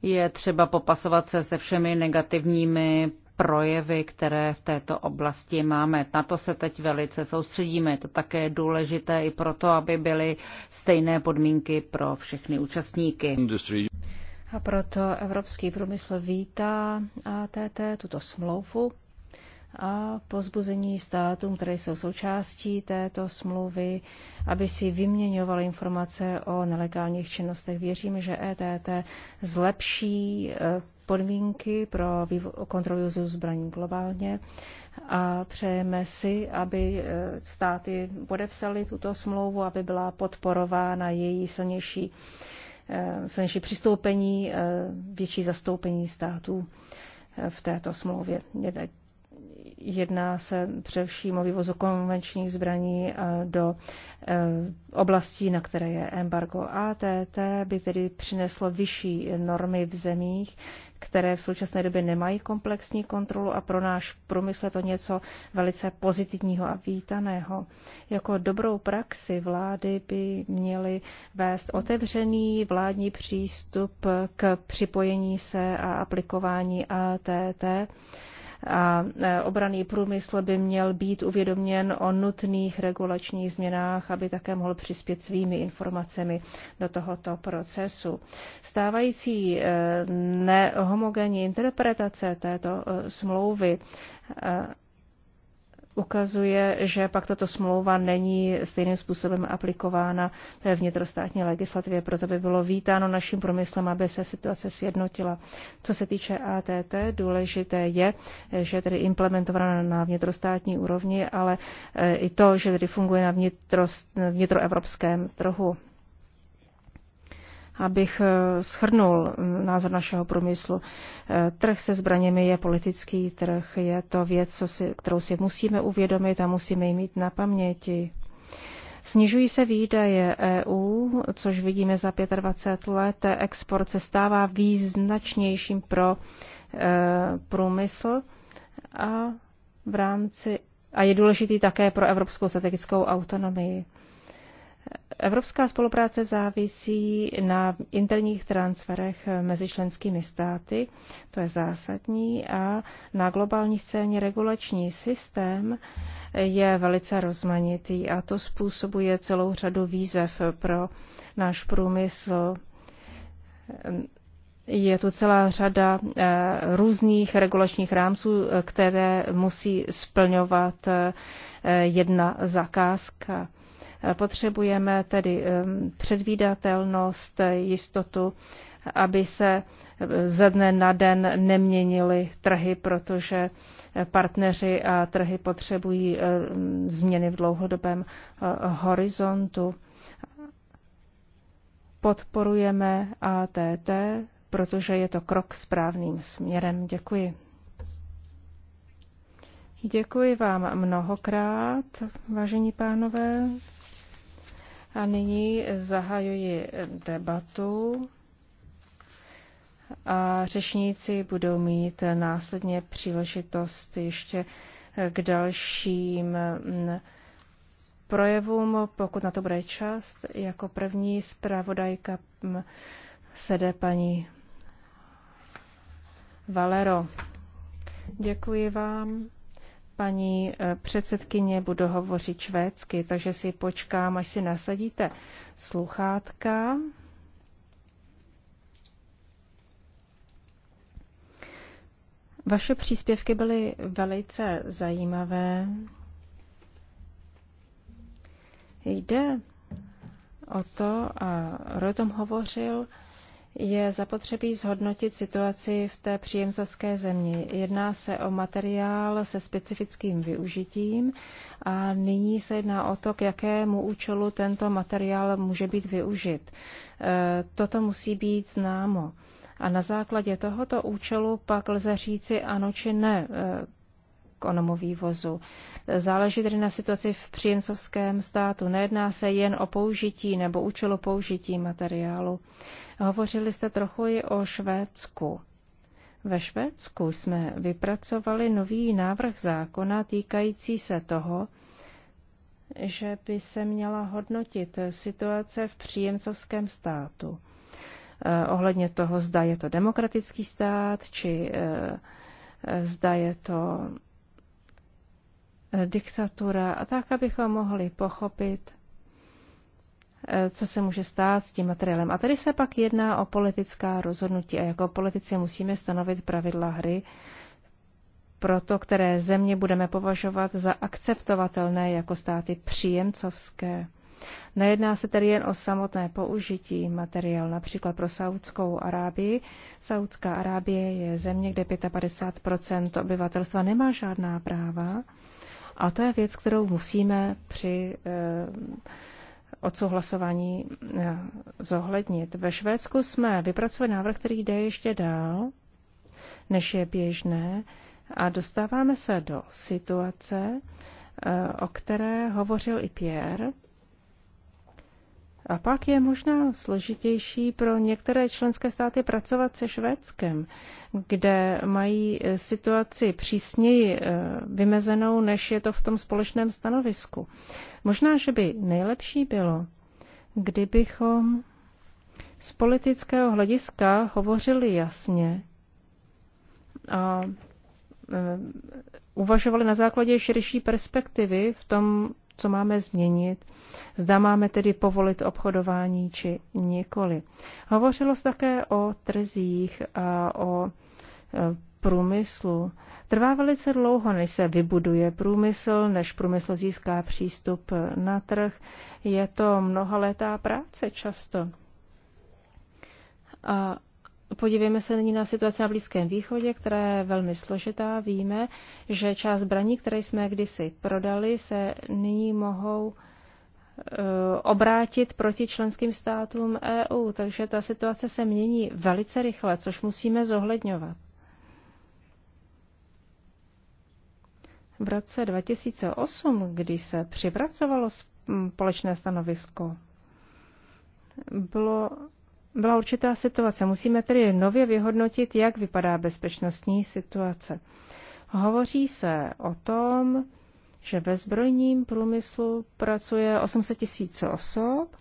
Je třeba popasovat se se všemi negativními projevy, které v této oblasti máme. Na to se teď velice soustředíme. Je to také důležité i proto, aby byly stejné podmínky pro všechny účastníky. A proto Evropský průmysl vítá ATT tuto smlouvu a pozbuzení státům, které jsou součástí této smlouvy, aby si vyměňovaly informace o nelegálních činnostech. Věříme, že ETT zlepší eh, podmínky pro kontrolu zbraní globálně a přejeme si, aby e, státy podepsaly tuto smlouvu, aby byla podporována její silnější, e, silnější přistoupení, e, větší zastoupení států v této smlouvě. Jedná se především o vývozu konvenčních zbraní eh, do eh, oblastí, na které je embargo ATT, by tedy přineslo vyšší normy v zemích, které v současné době nemají komplexní kontrolu a pro náš průmysl je to něco velice pozitivního a vítaného. Jako dobrou praxi vlády by měly vést otevřený vládní přístup k připojení se a aplikování ATT a e, obraný průmysl by měl být uvědoměn o nutných regulačních změnách, aby také mohl přispět svými informacemi do tohoto procesu. Stávající e, nehomogenní interpretace této e, smlouvy ukazuje, že pak tato smlouva není stejným způsobem aplikována ve vnitrostátní legislativě. Proto by bylo vítáno naším promyslem, aby se situace sjednotila. Co se týče ATT, důležité je, že je tedy implementována na vnitrostátní úrovni, ale eh, i to, že tedy funguje na vnitro, vnitroevropském trhu. Abych eh, schrnul eh, názor našeho průmyslu, eh, trh se zbraněmi je politický trh, je to věc, co si, kterou si musíme uvědomit a musíme ji mít na paměti. Snižují se výdaje EU, což vidíme za 25 let. Export se stává význačnějším pro e, průmysl a v rámci a je důležitý také pro evropskou strategickou autonomii. Evropská spolupráce závisí na interních transferech mezi členskými státy, to je zásadní, a na globální scéně regulační systém je velice rozmanitý a to způsobuje celou řadu výzev pro náš průmysl. Je tu celá řada eh, různých regulačních rámců, které musí splňovat eh, jedna zakázka. Potřebujeme tedy předvídatelnost, jistotu, aby se ze dne na den neměnily trhy, protože partneři a trhy potřebují změny v dlouhodobém eh, horizontu. Podporujeme ATT, protože je to krok správným směrem. Děkuji. Děkuji vám mnohokrát, vážení pánové. A nyní zahajuji debatu a řečníci budou mít následně příležitost ještě k dalším projevům, pokud na to bude čas. Jako první zpravodajka sede paní Valero. Děkuji vám paní eh, předsedkyně, budu hovořit švédsky, takže si počkám, až si nasadíte sluchátka. Vaše příspěvky byly velice zajímavé. Jde o to, a Rodom hovořil, je zapotřebí zhodnotit situaci v té příjemcovské zemi. Jedná se o materiál se specifickým využitím a nyní se jedná o to, k jakému účelu tento materiál může být využit. E, toto musí být známo. A na základě tohoto účelu pak lze říci ano či ne e, k onomu vývozu. Záleží tedy na situaci v příjemcovském státu. Nejedná se jen o použití nebo účelo použití materiálu. Hovořili jste trochu i o Švédsku. Ve Švédsku jsme vypracovali nový návrh zákona týkající se toho, že by se měla hodnotit situace v příjemcovském státu. Eh, ohledně toho, zda je to demokratický stát, či eh, zda je to Eh, diktatura, a tak, abychom mohli pochopit, eh, co se může stát s tím materiálem. A tady se pak jedná o politická rozhodnutí a jako politici musíme stanovit pravidla hry pro to, které země budeme považovat za akceptovatelné jako státy příjemcovské. Nejedná se tedy jen o samotné použití materiál, například pro Saudskou Arábii. Saudská Arábie je země, kde 55 obyvatelstva nemá žádná práva a to je věc, kterou musíme při eh, odsouhlasování eh, zohlednit. Ve Švédsku jsme vypracovali návrh, který jde ještě dál, než je běžné, a dostáváme se do situace, eh, o které hovořil i Pierre, a pak je možná složitější pro některé členské státy pracovat se Švédskem, kde mají e, situaci přísněji e, vymezenou, než je to v tom společném stanovisku. Možná, že by nejlepší bylo, kdybychom z politického hlediska hovořili jasně a e, uvažovali na základě širší perspektivy v tom co máme změnit, zda máme tedy povolit obchodování či nikoli. Hovořilo se také o trzích a o e, průmyslu. Trvá velice dlouho, než se vybuduje průmysl, než průmysl získá přístup na trh. Je to mnohaletá práce často. A Podívejme se nyní na situaci na Blízkém východě, která je velmi složitá. Víme, že část zbraní, které jsme kdysi prodali, se nyní mohou e, obrátit proti členským státům EU. Takže ta situace se mění velice rychle, což musíme zohledňovat. V roce 2008, kdy se připracovalo společné stanovisko, bylo byla určitá situace. Musíme tedy nově vyhodnotit, jak vypadá bezpečnostní situace. Hovoří se o tom, že ve zbrojním průmyslu pracuje 800 tisíc osob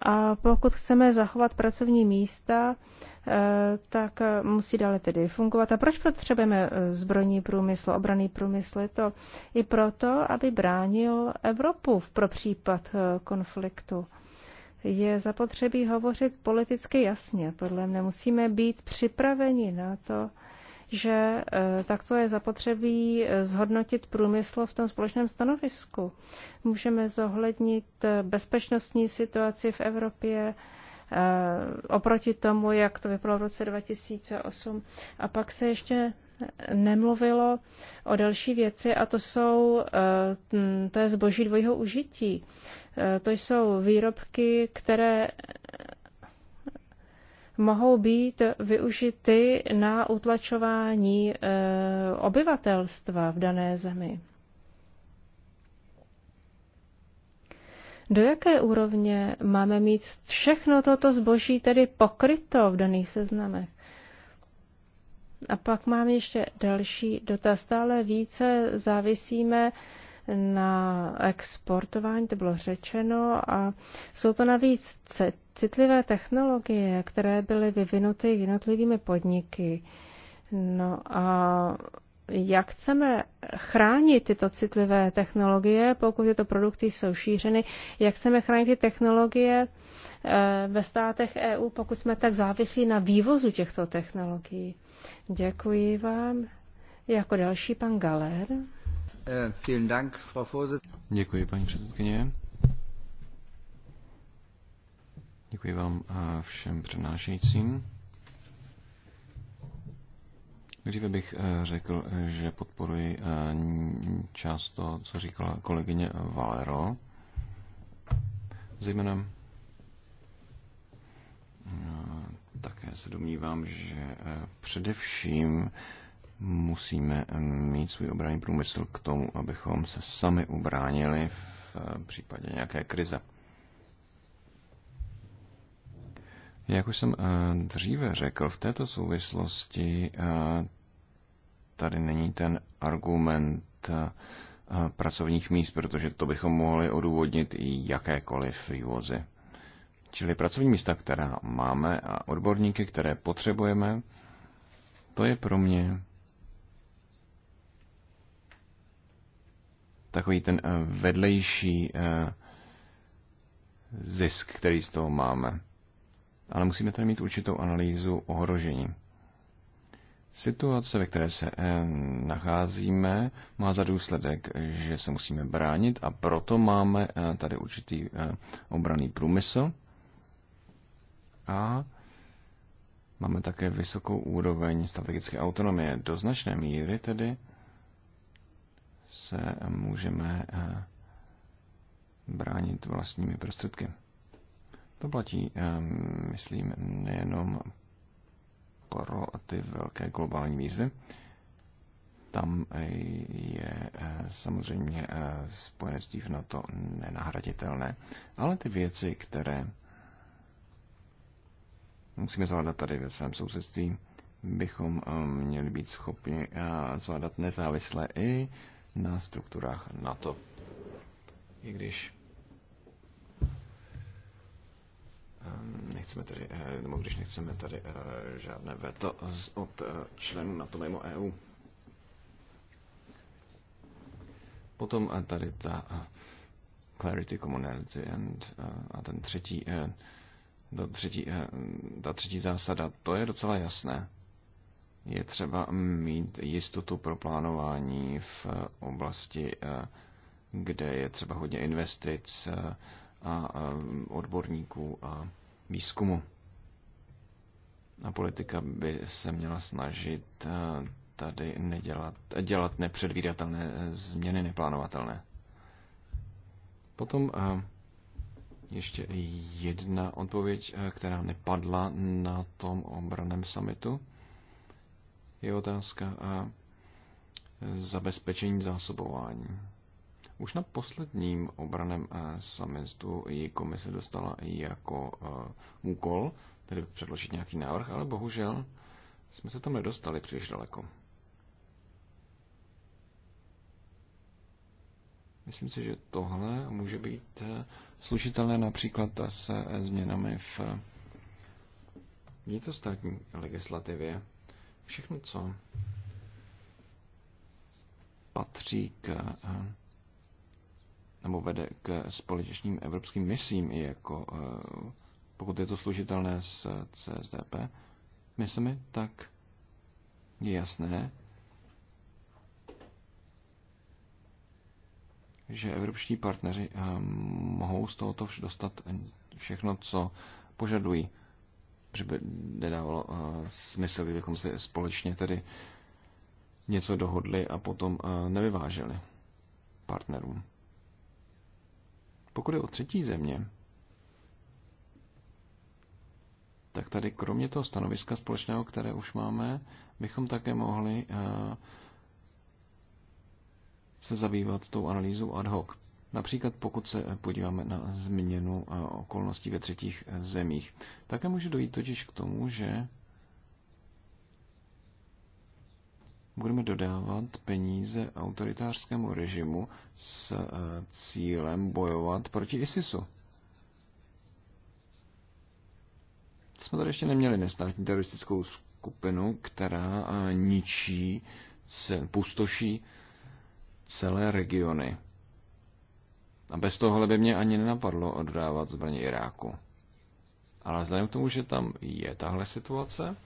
a pokud chceme zachovat pracovní místa, eh, tak musí dále tedy fungovat. A proč potřebujeme eh, zbrojní průmysl, obraný průmysl? Je to i proto, aby bránil Evropu pro případ eh, konfliktu je zapotřebí hovořit politicky jasně. Podle mě musíme být připraveni na to, že e, takto je zapotřebí e, zhodnotit průmysl v tom společném stanovisku. Můžeme zohlednit e, bezpečnostní situaci v Evropě oproti tomu, jak to vypadalo v roce 2008. A pak se ještě nemluvilo o další věci a to, jsou, eh, to je zboží dvojího užití. Eh, to jsou výrobky, které mohou být využity na utlačování eh, obyvatelstva v dané zemi. Do jaké úrovně máme mít všechno toto zboží tedy pokryto v daných seznamech? A pak mám ještě další dotaz. Stále více závisíme na exportování, to bylo řečeno, a jsou to navíc citlivé technologie, které byly vyvinuty jednotlivými podniky. No a jak chceme chránit tyto citlivé technologie, pokud tyto produkty jsou šířeny, jak chceme chránit ty technologie eh, ve státech EU, pokud jsme tak závislí na vývozu těchto technologií. Děkuji vám. Jako další pan Galer. Eh, Děkuji, paní předsedkyně. Děkuji vám a eh, všem přednášejícím. Dříve bych eh, řekl, že podporuji část to, co říkala kolegyně Valero, zejména také se domnívám, že eh, především musíme eh, mít svůj obranný průmysl k tomu, abychom se sami ubránili v eh, případě nějaké krize. Jak už jsem dříve řekl, v této souvislosti tady není ten argument pracovních míst, protože to bychom mohli odůvodnit i jakékoliv vývozy. Čili pracovní místa, která máme a odborníky, které potřebujeme, to je pro mě takový ten eh, vedlejší eh, zisk, který z toho máme. Ale musíme tady mít určitou analýzu ohrožení. Situace, ve které se eh, nacházíme, má za důsledek, že se musíme bránit a proto máme tady určitý obraný průmysl. A máme také vysokou úroveň strategické autonomie. Do značné míry tedy se můžeme eh, bránit vlastními prostředky. To platí, eh, myslím, nejenom pro ty velké globální výzvy. Tam je eh, samozřejmě spojenectví v NATO nenahraditelné, ale ty věci, které musíme zvládat tady ve svém sousedství, bychom eh, měli být schopni eh, zvládat nezávisle i na strukturách NATO. I když eh, nechceme tady, nebo když nechceme tady žádné veto od členů NATO mimo EU. Potom tady ta Clarity Commonality and, a ten třetí do třetí, eh, ta třetí zásada, to je docela jasné. Je třeba mít jistotu pro plánování v eh, oblasti, eh, kde je třeba hodně investic a odborníků a výzkumu. A politika by se měla snažit tady nedělat, dělat nepředvídatelné změny, neplánovatelné. Potom ještě jedna odpověď, eh, která nepadla na tom obraném summitu. Je otázka a eh, zabezpečení zásobování. Už na posledním obraném eh, summitu ji komise dostala jako úkol, tedy předložit nějaký návrh, ale bohužel jsme se tam nedostali příliš daleko. Myslím si, že tohle může být eh, služitelné, například se eh, změnami v eh, vnitrostátní legislativě. Všechno, co patří k nebo vede k společným evropským misím, i jako pokud je to služitelné s CSDP misemi, tak je jasné, že evropští partneři eh, mohou z tohoto dostat všechno, co požadují. Že by nedávalo eh, smysl, kdybychom si společně tedy něco dohodli a potom eh, nevyváželi partnerům. Pokud je o třetí země, tak tady kromě toho stanoviska společného, které už máme, bychom také mohli se zabývat tou analýzou ad hoc. Například pokud se podíváme na změnu eh, okolností ve třetích eh, zemích, také může dojít totiž k tomu, že budeme dodávat peníze autoritářskému režimu s eh, cílem bojovat proti ISISu. Jsme tady ještě neměli nestátní teroristickou skupinu, která ničí, pustoší celé regiony. A bez tohohle by mě ani nenapadlo oddávat zbraně Iráku. Ale vzhledem k tomu, že tam je tahle situace,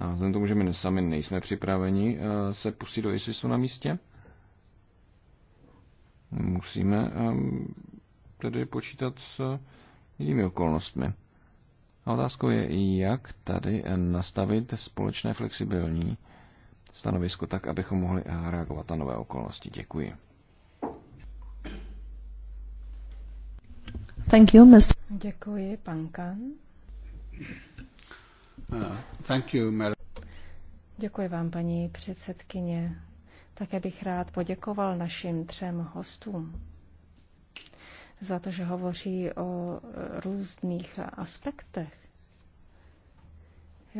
a vzhledem k tomu, že my sami nejsme připraveni eh, se pustit do ISISu na místě, musíme ehm, tedy počítat s jinými okolnostmi. A otázkou je, jak tady nastavit společné flexibilní stanovisko tak, abychom mohli eh, reagovat na nové okolnosti. Děkuji. Thank you, Mr. Děkuji, pan Kan. Uh, thank you, Děkuji vám, paní předsedkyně. Také bych rád poděkoval našim třem hostům za to, že hovoří o eh, různých aspektech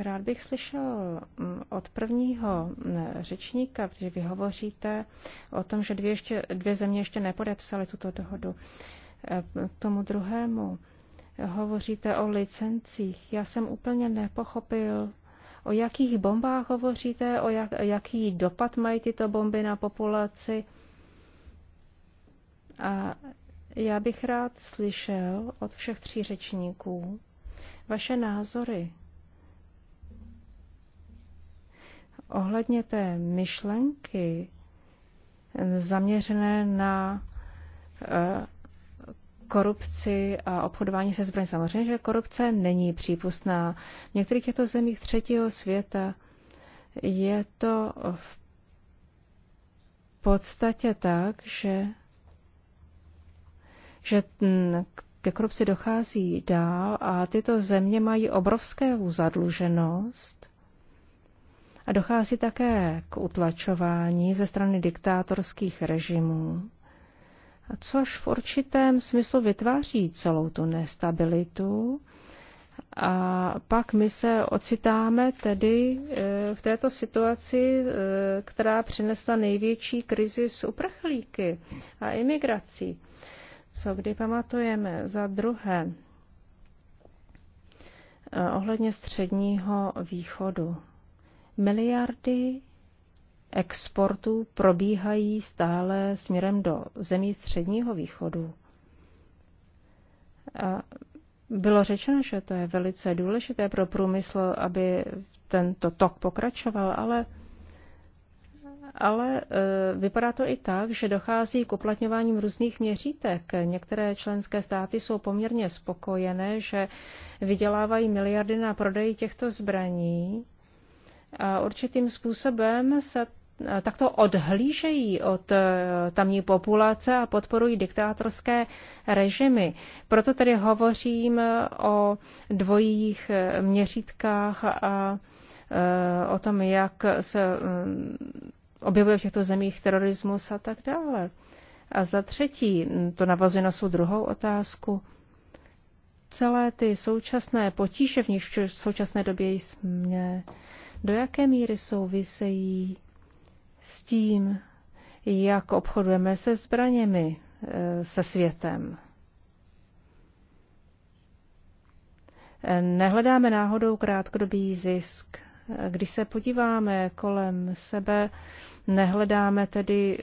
Rád bych slyšel mm, od prvního mm, řečníka, protože vy hovoříte o tom, že dvě, ještě, dvě země ještě nepodepsaly tuto dohodu. E, tomu druhému hovoříte o licencích. Já jsem úplně nepochopil, o jakých bombách hovoříte, o jak, jaký dopad mají tyto bomby na populaci. A já bych rád slyšel od všech tří řečníků vaše názory Ohledně té myšlenky zaměřené na eh, korupci a obchodování se zbraní. Samozřejmě, že korupce není přípustná. V některých těchto zemích třetího světa je to v podstatě tak, že, že ke korupci dochází dál a tyto země mají obrovskou zadluženost a dochází také k utlačování ze strany diktátorských režimů, což v určitém smyslu vytváří celou tu nestabilitu. A pak my se ocitáme tedy e, v této situaci, e, která přinesla největší krizi s uprchlíky a imigrací. Co kdy pamatujeme za druhé e, ohledně středního východu. Miliardy exportů probíhají stále směrem do zemí středního východu. A bylo řečeno, že to je velice důležité pro průmysl, aby tento tok pokračoval, ale, ale e, vypadá to i tak, že dochází k uplatňováním různých měřítek. Některé členské státy jsou poměrně spokojené, že vydělávají miliardy na prodeji těchto zbraní, určitým způsobem se takto odhlížejí od e, tamní populace a podporují diktátorské režimy. Proto tedy hovořím e, o dvojích e, měřítkách a o tom, jak se mm, objevuje v těchto zemích terorismus a tak dále. A za třetí, mm, to navazuje na svou druhou otázku, celé ty současné potíže, v nich v současné době jsme, do jaké míry souvisejí s tím, jak obchodujeme se zbraněmi, eh, se světem. Eh, nehledáme náhodou krátkodobý zisk. Eh, když se podíváme kolem sebe, nehledáme tedy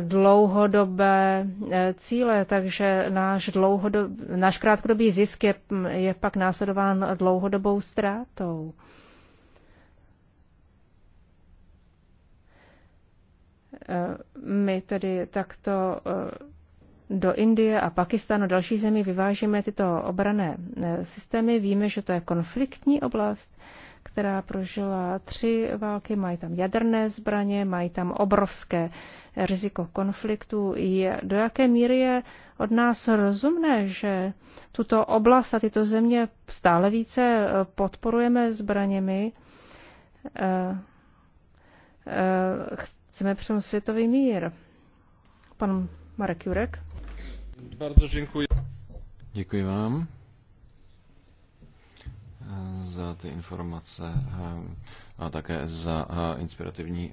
dlouhodobé cíle, takže náš, dlouhodob, náš krátkodobý zisk je, je pak následován dlouhodobou ztrátou. Eh, my tedy takto eh, do Indie a Pakistanu, další zemí vyvážíme tyto obrané eh, systémy. Víme, že to je konfliktní oblast, která prožila tři války, mají tam jaderné zbraně, mají tam obrovské riziko konfliktu. Je, do jaké míry je od nás rozumné, že tuto oblast a tyto země stále více podporujeme zbraněmi? chceme přinést světový mír. Pan Marek Jurek. Bardzo děkuji. Děkuji vám eh, za ty informace eh, a také za eh, inspirativní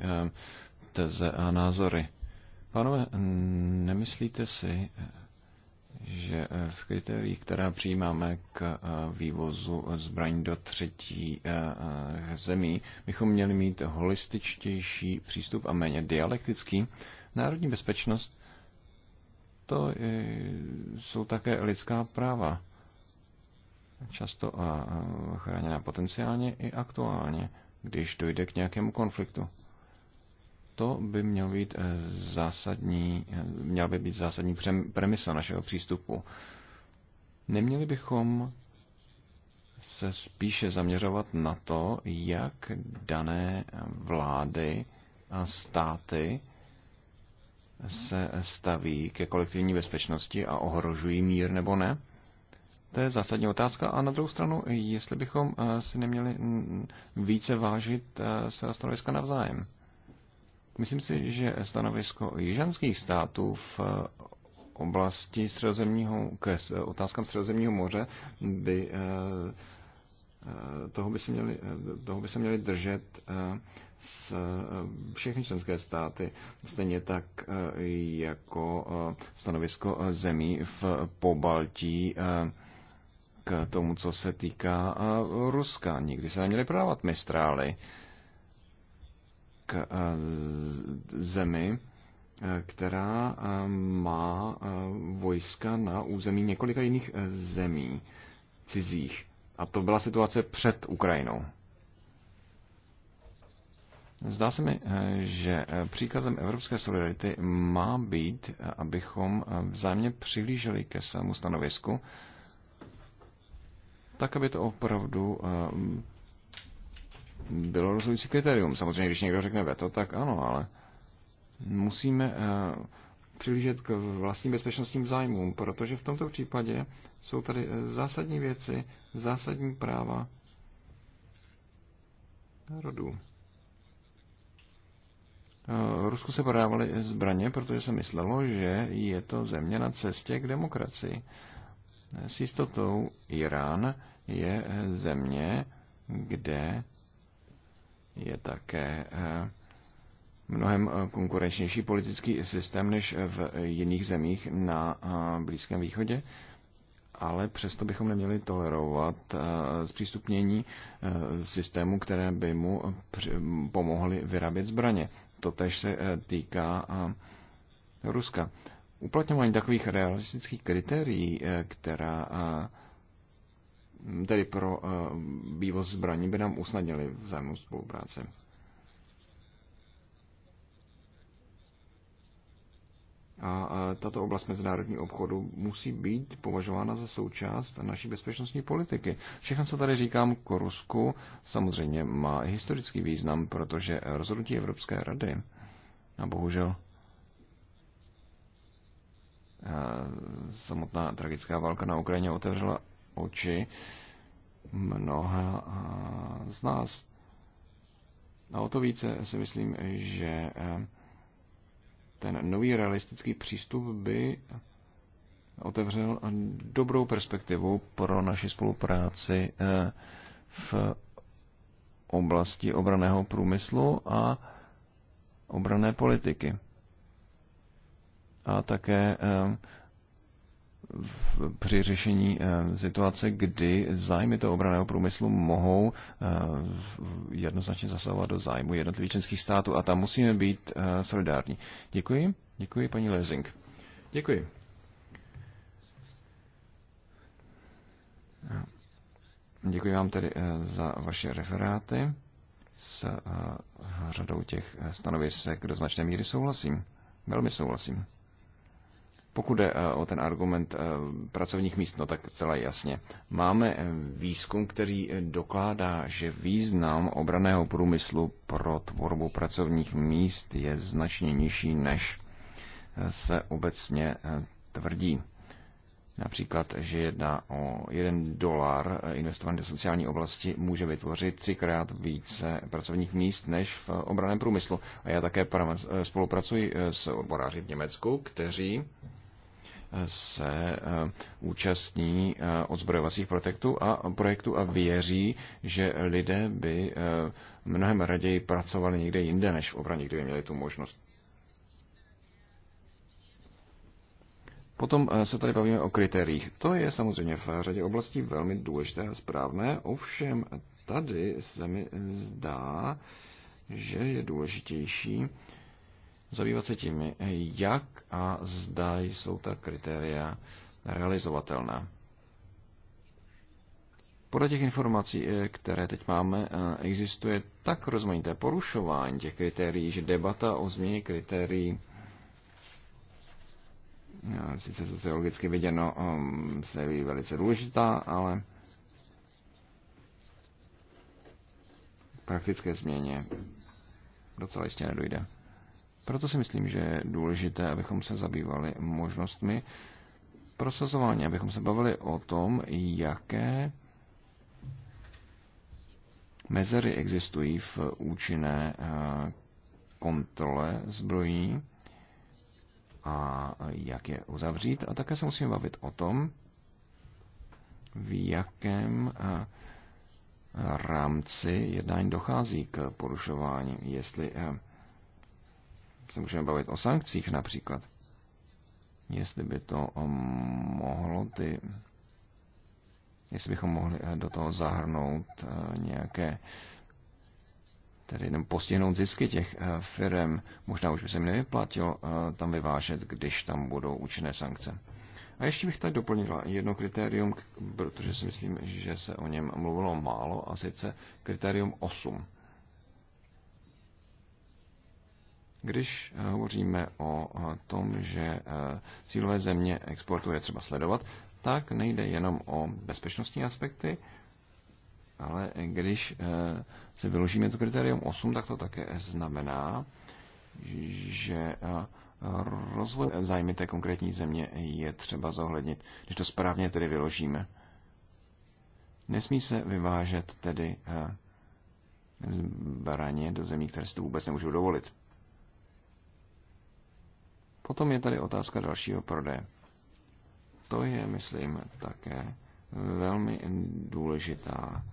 teze a názory. Pánové, nemyslíte si, že eh, v kritériích, která přijímáme k eh, vývozu zbraní do třetí eh, zemí, bychom měli mít holističtější přístup a méně dialektický. Národní bezpečnost to jsou také lidská práva, často chráněná potenciálně i aktuálně, když dojde k nějakému konfliktu to by měl být eh, zásadní, eh, měl by být zásadní premisa našeho přístupu. Neměli bychom se spíše zaměřovat na to, jak dané vlády a státy se staví ke kolektivní bezpečnosti a ohrožují mír nebo ne? To je zásadní otázka. A na druhou stranu, jestli bychom eh, si neměli mm, více vážit svého stanoviska navzájem. Myslím si, že stanovisko jižanských států v oblasti středozemního, k eh, otázkám středozemního moře by eh, eh, toho by, se měli, toho by se měli držet s všechny členské státy, stejně tak jako stanovisko zemí v Pobaltí k tomu, co se týká Ruska. Nikdy se neměly prodávat mistrály k eh, zemi, eh, která eh, má vojska na území několika jiných zemí cizích. A to byla situace před Ukrajinou. Zdá se mi, že příkazem evropské solidarity má být, abychom vzájemně přihlíželi ke svému stanovisku, tak aby to opravdu bylo rozhodující kritérium. Samozřejmě, když někdo řekne veto, tak ano, ale musíme eh, přilížet k vlastním bezpečnostním zájmům, protože v tomto případě jsou tady eh, zásadní věci, zásadní práva národů. Eh, Rusku se podávaly zbraně, protože se myslelo, že je to země na cestě k demokracii. S jistotou Irán je země, kde je také eh, mnohem eh, konkurenčnější politický systém než eh, v jiných zemích na Blízkém východě, ale přesto bychom neměli tolerovat zpřístupnění systému, které by mu pomohly vyrábět zbraně. Totež se týká Ruska. Uplatňování takových realistických kritérií, která tedy pro eh, vývoz zbraní by nám usnadnili vzájemnou spolupráci. A eh, tato oblast mezinárodní obchodu musí být považována za součást naší bezpečnostní politiky. Všechno, co tady říkám k Rusku, samozřejmě má historický význam, protože rozhodnutí Evropské rady a bohužel eh, samotná tragická válka na Ukrajině otevřela oči mnoha z nás. A o to více si myslím, že e, ten nový realistický přístup by otevřel dobrou perspektivu pro naši spolupráci e, v oblasti obraného průmyslu a obrané politiky. A také e, při řešení eh, situace, kdy zájmy toho obraného průmyslu mohou eh, jednoznačně zasahovat do zájmu jednotlivých členských států a tam musíme být eh, solidární. Děkuji. Děkuji, paní Lezing. Děkuji. Děkuji vám tedy za vaše referáty s řadou těch stanovisek do značné míry souhlasím. Velmi souhlasím. Pokud jde eh, o ten argument eh, pracovních míst, no tak celé jasně. Máme eh, výzkum, který dokládá, že význam obraného průmyslu pro tvorbu pracovních míst je značně nižší, než se obecně tvrdí. Například, že jedna o jeden dolar investovaný do sociální oblasti může vytvořit třikrát více pracovních míst než v obraném průmyslu. A já také spolupracuji s odboráři v Německu, kteří se eh, účastní eh, odzbrojovacích projektů a, projektů a věří, že lidé by eh, mnohem raději pracovali někde jinde, než v obraně, kdyby měli tu možnost. Potom se tady bavíme o kritériích. To je samozřejmě v řadě oblastí velmi důležité a správné, ovšem tady se mi zdá, že je důležitější zabývat se tím, jak a zda jsou ta kritéria realizovatelná. Podle těch informací, eh, které teď máme, eh, existuje tak rozmanité porušování těch kritérií, že debata o změně kritérií eh, sice sociologicky viděno se ví velice důležitá, ale praktické změně docela jistě nedojde. Proto si myslím, že je důležité, abychom se zabývali možnostmi prosazování, abychom se bavili o tom, jaké mezery existují v účinné eh, kontrole zbrojí a jak je uzavřít. A také se musíme bavit o tom, v jakém eh, rámci jednání dochází k porušování, jestli eh, se můžeme bavit o sankcích například. Jestli by to eh, mohlo ty jestli bychom mohli eh, do toho zahrnout eh, nějaké tedy jenom postihnout zisky těch firm. Možná už by se mi nevyplatilo tam vyvážet, když tam budou účinné sankce. A ještě bych tady doplnila jedno kritérium, protože si myslím, že se o něm mluvilo málo, a sice kritérium 8. Když eh, hovoříme o eh, tom, že eh, cílové země exportu je třeba sledovat, tak nejde jenom o bezpečnostní aspekty, ale když se vyložíme to kritérium 8, tak to také znamená, že rozvoj zájmy té konkrétní země je třeba zohlednit, když to správně tedy vyložíme. Nesmí se vyvážet tedy zbraně do zemí, které si to vůbec nemůžou dovolit. Potom je tady otázka dalšího prodeje. To je, myslím, také velmi důležitá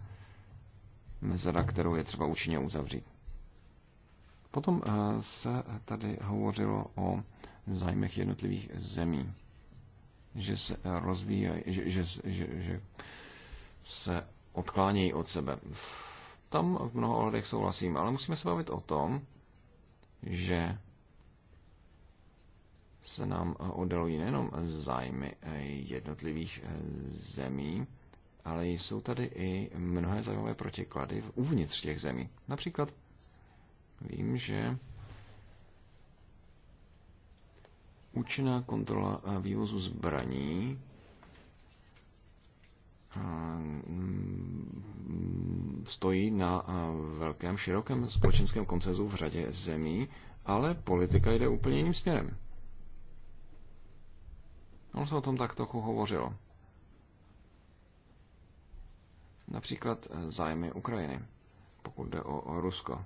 mezera, kterou je třeba účinně uzavřít. Potom eh, se tady hovořilo o zájmech jednotlivých zemí, že se rozvíjají, že, že, že, že se odklánějí od sebe. Tam v mnoha ohledech souhlasím, ale musíme se bavit o tom, že se nám eh, oddalují nejenom zájmy eh, jednotlivých eh, zemí, ale jsou tady i mnohé zajímavé protiklady uvnitř těch zemí. Například vím, že účinná kontrola vývozu zbraní mm, stojí na velkém, širokém společenském koncezu v řadě zemí, ale politika jde úplně jiným směrem. On se o tom tak trochu hovořilo. Například eh, zájmy Ukrajiny, pokud jde o, o Rusko.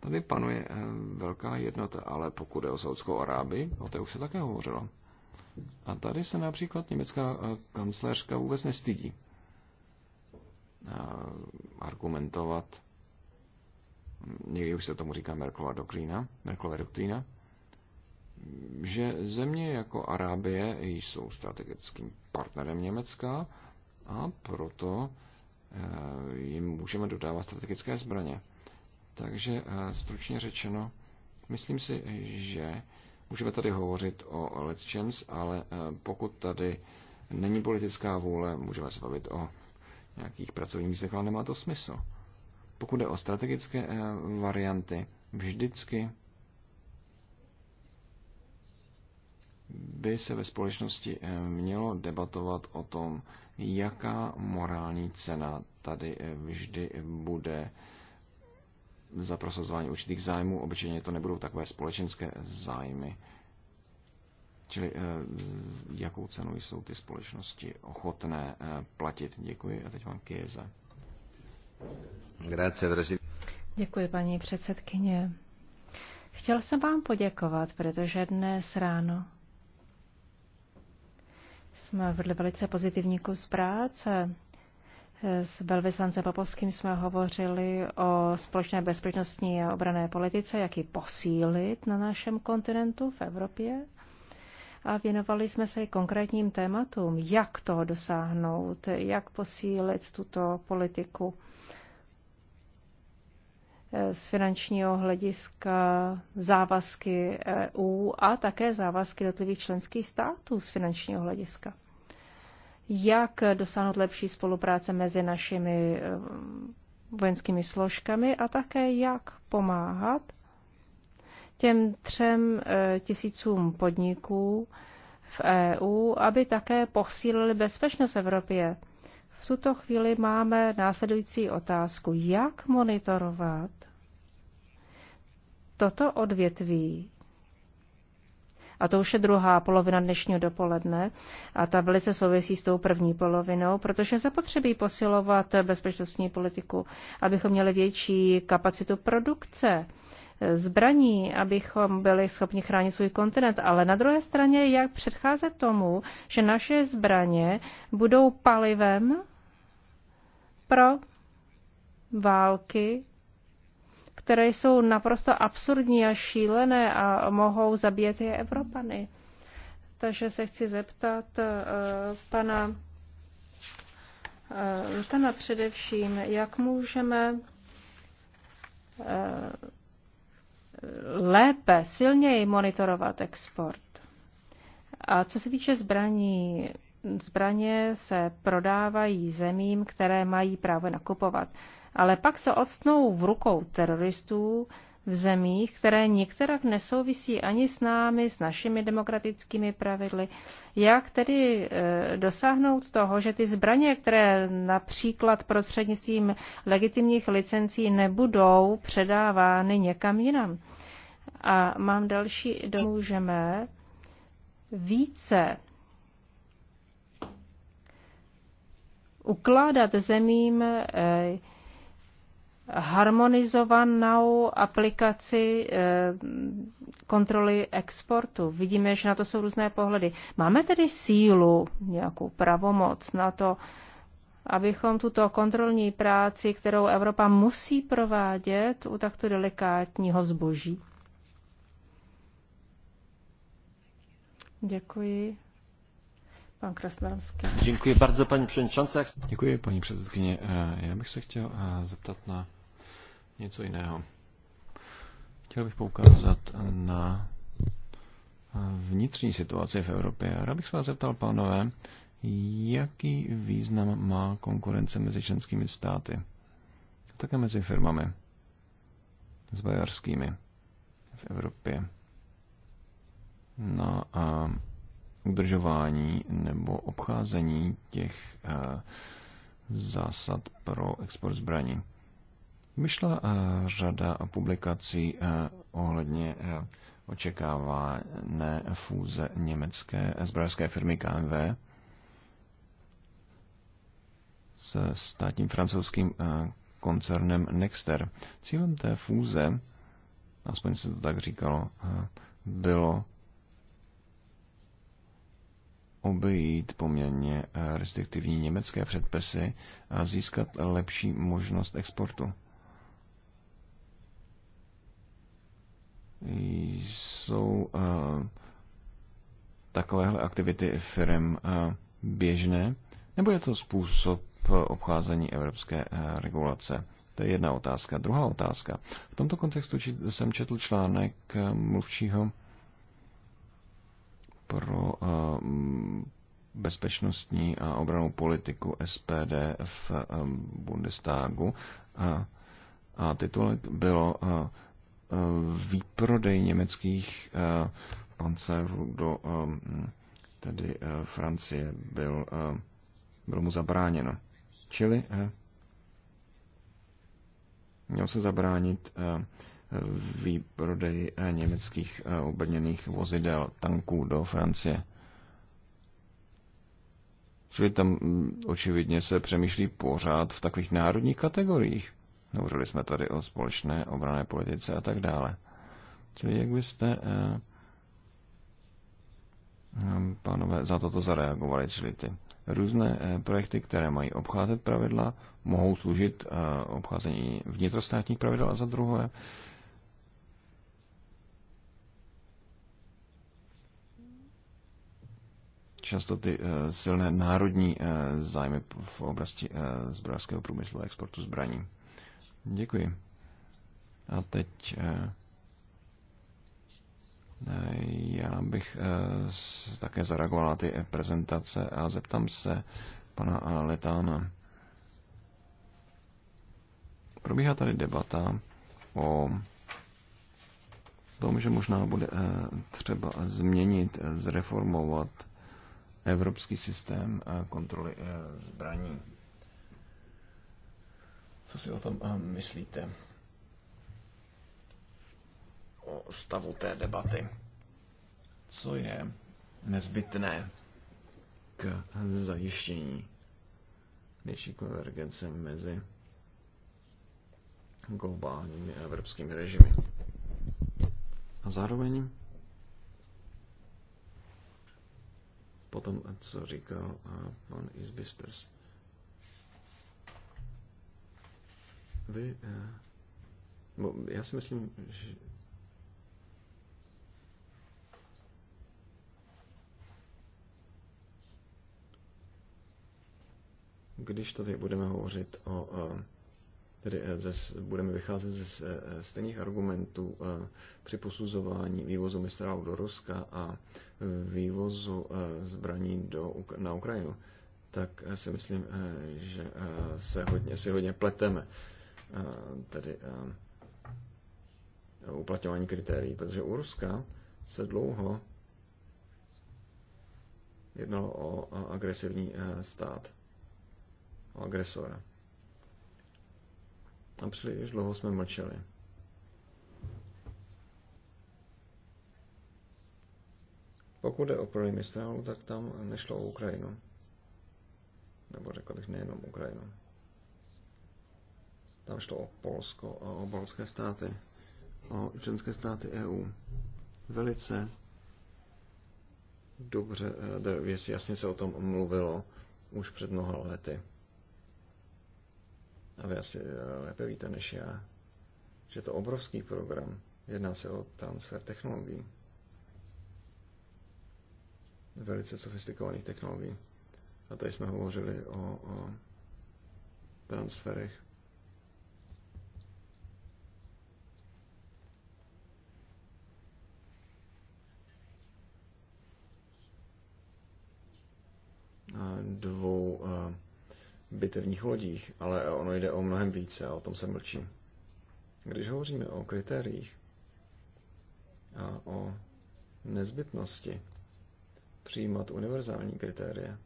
Tady panuje eh, velká jednota, ale pokud jde o Saudskou Arábii, o té už se také hovořilo. A tady se například německá eh, kancléřka vůbec nestydí argumentovat. Někdy už se tomu říká Merklova doktrína, Merklova doktrína že země jako Arábie jsou strategickým partnerem Německa a proto eh, jim můžeme dodávat strategické zbraně. Takže eh, stručně řečeno, myslím si, že můžeme tady hovořit o letčems, ale eh, pokud tady není politická vůle, můžeme se bavit o nějakých pracovních výzvech, ale nemá to smysl. Pokud jde o strategické varianty, vždycky by se ve společnosti eh, mělo debatovat o tom, jaká morální cena tady eh, vždy bude za prosazování určitých zájmů. Obyčejně to nebudou takové společenské zájmy. Čili eh, jakou cenu jsou ty společnosti ochotné platit. Děkuji a teď vám Kieza. Děkuji, paní předsedkyně. Chtěl jsem vám poděkovat, protože dnes ráno jsme vedli velice pozitivní kus práce. S velvyslancem Popovským jsme hovořili o společné bezpečnostní a obrané politice, jak ji posílit na našem kontinentu v Evropě. A věnovali jsme se i konkrétním tématům, jak toho dosáhnout, jak posílit tuto politiku z finančního hlediska závazky EU a také závazky jednotlivých členských států z finančního hlediska jak dosáhnout lepší spolupráce mezi našimi eh, vojenskými složkami a také jak pomáhat těm třem eh, tisícům podniků v EU, aby také posílili bezpečnost Evropě. V tuto chvíli máme následující otázku. Jak monitorovat toto odvětví a to už je druhá polovina dnešního dopoledne a ta velice souvisí s tou první polovinou, protože zapotřebí posilovat bezpečnostní politiku, abychom měli větší kapacitu produkce zbraní, abychom byli schopni chránit svůj kontinent, ale na druhé straně, jak předcházet tomu, že naše zbraně budou palivem pro války které jsou naprosto absurdní a šílené a mohou zabíjet je Evropany. Takže se chci zeptat uh, pana uh, především, jak můžeme uh, lépe, silněji monitorovat export. A co se týče zbraní, zbraně se prodávají zemím, které mají právo nakupovat. Uh, ale pak se odstnou v rukou teroristů v zemích, které některak nesouvisí ani s námi, s našimi demokratickými pravidly. Jak tedy e, dosáhnout toho, že ty zbraně, které například prostřednictvím legitimních licencí nebudou předávány někam jinam? A mám další, můžeme více ukládat zemím e, harmonizovanou aplikaci eh, kontroly exportu. Vidíme, že na to jsou různé pohledy. Máme tedy sílu, nějakou pravomoc na to, abychom tuto kontrolní práci, kterou Evropa musí provádět u takto delikátního zboží. Děkuji. Pan Krasnodemský. Děkuji bardzo, paní předsedkyně. Děkuji, paní předsedkyně. Eh, já bych se chtěl eh, zeptat na něco jiného. Chtěl bych poukázat na eh, vnitřní situaci v Evropě. Rád bych se vás zeptal, pánové, jaký význam má konkurence mezi členskými státy a také mezi firmami s bajarskými v Evropě No. a, udržování nebo obcházení těch eh, zásad pro export zbraní. Vyšla eh, řada publikací eh, ohledně očekávané fúze německé zbrojské firmy KMV s státním francouzským koncernem Nexter. Cílem té fúze, aspoň se to tak říkalo, bylo obejít poměrně eh, restriktivní německé předpisy a získat lepší možnost exportu. Jsou eh, takovéhle aktivity firm eh, běžné, nebo je to způsob obcházení evropské regulace? To je jedna otázka. Druhá otázka. V tomto kontextu jsem četl článek mluvčího pro eh, mm, bezpečnostní a obranou politiku SPD v eh, Bundestagu a, a titulek bylo eh, výprodej německých pancerů do tedy Francie byl, byl mu zabráněno. Čili měl se zabránit výprodej eh, německých eh, obrněných vozidel, tanků do Francie. Čili tam mm, očividně se přemýšlí pořád v takových národních kategoriích. Hovořili jsme tady o společné obrané politice a tak dále. Čili jak byste, eh, mm, pánové, za toto zareagovali, čili ty různé eh, projekty, které mají obcházet pravidla, mohou služit eh, obcházení vnitrostátních pravidel a za druhé eh, často ty eh, silné národní eh, zájmy v oblasti eh, zbrojářského průmyslu a exportu zbraní. Děkuji. A teď já bych také zareagoval na ty prezentace a zeptám se pana Letána. Probíhá tady debata o tom, že možná bude třeba změnit, zreformovat evropský systém eh, kontroly eh, zbraní. Co si o tom eh, myslíte? O stavu té debaty. Co je nezbytné k zajištění větší konvergence mezi globálními a evropskými režimy? A zároveň potom, co říkal pan Isbisters. Vy, bo já si myslím, že když tady budeme hovořit o Tedy eh, ze, budeme vycházet ze eh, eh, stejných argumentů při posuzování vývozu mistrálu do Ruska a vývozu zbraní do, na Ukrajinu, tak si myslím, že se hodně, si hodně pleteme. Tedy uplatňování kritérií, protože u Ruska se dlouho jednalo o agresivní stát, o agresora. A příliš dlouho jsme mlčeli. Pokud jde o prodej stranu, tak tam nešlo o Ukrajinu. Nebo řekl bych nejenom Ukrajinu. Tam šlo o Polsko a o balské státy, o členské státy EU. Velice dobře, eh, věc jasně se o tom mluvilo už před mnoha lety a vy asi eh, lépe víte než já, že to obrovský program. Jedná se o transfer technologií. Velice sofistikovaných technologií. A tady jsme hovořili o, o transferech. A dvou uh, bitevních lodích, ale ono jde o mnohem více a o tom se mlčí. Když hovoříme o kritériích a o nezbytnosti přijímat univerzální kritéria,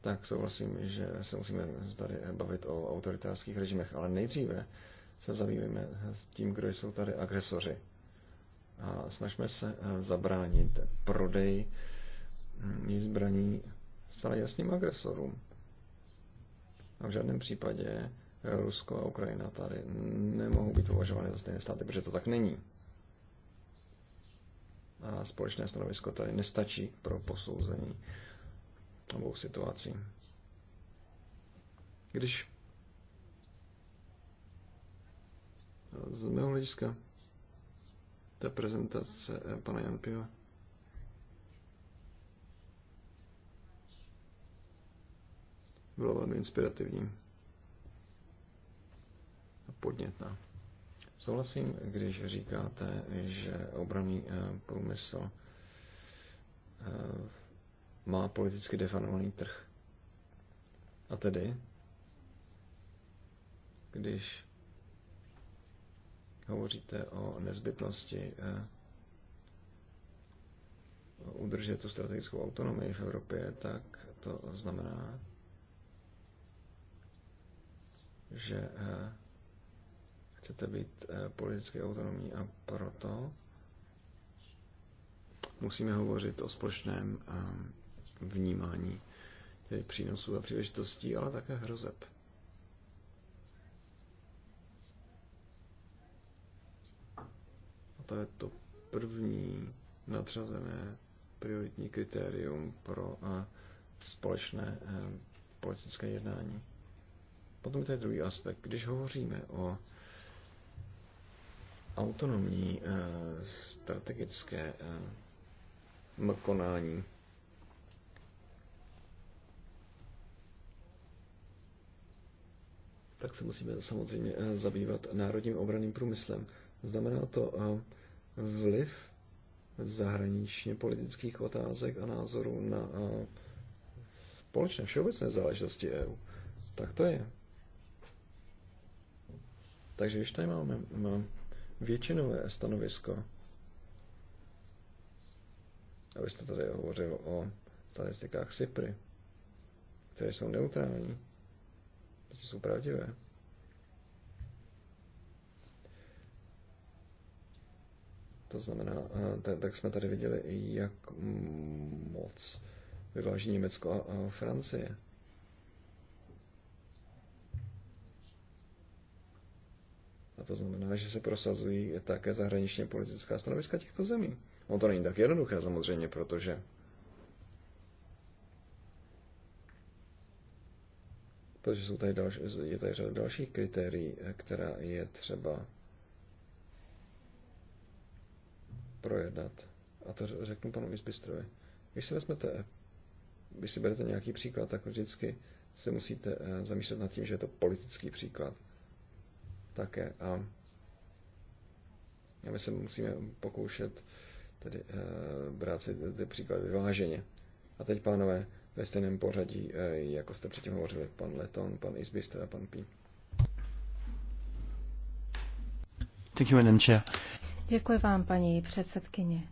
tak souhlasím, že se musíme tady bavit o autoritářských režimech, ale nejdříve se zabývíme tím, kdo jsou tady agresoři. A snažíme se zabránit prodeji zbraní zcela jasným agresorům. A v žádném případě Rusko a Ukrajina tady nemohou být považovány za stejné státy, protože to tak není. A společné stanovisko tady nestačí pro posouzení obou situací. Když z mého hlediska ta prezentace eh, pana Piva Bylo velmi inspirativní a podnětná. Souhlasím, když říkáte, že obranný eh, průmysl eh, má politicky definovaný trh. A tedy, když hovoříte o nezbytnosti eh, udržet tu strategickou autonomii v Evropě, tak to znamená, že eh, chcete být eh, politicky autonomní a proto musíme hovořit o společném eh, vnímání těch přínosů a příležitostí, ale také hrozeb. A to je to první nadřazené prioritní kritérium pro společné politické jednání. Potom je tady druhý aspekt. Když hovoříme o autonomní eh, strategické eh, mkonání. tak se musíme samozřejmě eh, zabývat národním obraným průmyslem. Znamená to vliv zahraničně politických otázek a názorů na společné všeobecné záležitosti EU. Tak to je. Takže když tady máme většinové stanovisko, abyste tady hovořil o statistikách SIPRy, které jsou neutrální, to jsou pravdivé. To znamená, tak jsme tady viděli, jak moc vyváží Německo a Francie. to znamená, že se prosazují také zahraničně politická stanoviska těchto zemí. No to není tak jednoduché samozřejmě, protože protože jsou tady další, je tady řada dalších kritérií, která je třeba projednat. A to řeknu panu Vizbistrovi. Když si vezmete, když si berete nějaký příklad, tak vždycky se musíte eh, zamýšlet nad tím, že je to politický příklad také. A my se musíme pokoušet tedy e, brát si ty příklady vyváženě. A teď, pánové, ve stejném pořadí, e, jako jste předtím hovořili, pan Leton, pan Isbister a pan Pí. Děkuji vám, paní předsedkyně.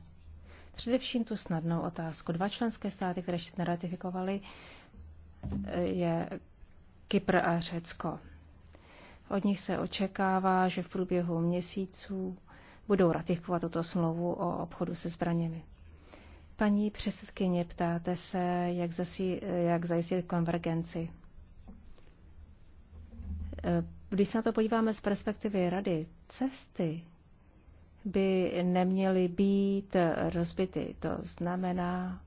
Především tu snadnou otázku. Dva členské státy, které ještě neratifikovaly, eh, je Kypr a Řecko. Od nich se očekává, že v průběhu měsíců budou ratifikovat tuto smlouvu o obchodu se zbraněmi. Paní předsedkyně, ptáte se, jak, zasi, jak zajistit konvergenci. Eh, když se na to podíváme z perspektivy rady, cesty by neměly být rozbity. To znamená,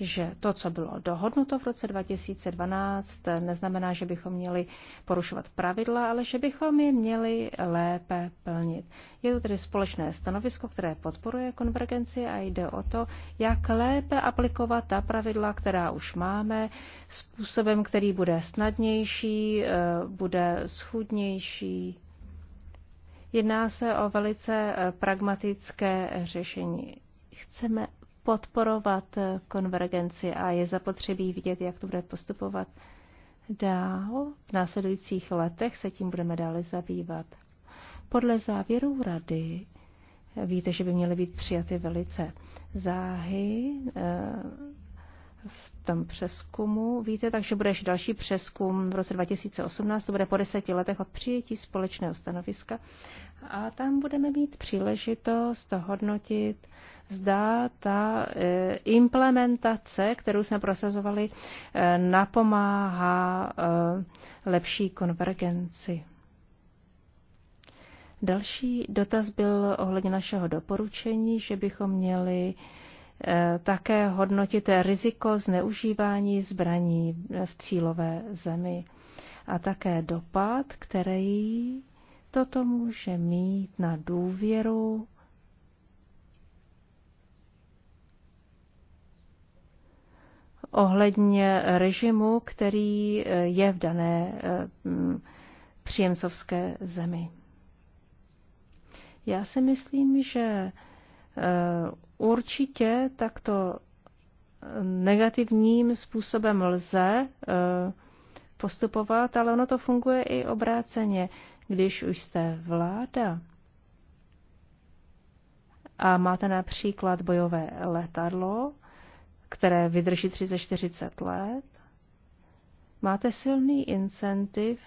že to, co bylo dohodnuto v roce 2012, neznamená, že bychom měli porušovat pravidla, ale že bychom je měli lépe plnit. Je to tedy společné stanovisko, které podporuje konvergenci a jde o to, jak lépe aplikovat ta pravidla, která už máme, způsobem, který bude snadnější, eh, bude schudnější. Jedná se o velice eh, pragmatické řešení. Chceme podporovat eh, konvergenci a je zapotřebí vidět, jak to bude postupovat dál. V následujících letech se tím budeme dále zabývat. Podle závěrů rady eh, víte, že by měly být přijaty velice záhy eh, v tom přeskumu. Víte, takže bude ještě další přeskum v roce 2018, to bude po deseti letech od přijetí společného stanoviska. A tam budeme mít příležitost to hodnotit zda ta e, implementace, kterou jsme prosazovali, e, napomáhá e, lepší konvergenci. Další dotaz byl ohledně našeho doporučení, že bychom měli také hodnotit riziko zneužívání zbraní v cílové zemi a také dopad, který toto může mít na důvěru ohledně režimu, který eh, je v dané eh, mm, příjemcovské zemi. Já si myslím, že eh, určitě takto negativním způsobem lze postupovat, ale ono to funguje i obráceně. Když už jste vláda a máte například bojové letadlo, které vydrží 30-40 let, máte silný incentiv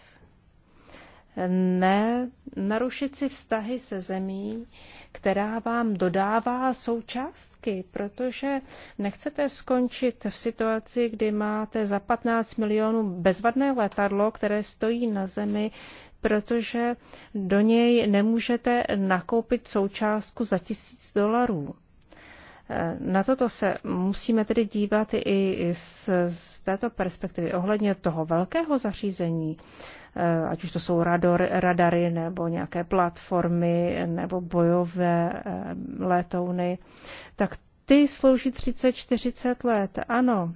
ne narušit si vztahy se zemí, která vám dodává součástky, protože nechcete skončit v situaci, kdy máte za 15 milionů bezvadné letadlo, které stojí na zemi, protože do něj nemůžete nakoupit součástku za tisíc dolarů. Na toto se musíme tedy dívat i z, z této perspektivy ohledně toho velkého zařízení, eh, ať už to jsou radar, radary nebo nějaké platformy nebo bojové eh, letouny, tak ty slouží 30-40 let, ano.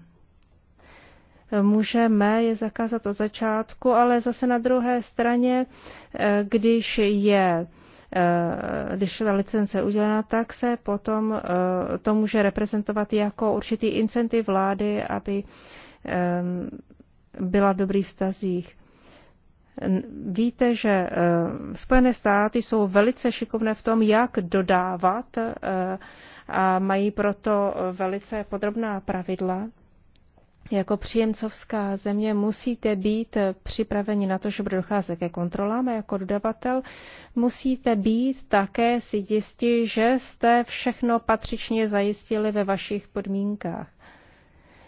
Můžeme je zakázat od začátku, ale zase na druhé straně, eh, když je Eh, když ta licence udělena, tak se potom eh, to může reprezentovat jako určitý incentiv vlády, aby ehm, byla v dobrých vztazích. Víte, že eh, Spojené státy jsou velice šikovné v tom, jak dodávat a mají proto velice podrobná pravidla jako příjemcovská země musíte být připraveni na to, že bude docházet ke kontrolám a jako dodavatel musíte být také si jistí, že jste všechno patřičně zajistili ve vašich podmínkách.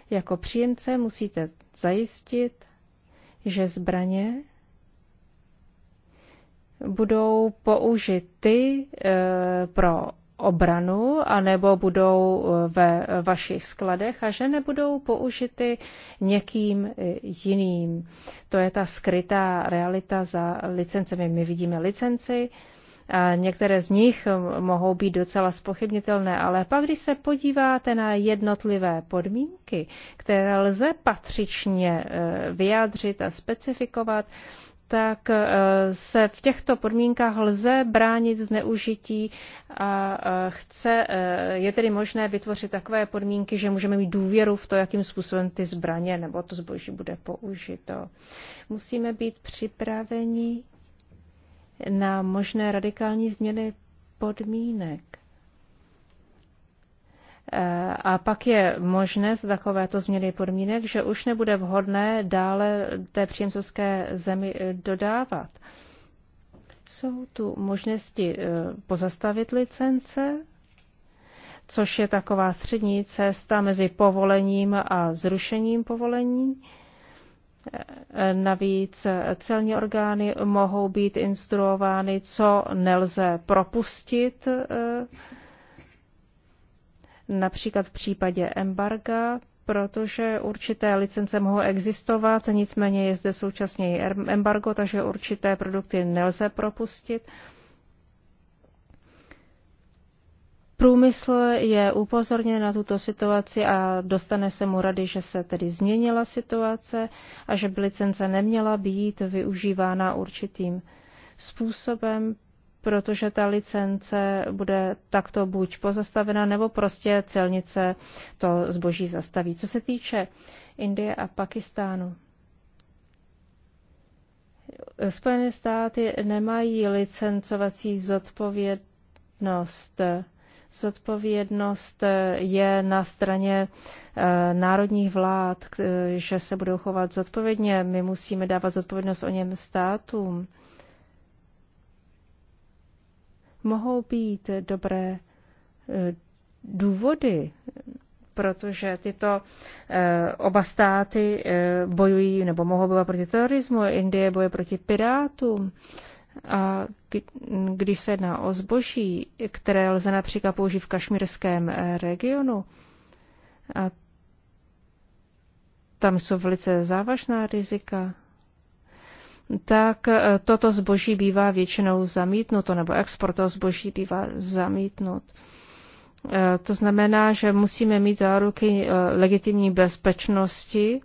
Jako příjemce musíte zajistit, že zbraně budou použity eh, pro obranu, anebo budou eh, ve vašich skladech a že nebudou použity někým eh, jiným. To je ta skrytá realita za licencemi. My vidíme licenci, a některé z nich eh, mohou být docela spochybnitelné, ale pak, když se podíváte na jednotlivé podmínky, které lze patřičně vyjádřit a specifikovat, tak eh, se v těchto podmínkách lze bránit zneužití a eh, chce, eh, je tedy možné vytvořit takové podmínky, že můžeme mít důvěru v to, jakým způsobem ty zbraně nebo to zboží bude použito. Musíme být připraveni na možné radikální změny podmínek. Eh, a pak je možné z takovéto změny podmínek, že už nebude vhodné dále té příjemcovské zemi eh, dodávat. Jsou tu možnosti eh, pozastavit licence, což je taková střední cesta mezi povolením a zrušením povolení. Navíc celní orgány mohou být instruovány, co nelze propustit například v případě embarga, protože určité licence mohou existovat, nicméně je zde současně i embargo, takže určité produkty nelze propustit. Průmysl je upozorněn na tuto situaci a dostane se mu rady, že se tedy změnila situace a že by licence neměla být využívána určitým způsobem, protože ta licence bude takto buď pozastavena, nebo prostě celnice to zboží zastaví. Co se týče Indie a Pakistánu, Spojené státy nemají licencovací zodpovědnost. Zodpovědnost je na straně eh, národních vlád, že se budou chovat zodpovědně. My musíme dávat zodpovědnost o něm státům. mohou být dobré eh, důvody, protože tyto eh, oba státy eh, bojují nebo mohou bojovat proti terorismu, Indie boje proti pirátům. A když se jedná o zboží, které lze například použít v kašmírském regionu, a tam jsou velice závažná rizika tak e, toto zboží bývá většinou zamítnuto, nebo export toho zboží bývá zamítnut. E, to znamená, že musíme mít záruky e, legitimní bezpečnosti,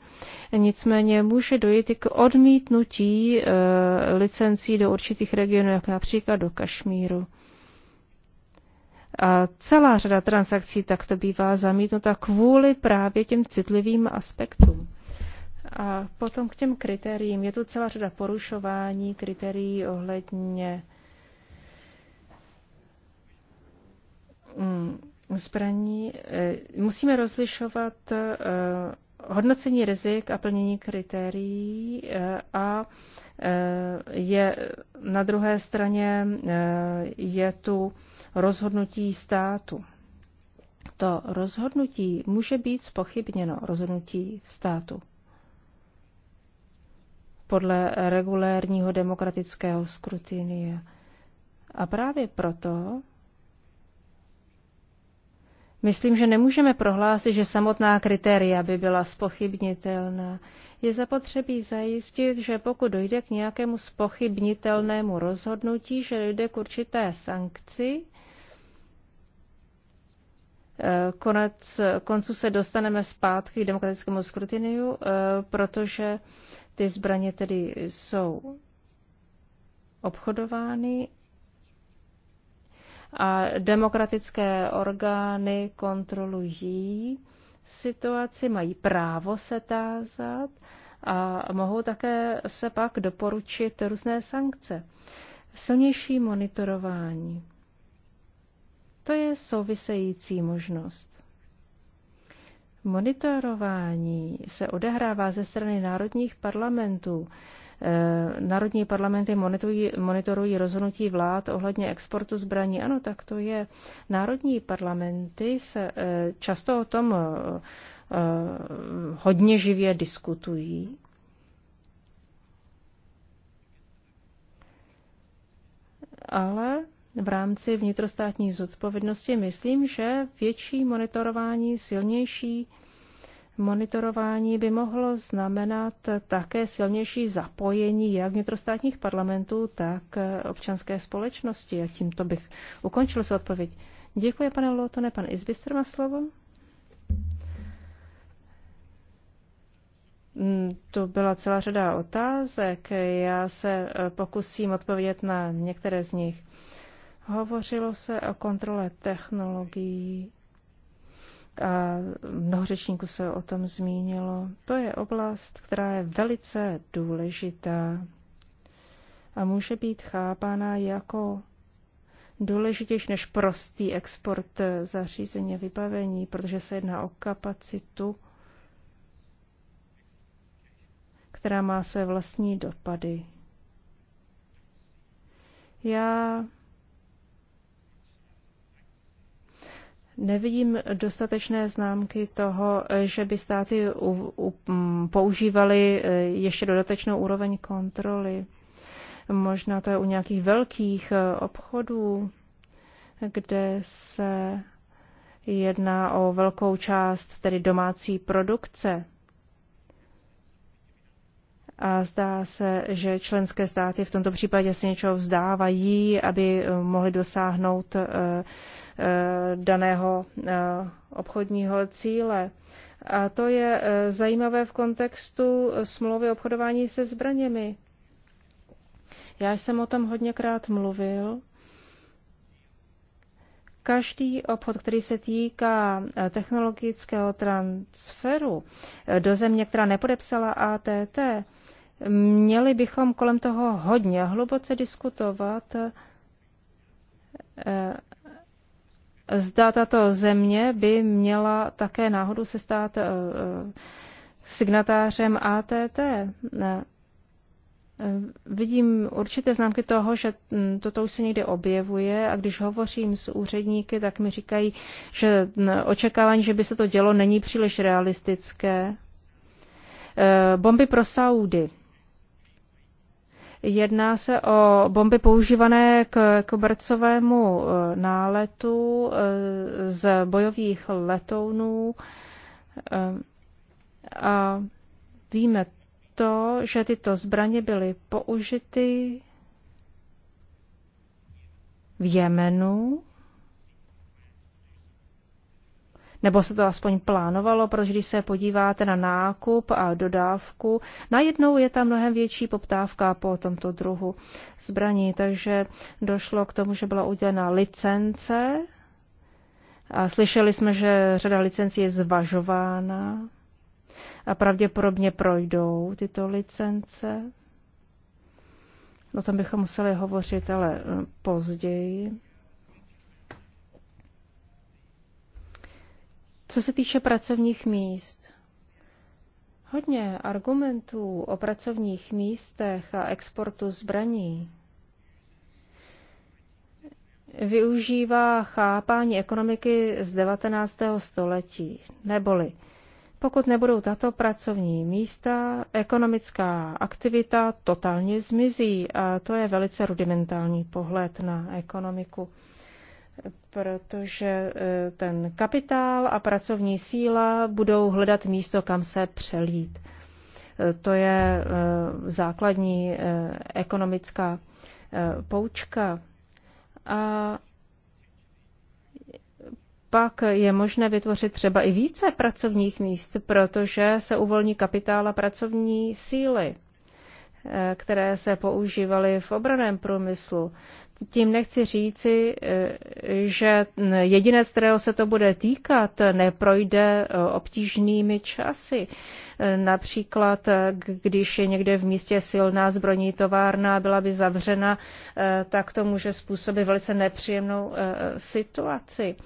nicméně může dojít i k odmítnutí licencí do určitých regionů, jako například do Kašmíru. A celá řada transakcí takto bývá zamítnuta kvůli právě těm citlivým aspektům. A potom k těm kritériím. Je tu celá řada porušování kritérií ohledně mm, zbraní. E, musíme rozlišovat e, hodnocení rizik a plnění kritérií e, a je na druhé straně je tu rozhodnutí státu. To rozhodnutí může být spochybněno rozhodnutí státu podle regulérního demokratického skrutinie. A právě proto myslím, že nemůžeme prohlásit, že samotná kritéria by byla spochybnitelná. Je zapotřebí zajistit, že pokud dojde k nějakému spochybnitelnému rozhodnutí, že dojde k určité sankci, eh, konec konců se dostaneme zpátky k demokratickému skrutiniu, eh, protože ty zbraně tedy jsou obchodovány a demokratické orgány kontrolují situaci, mají právo se tázat a mohou také se pak doporučit různé sankce. Silnější monitorování. To je související možnost. Monitorování se odehrává ze strany národních parlamentů. Eh, národní parlamenty monitorují, monitorují rozhodnutí vlád ohledně exportu zbraní. Ano, tak to je. Národní parlamenty se eh, často o tom eh, hodně živě diskutují. Ale v rámci vnitrostátní zodpovědnosti, myslím, že větší monitorování, silnější monitorování by mohlo znamenat také silnější zapojení jak vnitrostátních parlamentů, tak občanské společnosti. A tímto bych ukončil svou odpověď. Děkuji, pane Lotone. Pan Izbister má slovo. Mm, to byla celá řada otázek. Já se pokusím odpovědět na některé z nich. Hovořilo se o kontrole technologií a mnoho řečníků se o tom zmínilo. To je oblast, která je velice důležitá a může být chápána jako důležitější než prostý export zařízení a vybavení, protože se jedná o kapacitu, která má své vlastní dopady. Já Nevidím dostatečné známky toho, že by státy u, u, používaly e, ještě dodatečnou úroveň kontroly. Možná to je u nějakých velkých e, obchodů, kde se jedná o velkou část tedy domácí produkce. A zdá se, že členské státy v tomto případě se něčeho vzdávají, aby e, mohly dosáhnout Eh, daného eh, obchodního cíle. A to je eh, zajímavé v kontextu smlouvy obchodování se zbraněmi. Já jsem o tom hodněkrát mluvil. Každý obchod, který se týká technologického transferu do země, která nepodepsala ATT, měli bychom kolem toho hodně hluboce diskutovat zda tato země by měla také náhodou se stát eh, eh, signatářem ATT. Eh, vidím určité známky toho, že hm, toto už se někde objevuje a když hovořím s úředníky, tak mi říkají, že hm, očekávání, že by se to dělo, není příliš realistické. Bomby pro Saudy. Jedná se o bomby používané k kobercovému eh, náletu eh, z bojových letounů. Eh, a víme to, že tyto zbraně byly použity v Jemenu nebo se to aspoň plánovalo, protože když se podíváte na nákup a dodávku, najednou je tam mnohem větší poptávka po tomto druhu zbraní, takže došlo k tomu, že byla udělena licence a slyšeli jsme, že řada licencí je zvažována a pravděpodobně projdou tyto licence. O tom bychom museli hovořit, ale eh, později. Co se týče pracovních míst, hodně argumentů o pracovních místech a exportu zbraní využívá chápání ekonomiky z 19. století, neboli pokud nebudou tato pracovní místa, ekonomická aktivita totálně zmizí a to je velice rudimentální pohled na ekonomiku protože eh, ten kapitál a pracovní síla budou hledat místo, kam se přelít. Eh, to je eh, základní ekonomická poučka. A pak je možné vytvořit třeba i více pracovních míst, protože se uvolní kapitál a pracovní síly, které se používaly v obraném průmyslu. Tím nechci říci, eh, že z kterého se to bude týkat, neprojde eh, obtížnými časy. Eh, například, když je někde v místě silná zbrojní továrna a byla by zavřena, tak to může způsobit velice nepříjemnou situaci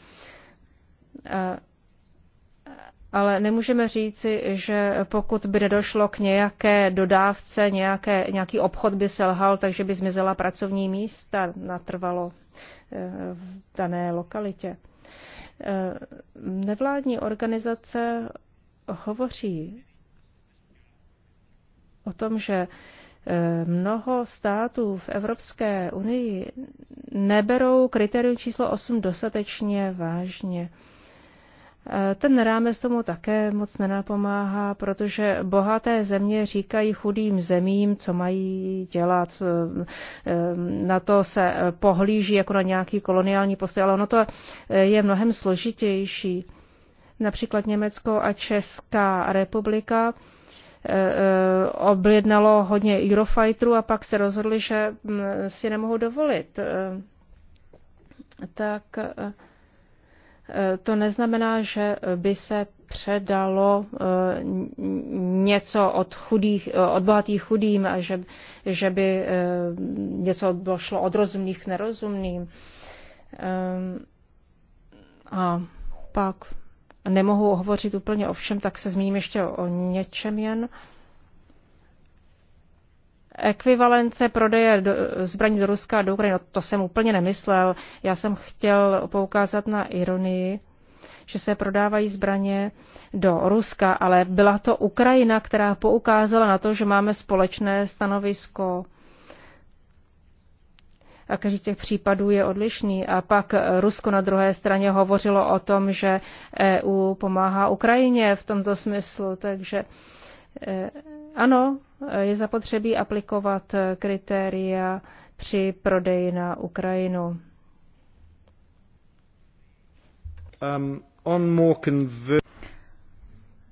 ale nemůžeme říci, že pokud by nedošlo k nějaké dodávce, nějaké, nějaký obchod by selhal, takže by zmizela pracovní místa natrvalo eh, v dané lokalitě. Eh, nevládní organizace hovoří o tom, že eh, mnoho států v Evropské unii neberou kritérium číslo 8 dostatečně vážně. Ten rámec tomu také moc nenapomáhá, protože bohaté země říkají chudým zemím, co mají dělat. Eh, eh, na to se pohlíží jako na nějaký koloniální postoj, ale ono to eh, je mnohem složitější. Například Německo a Česká republika objednalo hodně Eurofighterů a pak se rozhodli, že mm, si nemohou dovolit. Tak Eh, to neznamená, že eh, by se předalo eh, něco od, chudých, od bohatých chudým a že, že by něco šlo od rozumných k nerozumným. Ehm, a pak nemohu hovořit úplně o všem, tak se zmíním ještě o něčem jen ekvivalence prodeje do, zbraní do Ruska a do Ukrajiny, no to jsem úplně nemyslel. Já jsem chtěl poukázat na ironii, že se prodávají zbraně do Ruska, ale byla to Ukrajina, která poukázala na to, že máme společné stanovisko. A každý těch případů je odlišný. A pak Rusko na druhé straně hovořilo o tom, že EU pomáhá Ukrajině v tomto smyslu, takže e, ano, je zapotřebí aplikovat kritéria při prodeji na Ukrajinu. Um, on more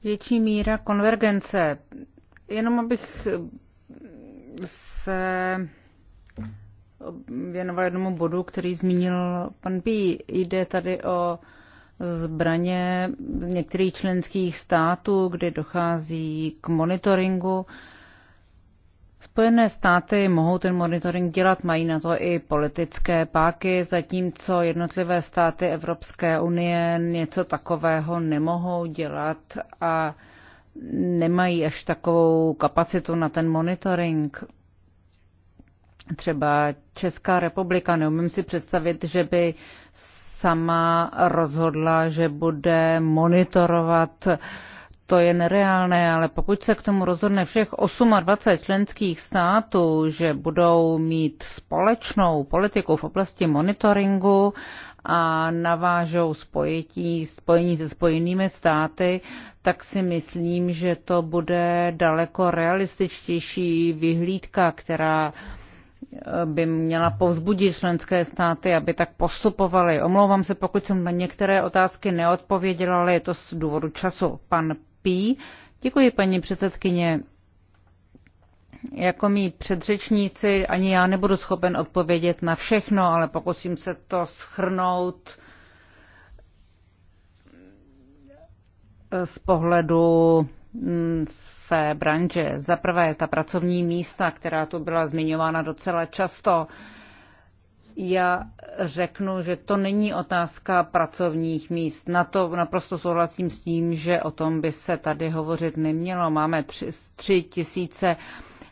Větší míra konvergence. Jenom abych se věnoval jednomu bodu, který zmínil pan B. Jde tady o uh, zbraně některých členských států, kde dochází k monitoringu. Spojené státy mohou ten monitoring dělat, mají na to i politické páky, zatímco jednotlivé státy Evropské unie něco takového nemohou dělat a nemají až takovou kapacitu na ten monitoring. Třeba Česká republika, neumím si představit, že by sama rozhodla, že bude monitorovat. To je nereálné, ale pokud se k tomu rozhodne všech 28 členských států, že budou mít společnou politiku v oblasti monitoringu a navážou spojití, spojení se spojenými státy, tak si myslím, že to bude daleko realističtější vyhlídka, která by měla povzbudit členské státy, aby tak postupovaly. Omlouvám se, pokud jsem na některé otázky neodpověděla, ale je to z důvodu času. Pan P. Děkuji, paní předsedkyně. Jako mý předřečníci, ani já nebudu schopen odpovědět na všechno, ale pokusím se to schrnout z pohledu Mm, své branže. Za prvé, ta pracovní místa, která tu byla zmiňována docela často, já řeknu, že to není otázka pracovních míst. Na to naprosto souhlasím s tím, že o tom by se tady hovořit nemělo. Máme tři, tři tisíce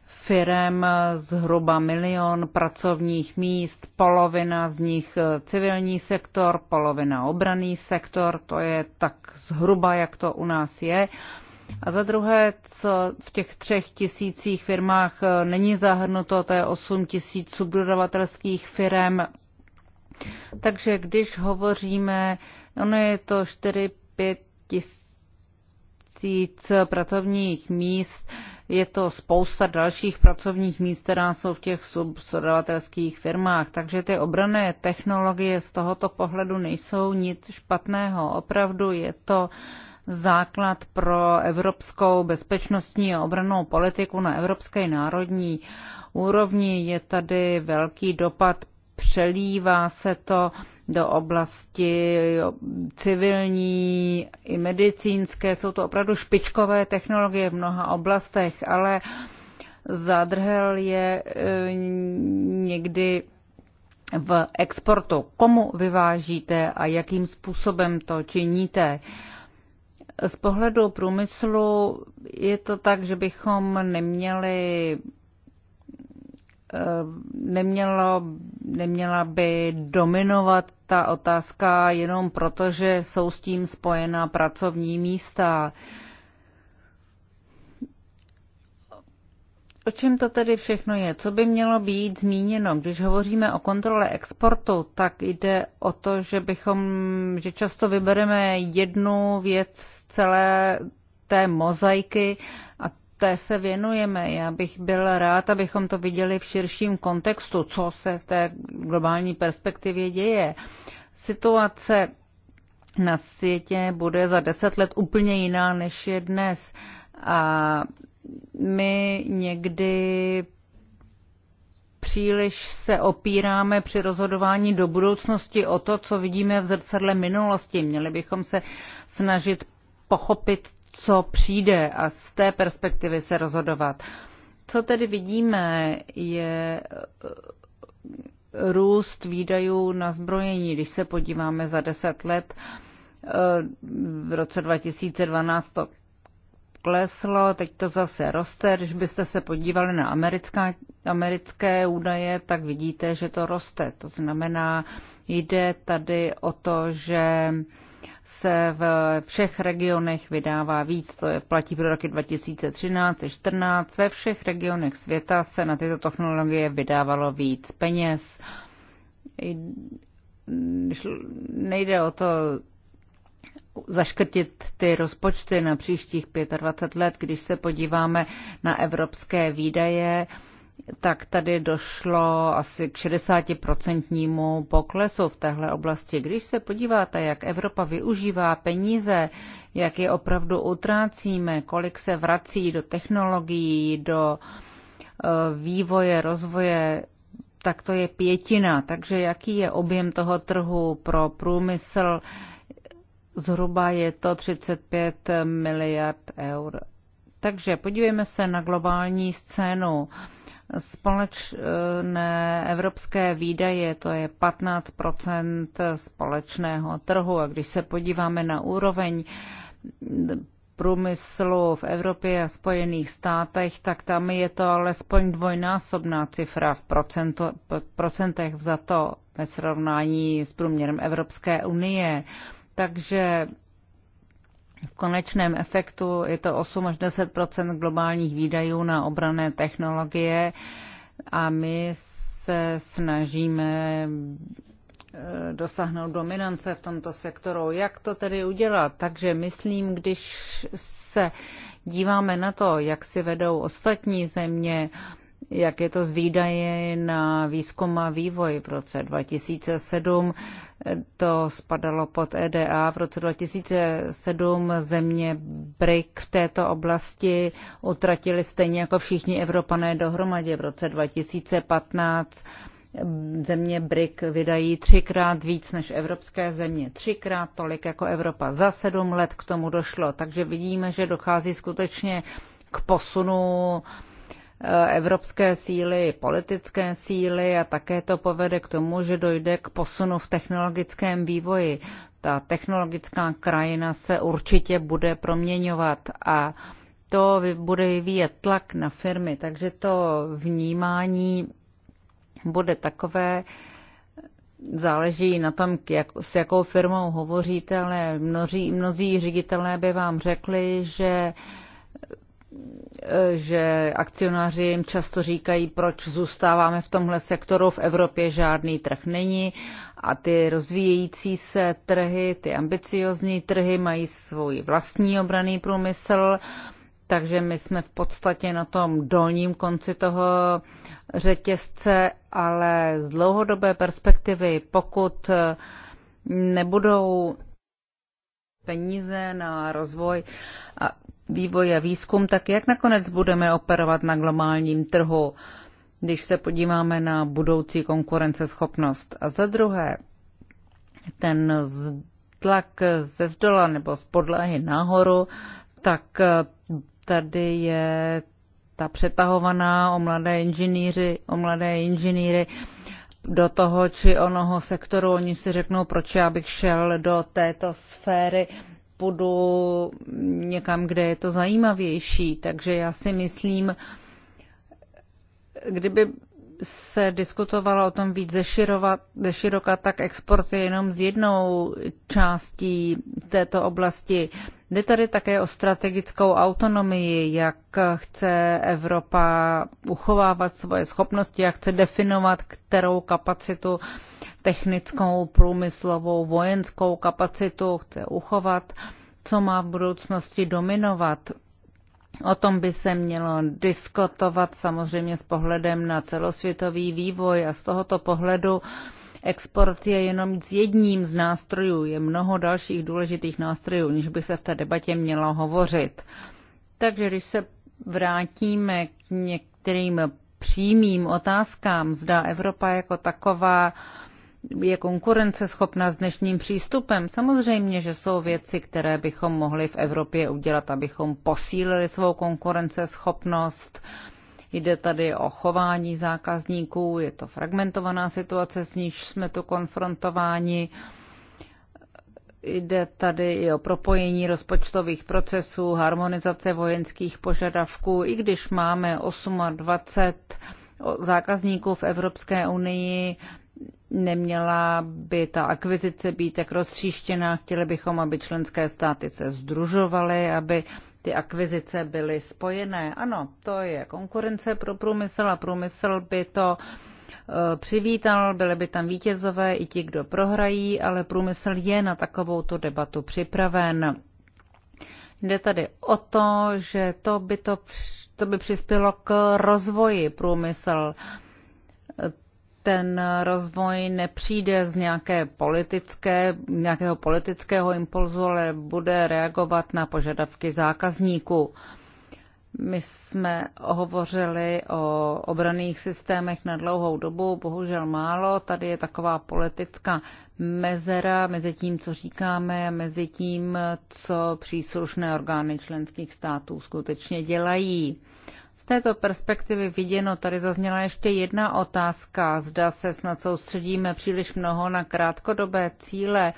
firem, zhruba milion pracovních míst, polovina z nich civilní sektor, polovina obraný sektor, to je tak zhruba, jak to u nás je. Um, a za druhé, co v těch třech tisících firmách eh, není zahrnuto, to je 8 tisíc subdodavatelských firm. Takže když hovoříme, ono je to 4-5 tisíc pracovních míst, je to spousta dalších pracovních míst, která jsou v těch subsodavatelských firmách. Takže ty obrané technologie z tohoto pohledu nejsou nic špatného. Opravdu je to uh, základ pro evropskou bezpečnostní a obranou politiku na evropské národní úrovni. Je tady velký dopad, přelívá se to do oblasti civilní i medicínské. Jsou to opravdu špičkové technologie v mnoha oblastech, ale zadrhel je e, někdy v exportu. Komu vyvážíte a jakým způsobem to činíte? Z pohledu průmyslu je to tak, že bychom neměli eh, nemělo, neměla by dominovat ta otázka jenom proto, že jsou s tím spojená pracovní místa. O čem to tedy všechno je? Co by mělo být zmíněno? Když hovoříme o kontrole exportu, tak jde o to, že bychom, že často vybereme jednu věc celé té mozaiky a té se věnujeme. Já bych byl rád, abychom to viděli v širším kontextu, co se v té globální perspektivě děje. Situace na světě bude za deset let úplně jiná, než je dnes. A my někdy příliš se opíráme při rozhodování do budoucnosti o to, co vidíme v zrcadle minulosti. Měli bychom se snažit pochopit, co přijde a z té perspektivy se rozhodovat. Co tedy vidíme, je eh, růst výdajů na zbrojení. Když se podíváme za deset let, eh, v roce 2012 to kleslo, teď to zase roste. Když byste se podívali na americká, americké údaje, tak vidíte, že to roste. To znamená, jde tady o to, že se v všech regionech vydává víc, to je, platí pro roky 2013 a 2014. Ve všech regionech světa se na tyto technologie vydávalo víc peněz. Nejde o to zaškrtit ty rozpočty na příštích 25 let, když se podíváme na evropské výdaje, tak tady došlo asi k 60% poklesu v téhle oblasti. Když se podíváte, jak Evropa využívá peníze, jak je opravdu utrácíme, kolik se vrací do technologií, do eh, vývoje, rozvoje, tak to je pětina. Takže jaký je objem toho trhu pro průmysl? Zhruba je to 35 miliard eur. Takže podívejme se na globální scénu společné evropské výdaje, to je 15 společného trhu. A když se podíváme na úroveň průmyslu v Evropě a Spojených státech, tak tam je to alespoň dvojnásobná cifra v procentu, procentech za to ve srovnání s průměrem Evropské unie. Takže v konečném efektu je to 8 až 10 globálních výdajů na obrané technologie a my se snažíme eh, dosáhnout dominance v tomto sektoru. Jak to tedy udělat? Takže myslím, když se díváme na to, jak si vedou ostatní země, jak je to s výdaji na výzkum a vývoj. V roce 2007 to spadalo pod EDA. V roce 2007 země BRIC v této oblasti utratili stejně jako všichni Evropané dohromadě. V roce 2015 země BRIC vydají třikrát víc než evropské země, třikrát tolik jako Evropa. Za sedm let k tomu došlo, takže vidíme, že dochází skutečně k posunu Eh, evropské síly, politické síly a také to povede k tomu, že dojde k posunu v technologickém vývoji. Ta technologická krajina se určitě bude proměňovat a to bude vyvíjet tlak na firmy, takže to vnímání bude takové, záleží na tom, jak, s jakou firmou hovoříte, ale mnozí, mnozí ředitelé by vám řekli, že uh, že akcionáři jim často říkají, proč zůstáváme v tomhle sektoru, v Evropě žádný trh není a ty rozvíjející se trhy, ty ambiciozní trhy mají svůj vlastní obraný průmysl, takže my jsme v podstatě na tom dolním konci toho řetězce, ale z dlouhodobé perspektivy, pokud nebudou peníze na rozvoj a vývoj a výzkum, tak jak nakonec budeme operovat na globálním trhu, když se podíváme na budoucí konkurenceschopnost. A za druhé, ten tlak ze zdola nebo z podlahy nahoru, tak tady je ta přetahovaná o mladé inženýři, o mladé inženýry do toho či onoho sektoru. Oni si řeknou, proč já bych šel do této sféry, půjdu někam, kde je to zajímavější. Takže já si myslím, kdyby se diskutovalo o tom víc ze, široka, tak export je jenom z jednou částí této oblasti. Jde tady také o strategickou autonomii, jak chce Evropa uchovávat svoje schopnosti, jak chce definovat, kterou kapacitu uh, technickou, průmyslovou, vojenskou kapacitu chce uchovat, co má v budoucnosti dominovat. O tom by se mělo diskutovat samozřejmě s pohledem na celosvětový vývoj a z tohoto pohledu export je jenom z jedním z nástrojů, je mnoho dalších důležitých nástrojů, než by se v té debatě mělo hovořit. Takže když se vrátíme k některým přímým otázkám, zda Evropa jako taková je konkurenceschopná s dnešním přístupem. Samozřejmě, že jsou věci, které bychom mohli v Evropě udělat, abychom posílili svou konkurenceschopnost. Jde tady o chování zákazníků, je to fragmentovaná situace, s níž jsme tu konfrontováni. Jde tady i o propojení rozpočtových procesů, harmonizace vojenských požadavků, i když máme 28 zákazníků v Evropské unii, Neměla by ta akvizice být tak rozstříštěná. chtěli bychom, aby členské státy se združovaly, aby ty akvizice byly spojené. Ano, to je konkurence pro průmysl a průmysl by to e, přivítal, byly by tam vítězové i ti, kdo prohrají, ale průmysl je na takovou tu debatu připraven. Jde tady o to, že to by, to, to by přispělo k rozvoji průmysl ten rozvoj nepřijde z nějaké politické, nějakého politického impulzu, ale bude reagovat na požadavky zákazníků. My jsme hovořili o obraných systémech na dlouhou dobu, bohužel málo. Tady je taková politická mezera mezi tím, co říkáme, a mezi tím, co příslušné orgány členských států skutečně dělají. Z této perspektivy viděno tady zazněla ještě jedna otázka. Zda se snad soustředíme příliš mnoho na krátkodobé cíle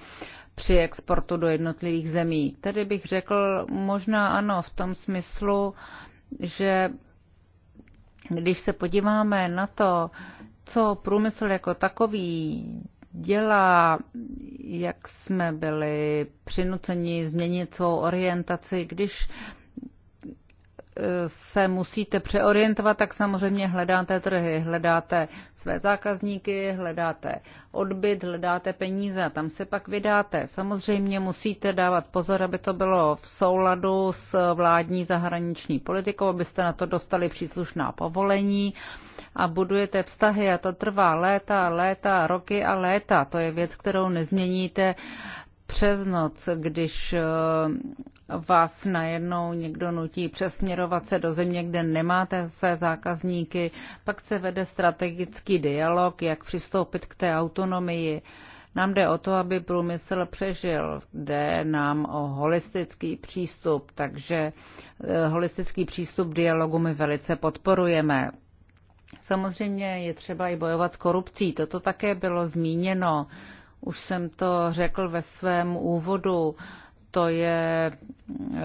při exportu do jednotlivých zemí. Tady bych řekl možná ano, v tom smyslu, že když se podíváme na to, co průmysl jako takový dělá, jak jsme byli přinuceni změnit svou orientaci, když se musíte přeorientovat, tak samozřejmě hledáte trhy, hledáte své zákazníky, hledáte odbyt, hledáte peníze a tam se pak vydáte. Samozřejmě musíte dávat pozor, aby to bylo v souladu s vládní zahraniční politikou, abyste na to dostali příslušná povolení a budujete vztahy a to trvá léta, léta, roky a léta. To je věc, kterou nezměníte přes noc, když eh, vás najednou někdo nutí přesměrovat se do země, kde nemáte své zákazníky, pak se vede strategický dialog, jak přistoupit k té autonomii. Nám jde o to, aby průmysl přežil. Jde nám o holistický přístup, takže eh, holistický přístup dialogu my velice podporujeme. Samozřejmě je třeba i bojovat s korupcí, toto také bylo zmíněno. Už jsem to řekl ve svém úvodu. To je eh,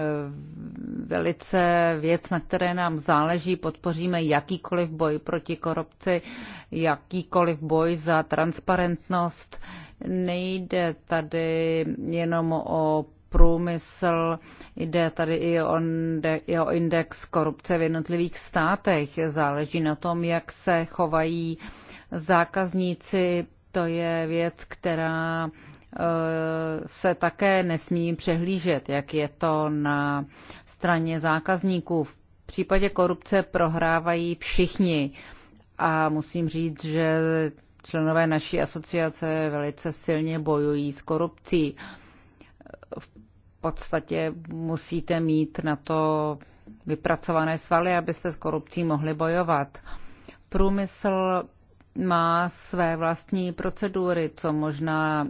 velice věc, na které nám záleží. Podpoříme jakýkoliv boj proti korupci, jakýkoliv boj za transparentnost. Nejde tady jenom o průmysl, jde tady i o, i o index korupce v jednotlivých státech. Záleží na tom, jak se chovají zákazníci, to je věc, která eh, se také nesmí přehlížet, jak je to na straně zákazníků. V případě korupce prohrávají všichni. A musím říct, že členové naší asociace velice silně bojují s korupcí. V podstatě musíte mít na to vypracované svaly, abyste s korupcí mohli bojovat. Průmysl má své vlastní procedury, co možná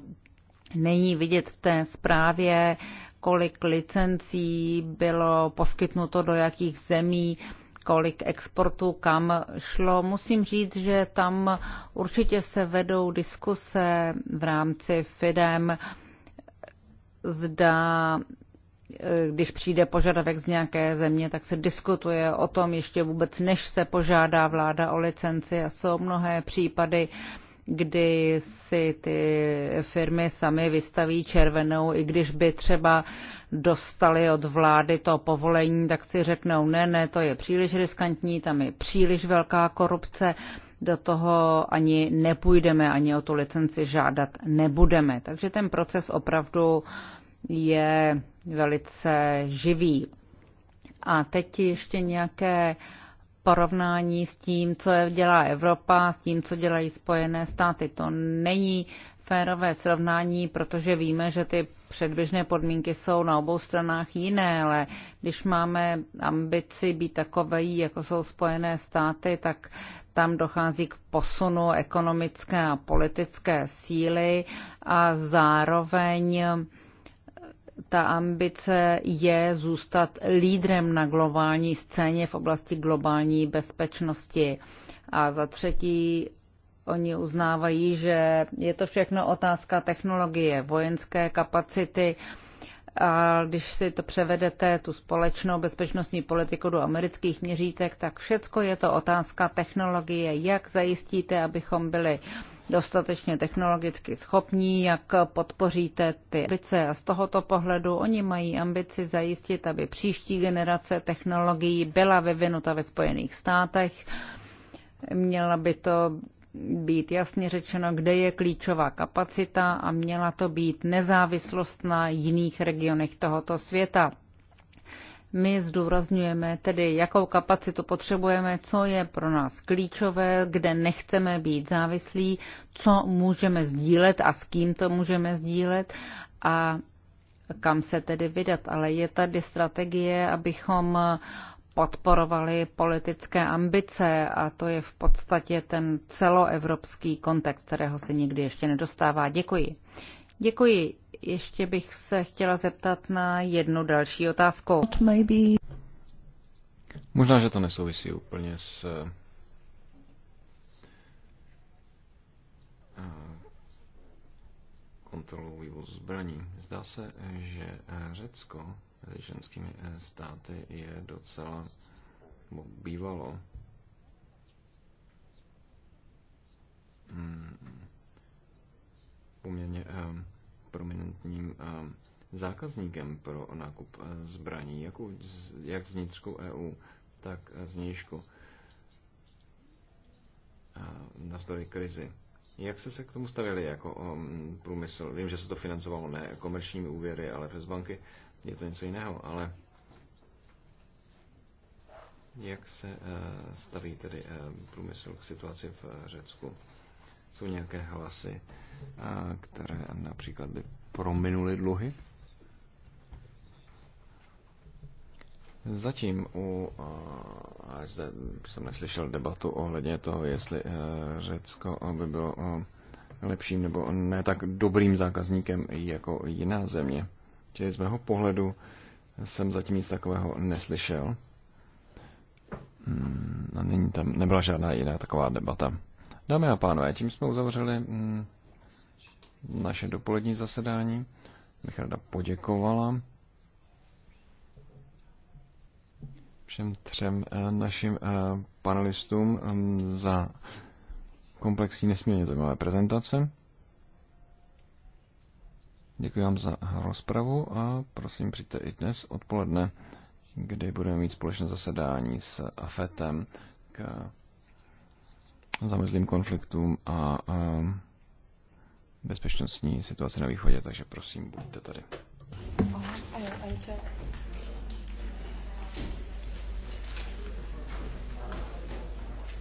není vidět v té zprávě, kolik licencí bylo poskytnuto do jakých zemí, kolik exportů kam šlo. Musím říct, že tam určitě se vedou diskuse v rámci FIDEM, zda Eh, když přijde požadavek z nějaké země, tak se diskutuje o tom ještě vůbec, než se požádá vláda o licenci a jsou mnohé případy, kdy si ty firmy sami vystaví červenou, i když by třeba dostali od vlády to povolení, tak si řeknou, ne, ne, to je příliš riskantní, tam je příliš velká korupce, do toho ani nepůjdeme, ani o tu licenci žádat nebudeme. Takže ten proces opravdu je velice živý. A teď ještě nějaké porovnání s tím, co dělá Evropa, s tím, co dělají Spojené státy. To není férové srovnání, protože víme, že ty předběžné podmínky jsou na obou stranách jiné, ale když máme ambici být takový, jako jsou Spojené státy, tak tam dochází k posunu ekonomické a politické síly a zároveň ta ambice je zůstat lídrem na globální scéně v oblasti globální bezpečnosti. A za třetí, oni uznávají, že je to všechno otázka technologie, vojenské kapacity. A když si to převedete, tu společnou bezpečnostní politiku do amerických měřítek, tak všecko je to otázka technologie. Jak zajistíte, abychom byli uh, dostatečně technologicky schopní, jak podpoříte ty ambice. A z tohoto pohledu oni mají ambici zajistit, aby příští generace technologií byla vyvinuta ve Spojených státech. Měla by to být jasně řečeno, kde je klíčová kapacita a měla to být nezávislost na jiných regionech tohoto světa. My zdůrazňujeme tedy, jakou kapacitu potřebujeme, co je pro nás klíčové, kde nechceme být závislí, co můžeme sdílet a s kým to můžeme sdílet a kam se tedy vydat. Ale je tady strategie, abychom podporovali politické ambice a to je v podstatě ten celoevropský kontext, kterého se nikdy ještě nedostává. Děkuji. Děkuji ještě bych se chtěla zeptat na jednu další otázku. Možná, že to nesouvisí úplně s eh, kontrolou vývozu zbraní. Zdá se, že eh, Řecko mezi ženskými eh, státy je docela, nebo bývalo, mm, poměrně prominentním eh, zákazníkem pro nákup eh, zbraní, jak, jak z vnitřku EU, tak z eh, vnějšku navzdory krizi. Jak jste se k tomu stavili jako um, průmysl? Vím, že se to financovalo ne komerčními úvěry, ale přes banky je to něco jiného, ale jak se uh, staví tedy uh, průmysl k situaci v uh, Řecku? Jsou nějaké hlasy, které například by prominuly dluhy? Zatím u, a zde jsem neslyšel debatu ohledně toho, jestli e, Řecko by bylo lepším nebo ne tak dobrým zákazníkem jako jiná země. Čili z mého pohledu jsem zatím nic takového neslyšel. Hmm, a není tam, nebyla žádná jiná taková debata. Dámy a pánové, tím jsme uzavřeli mm, naše dopolední zasedání. Bych poděkovala všem třem eh, našim eh, panelistům mm, za komplexní, nesmírně zajímavé prezentace. Děkuji vám za rozpravu a prosím přijďte i dnes odpoledne, kdy budeme mít společné zasedání s AFETem k zamezlým konfliktům a, a bezpečnostní situace na východě, takže prosím, buďte tady. Aha, a a